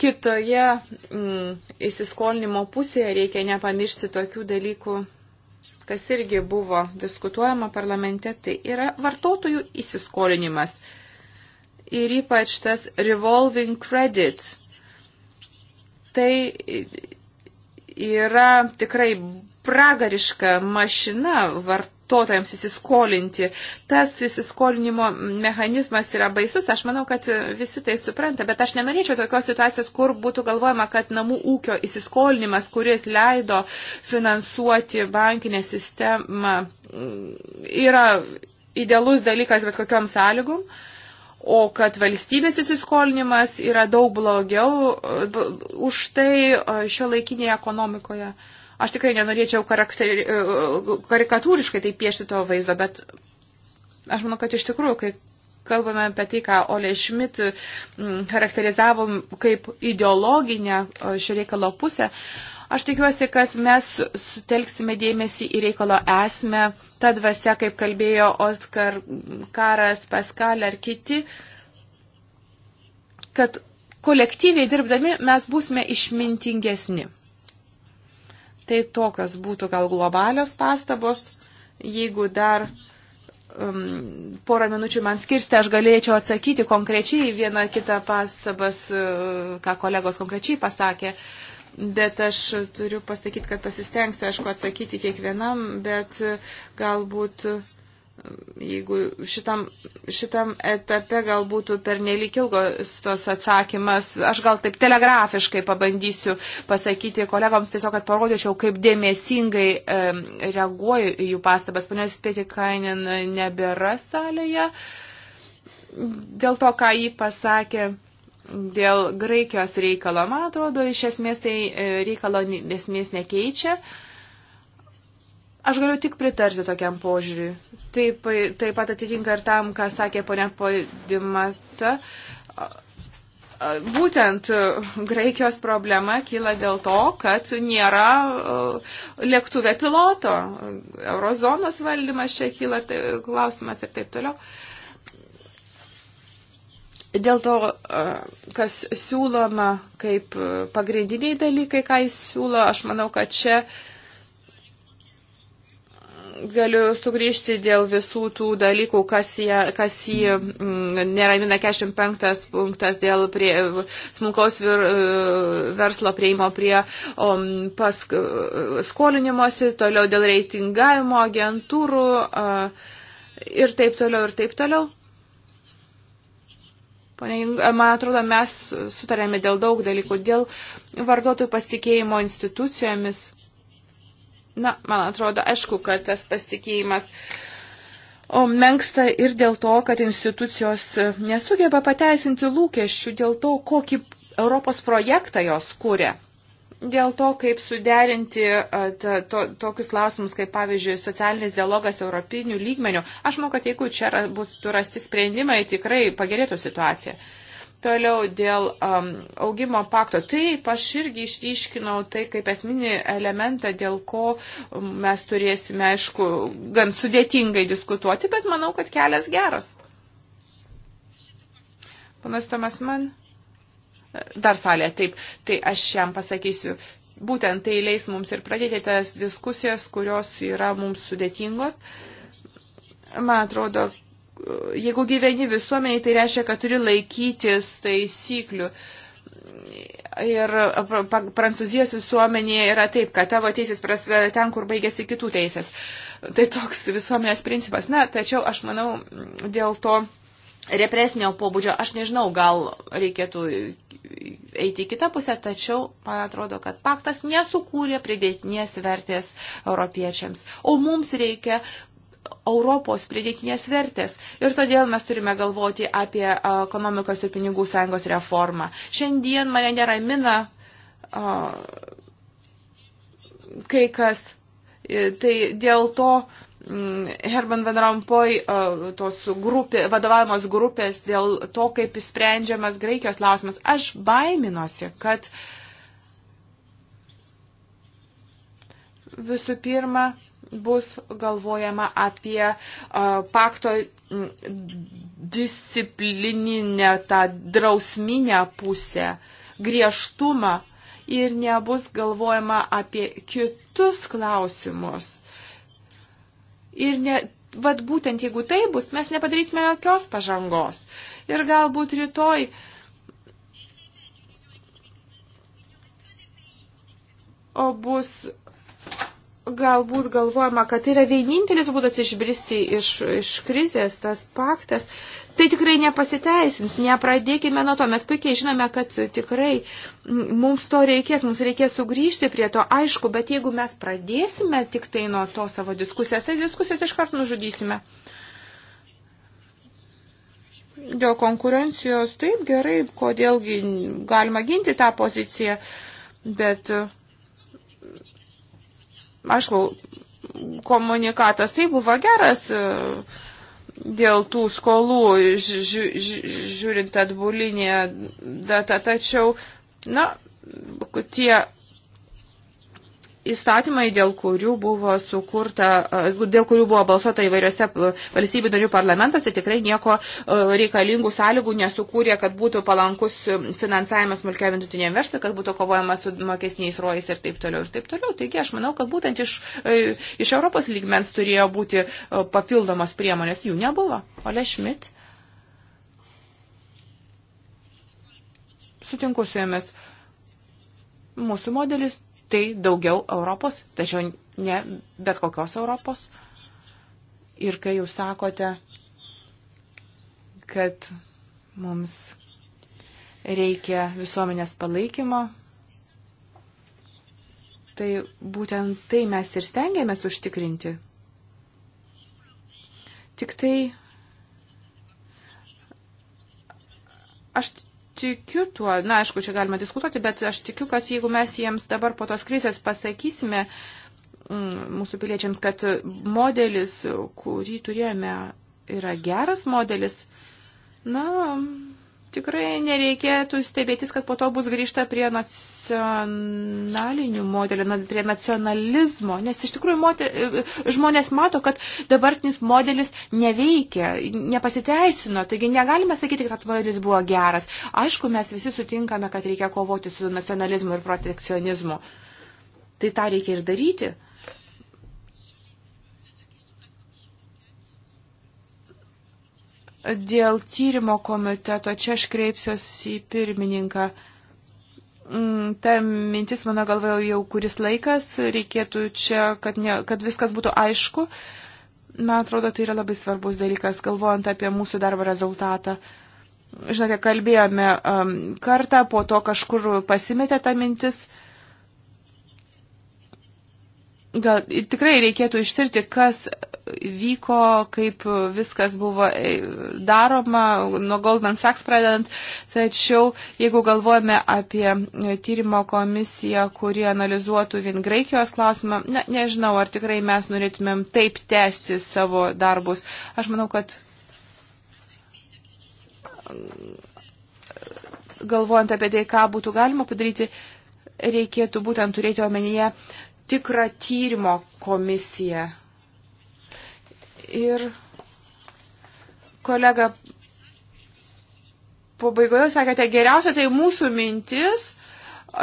Kitoje mm, įsiskolinimo pusėje reikia nepamiršti tokių dalykų kas irgi buvo diskutuojama parlamente, tai yra vartotojų įsiskolinimas. Ir ypač tas revolving credit. Tai yra tikrai pragariška mašina vart, vartotojams įsiskolinti. Tas įsiskolinimo mechanizmas yra baisus, aš manau, kad visi tai supranta, bet aš nenorėčiau tokios situacijos, kur būtų galvojama, kad namų ūkio įsiskolinimas, kuris leido finansuoti bankinę sistemą, yra idealus dalykas bet kokiam sąlygom. O kad valstybės įsiskolinimas yra daug blogiau už tai e, šio laikinėje ekonomikoje. Uh, Aš tikrai nenorėčiau karakteri, karikatūriškai tai piešti to vaizdo, bet aš manau, kad iš tikrųjų, kai kalbame apie tai, ką Ole Schmidt mm, charakterizavom kaip ideologinę šio reikalo pusę, aš tikiuosi, kad mes sutelksime dėmesį į reikalo esmę, ta dvasia, kaip kalbėjo Oskar Karas, Paskal ar kiti, kad kolektyviai dirbdami mes būsime išmintingesni. Tai tokios būtų gal globalios pastabos. Jeigu dar um, porą minučių man skirsti, aš galėčiau atsakyti konkrečiai vieną kitą pastabas, uh, ką kolegos konkrečiai pasakė. Bet aš turiu pasakyti, kad pasistengsiu, aišku, atsakyti kiekvienam, bet uh, galbūt. Uh, jeigu šitam, šitam etape gal būtų pernelik ilgos tos atsakymas, aš gal taip telegrafiškai pabandysiu pasakyti kolegoms tiesiog, kad parodyčiau, kaip dėmesingai e, reaguoju į jų pastabas. Ponios Pietikainin nebėra salėje dėl to, ką jį pasakė. Dėl Graikijos reikalo, man atrodo, iš esmės tai e, reikalo esmės nekeičia. Uh, Aš galiu tik pritarti tokiam požiūriui. Taip, taip pat atitinka ir tam, ką sakė ponia Podimata. Būtent Graikijos problema kyla dėl to, kad nėra lėktuvė piloto. Eurozonos valdymas čia kyla tai, klausimas ir taip toliau. Dėl to, kas siūloma kaip pagrindiniai dalykai, ką jis siūlo, aš manau, kad čia uh, galiu sugrįžti dėl visų tų dalykų, kas jį, kas jį m, mm, neramina 45 punktas dėl prie, smulkaus vir, e, verslo prieimo prie o, pas, e, skolinimosi, toliau dėl reitingavimo agentūrų a, e, ir taip toliau ir taip toliau. Pone, man atrodo, mes sutarėme dėl daug dalykų, dėl vartotojų pasitikėjimo institucijomis Na, man atrodo, aišku, kad tas pasitikėjimas O um, menksta ir dėl to, kad institucijos uh, nesugeba pateisinti lūkesčių dėl to, kokį Europos projektą jos kūrė. Dėl to, kaip suderinti uh, to, to, tokius klausimus, kaip pavyzdžiui, socialinis dialogas europinių lygmenių. Aš manau, kad jeigu čia bus rasti sprendimai, tikrai pagerėtų situacija. Uh, Toliau dėl um, augimo pakto. Taip, aš irgi išryškinau tai kaip esminį elementą, dėl ko um, mes turėsime, aišku, gan sudėtingai diskutuoti, bet manau, kad kelias geras. Panas Tomas man. Dar salė, taip. Tai aš jam pasakysiu. Būtent tai leis mums ir pradėti tas diskusijas, kurios yra mums sudėtingos. Man atrodo, jeigu gyveni visuomeniai, tai reiškia, kad turi laikytis taisyklių. Ir prancūzijos visuomenėje yra taip, kad tavo teisės prasideda ten, kur baigėsi kitų teisės. Tai toks visuomenės principas. Na, tačiau aš manau dėl to represinio pobūdžio, aš nežinau, gal reikėtų eiti į kitą pusę, tačiau man atrodo, kad paktas nesukūrė pridėtinės vertės europiečiams. O mums reikia Europos pridėtinės vertės. Ir todėl mes turime galvoti apie ekonomikos ir pinigų sąjungos reformą. Šiandien mane neramina kai kas. Tai dėl to mm, Herman Van Rompuy tos grupė, vadovavimos grupės dėl to, kaip įsprendžiamas Graikijos lausimas. Aš baiminosi, kad visų pirma, bus galvojama apie pakto disciplininę tą drausminę pusę, griežtumą ir nebus galvojama apie kitus klausimus. Ir ne, vat būtent jeigu tai bus, mes nepadarysime jokios pažangos. Ir galbūt rytoj bus galbūt galvojama, kad tai yra vienintelis būdas išbristi iš, iš krizės, tas paktas, tai tikrai nepasiteisins, nepradėkime nuo to. Mes puikiai žinome, kad tikrai mums to reikės, mums reikės sugrįžti prie to, aišku, bet jeigu mes pradėsime tik tai nuo to savo diskusijas, tai diskusijas iškart nužudysime. Dėl konkurencijos taip gerai, kodėlgi galima ginti tą poziciją, bet uh, aišku, komunikatas tai buvo geras e, dėl tų skolų, ži ži žiūrint atbulinė data, tačiau, na, tie Įstatymai, dėl kurių buvo sukurta, e, dėl kurių buvo balsuota įvairiose valstybių darių parlamentuose, tikrai nieko e, reikalingų sąlygų nesukūrė, kad būtų palankus e, finansavimas smulkiai vidutiniam verslui, kad būtų kovojama su mokesniais ruojais ir taip toliau ir taip toliau. Taigi aš manau, kad būtent iš, iš Europos lygmens turėjo būti papildomos priemonės. Jų nebuvo. Ole Šmit. Sutinku su jumis. Mūsų modelis tai daugiau Europos, tačiau ne bet kokios Europos. Ir kai jūs sakote, kad mums reikia visuomenės palaikymo, tai būtent tai mes ir stengiamės užtikrinti. Tik tai aš tikiu tuo, na, aišku, čia galima diskutuoti, bet aš tikiu, kad jeigu mes jiems dabar po tos krizės pasakysime mm, mūsų piliečiams, kad modelis, kurį turėjome, yra geras modelis, na, tikrai nereikėtų stebėtis, kad po to bus grįžta prie nacionalinių modelių, prie nacionalizmo, nes iš tikrųjų mote, žmonės mato, kad dabartinis modelis neveikia, nepasiteisino, taigi negalime sakyti, kad modelis buvo geras. Aišku, mes visi sutinkame, kad reikia kovoti su nacionalizmu ir protekcionizmu. Tai tą reikia ir daryti. Dėl tyrimo komiteto čia aš kreipsiuosi į pirmininką. Mm, ta mintis mano galvoje jau kuris laikas, reikėtų čia, kad, ne, kad viskas būtų aišku. Man atrodo, tai yra labai svarbus dalykas, galvojant apie mūsų darbo rezultatą žinote, kalbėjome um, kartą, po to kažkur pasimetė ta mintis. Gal tikrai reikėtų ištirti, kas vyko, kaip viskas buvo e, daroma, nuo Goldman Sachs pradedant. Tačiau, jeigu galvojame apie e, tyrimo komisiją, kuri analizuotų vien Graikijos klausimą, ne, nežinau, ar tikrai mes norėtumėm taip tęsti savo darbus. Aš manau, kad galvojant apie tai, ką būtų galima padaryti, reikėtų būtent turėti omenyje tikrą tyrimo komisiją. Ir kolega pabaigoje sakėte, geriausia tai mūsų mintis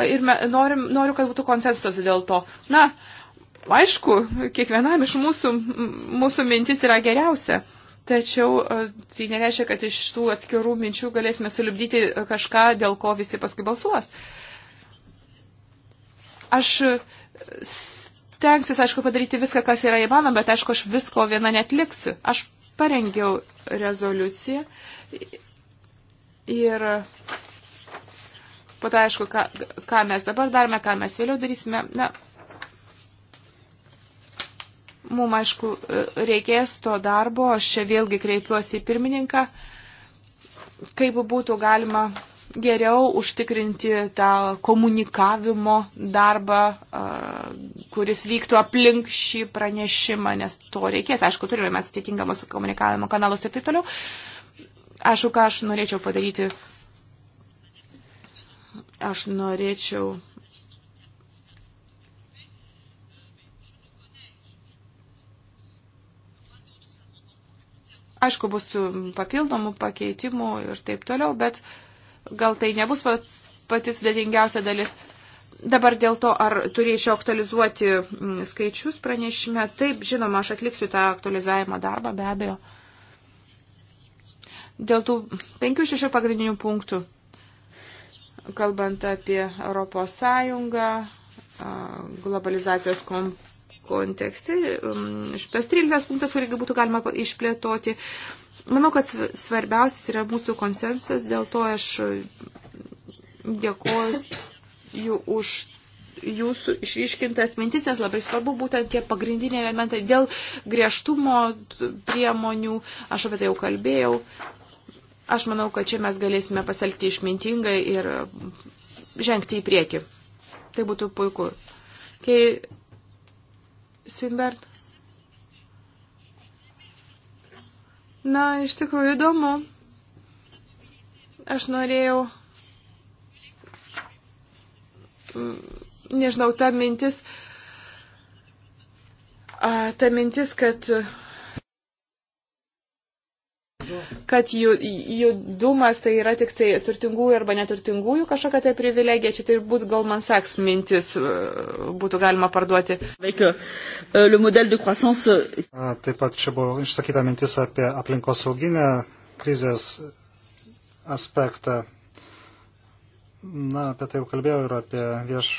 ir me, norim, noriu, kad būtų konsensusas dėl to. Na, aišku, kiekvienam iš mūsų, mūsų mintis yra geriausia. Tačiau e, tai nereiškia, kad iš tų atskirų minčių galėsime sulibdyti kažką, dėl ko visi paskui balsuos. Aš Tenksiuosi, aišku, padaryti viską, kas yra įmanoma, bet, aišku, aš visko viena netliksiu. Aš parengiau rezoliuciją ir po to, aišku, ką, ką mes dabar darome, ką mes vėliau darysime. Na, mums, aišku, reikės to darbo, aš čia vėlgi kreipiuosi į pirmininką, kaip būtų galima geriau užtikrinti tą komunikavimo darbą, kuris vyktų aplink šį pranešimą, nes to reikės, aišku, turime mes atitinkamus komunikavimo kanalus ir taip toliau. Aišku, ką aš norėčiau padaryti. Aš norėčiau aišku, bus papildomų pakeitimų ir taip toliau, bet uh, gal tai nebus pati sudėtingiausia dalis. Dabar dėl to, ar turėčiau aktualizuoti mm, skaičius pranešime, taip, žinoma, aš atliksiu tą aktualizavimo darbą, be abejo. Dėl tų penkių šešių pagrindinių punktų, kalbant apie Europos Sąjungą, globalizacijos kontekste, mm, šitas 13 punktas, kurį būtų galima išplėtoti, Manau, kad svarbiausias yra mūsų konsensusas, dėl to aš dėkoju už jūsų išryškintas mintis, nes labai svarbu būtent tie pagrindiniai elementai dėl griežtumo priemonių, aš apie tai jau kalbėjau. Aš manau, kad čia mes galėsime pasielgti išmintingai ir žengti į priekį. Tai būtų puiku. Kai Svinbert Na, iš tikrųjų įdomu. Aš norėjau. Mm, nežinau, ta mintis. A, ta mintis, kad kad judumas tai yra tik tai turtingųjų arba neturtingųjų kažkokia tai privilegija, čia tai būtų Goldman Sachs mintis, e, būtų galima parduoti. E, e, taip pat čia buvo išsakyta mintis apie aplinkosauginę krizės aspektą. Na, apie tai jau kalbėjau ir apie vieš,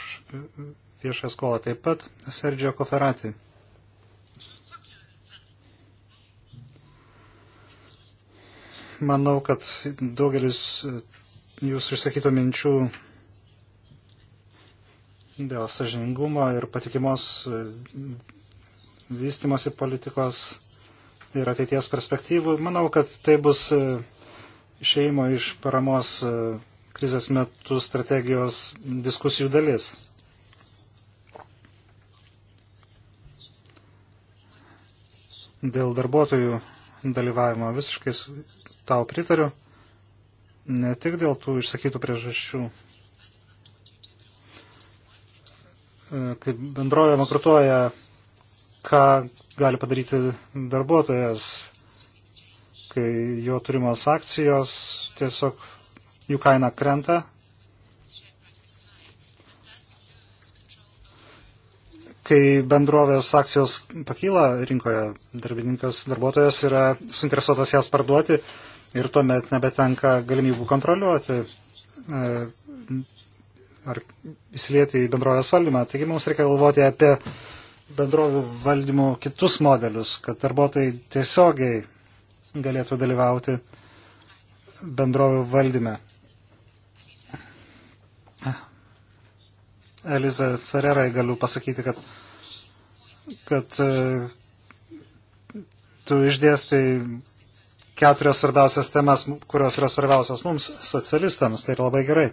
viešąją skolą taip pat Sergio Koferatį. manau, kad daugelis e, jūsų išsakytų minčių dėl sažiningumo ir patikimos e, vystimosi politikos ir ateities perspektyvų. Manau, kad tai bus e, išeimo iš paramos krizės metų strategijos diskusijų dalis. Dėl darbuotojų dalyvavimo visiškai tau pritariu, ne tik dėl tų išsakytų priežasčių. E, kai bendrovė bankrutuoja, ką gali padaryti darbuotojas, kai jo turimos akcijos tiesiog jų kaina krenta. Kai bendrovės akcijos pakyla rinkoje, darbininkas, darbuotojas yra suinteresuotas jas parduoti, ir tuomet nebetenka galimybų kontroliuoti e, ar įsilieti į bendrovės valdymą. Taigi mums reikia galvoti apie bendrovių valdymų kitus modelius, kad darbuotojai tiesiogiai galėtų dalyvauti bendrovių valdyme. Eliza Ferrerai galiu pasakyti, kad, kad e, tu išdėstai keturias svarbiausias temas, kurios yra svarbiausios mums, socialistams. Tai yra labai gerai.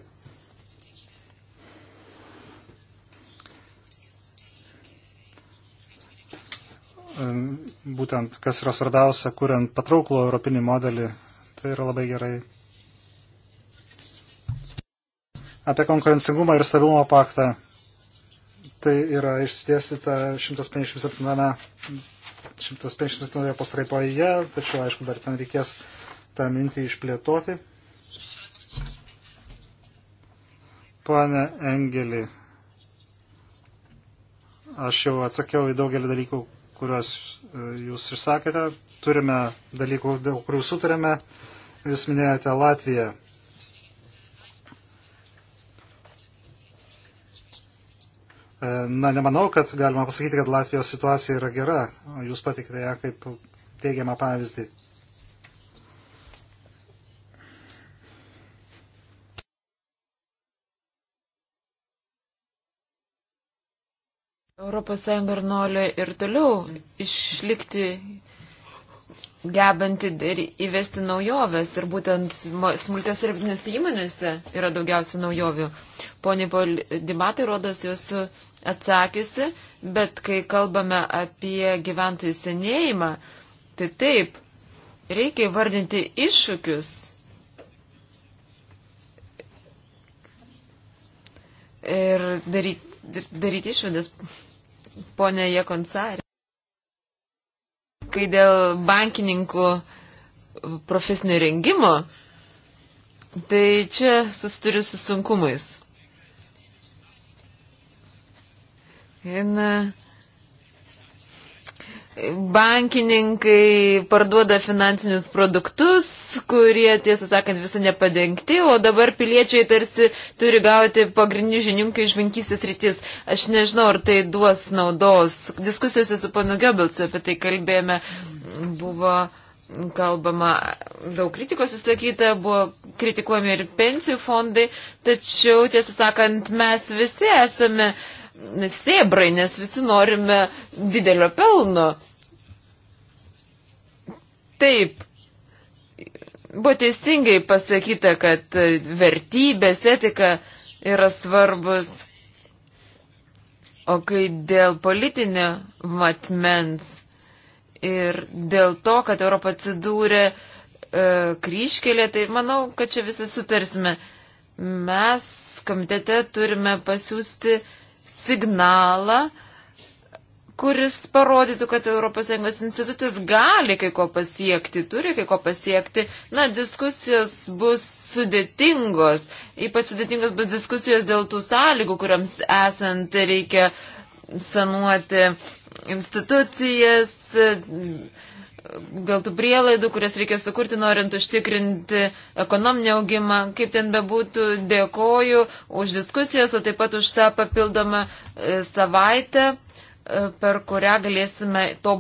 Būtent kas yra svarbiausia, kuriant patrauklų europinį modelį, tai yra labai gerai. Apie konkurencingumą ir stabilumo paktą. Tai yra išsidėstyta 157 158 pastraipoje, tačiau aišku, dar ten reikės tą mintį išplėtoti. Pane Engelį, aš jau atsakiau į daugelį dalykų, kuriuos e, jūs išsakėte. Turime dalykų, dėl kurių sutarėme. Jūs minėjote Latviją. E, na, nemanau, kad galima pasakyti, kad Latvijos situacija yra gera. Jūs patikite ją kaip teigiamą pavyzdį. ES ir nori ir toliau išlikti gebanti ir įvesti naujoves. Ir būtent smulkios ir vidinėse įmonėse yra daugiausia naujovių. Pone Dimatai rodos jūs atsakiusi, bet kai kalbame apie gyventojų senėjimą, tai taip, reikia įvardinti iššūkius. Ir daryti, daryti išvadas, ponė Jekonsarė kai dėl bankininkų profesinio rengimo, tai čia susituriu su sunkumais. Na, bankininkai parduoda finansinius produktus, kurie, tiesą sakant, visą nepadengti, o dabar piliečiai tarsi turi gauti pagrindinių žiniunkų iš bankystės rytis. Aš nežinau, ar tai duos naudos. Diskusijose su panu Gebelsu apie tai kalbėjome. Buvo kalbama, daug kritikos įsakyta, buvo kritikuojami ir pensijų fondai, tačiau, tiesą sakant, mes visi esame uh, sėbrai, nes visi norime didelio pelno. Taip, buvo teisingai pasakyta, kad vertybės, etika yra svarbus. O kai dėl politinio matmens ir dėl to, kad Europą atsidūrė e, kryškelė, tai manau, kad čia visi sutarsime. Mes komitete turime pasiūsti signalą, kuris parodytų, kad ES institutas gali kai ko pasiekti, turi kai ko pasiekti. Na, diskusijos bus sudėtingos, ypač sudėtingos bus diskusijos dėl tų sąlygų, kuriams esant reikia sanuoti institucijas, dėl tų prielaidų, kurias reikia sukurti, norint užtikrinti ekonominį augimą. Kaip ten bebūtų, dėkoju už diskusijas, o taip pat už tą papildomą e, savaitę, e, per kurią galėsime to.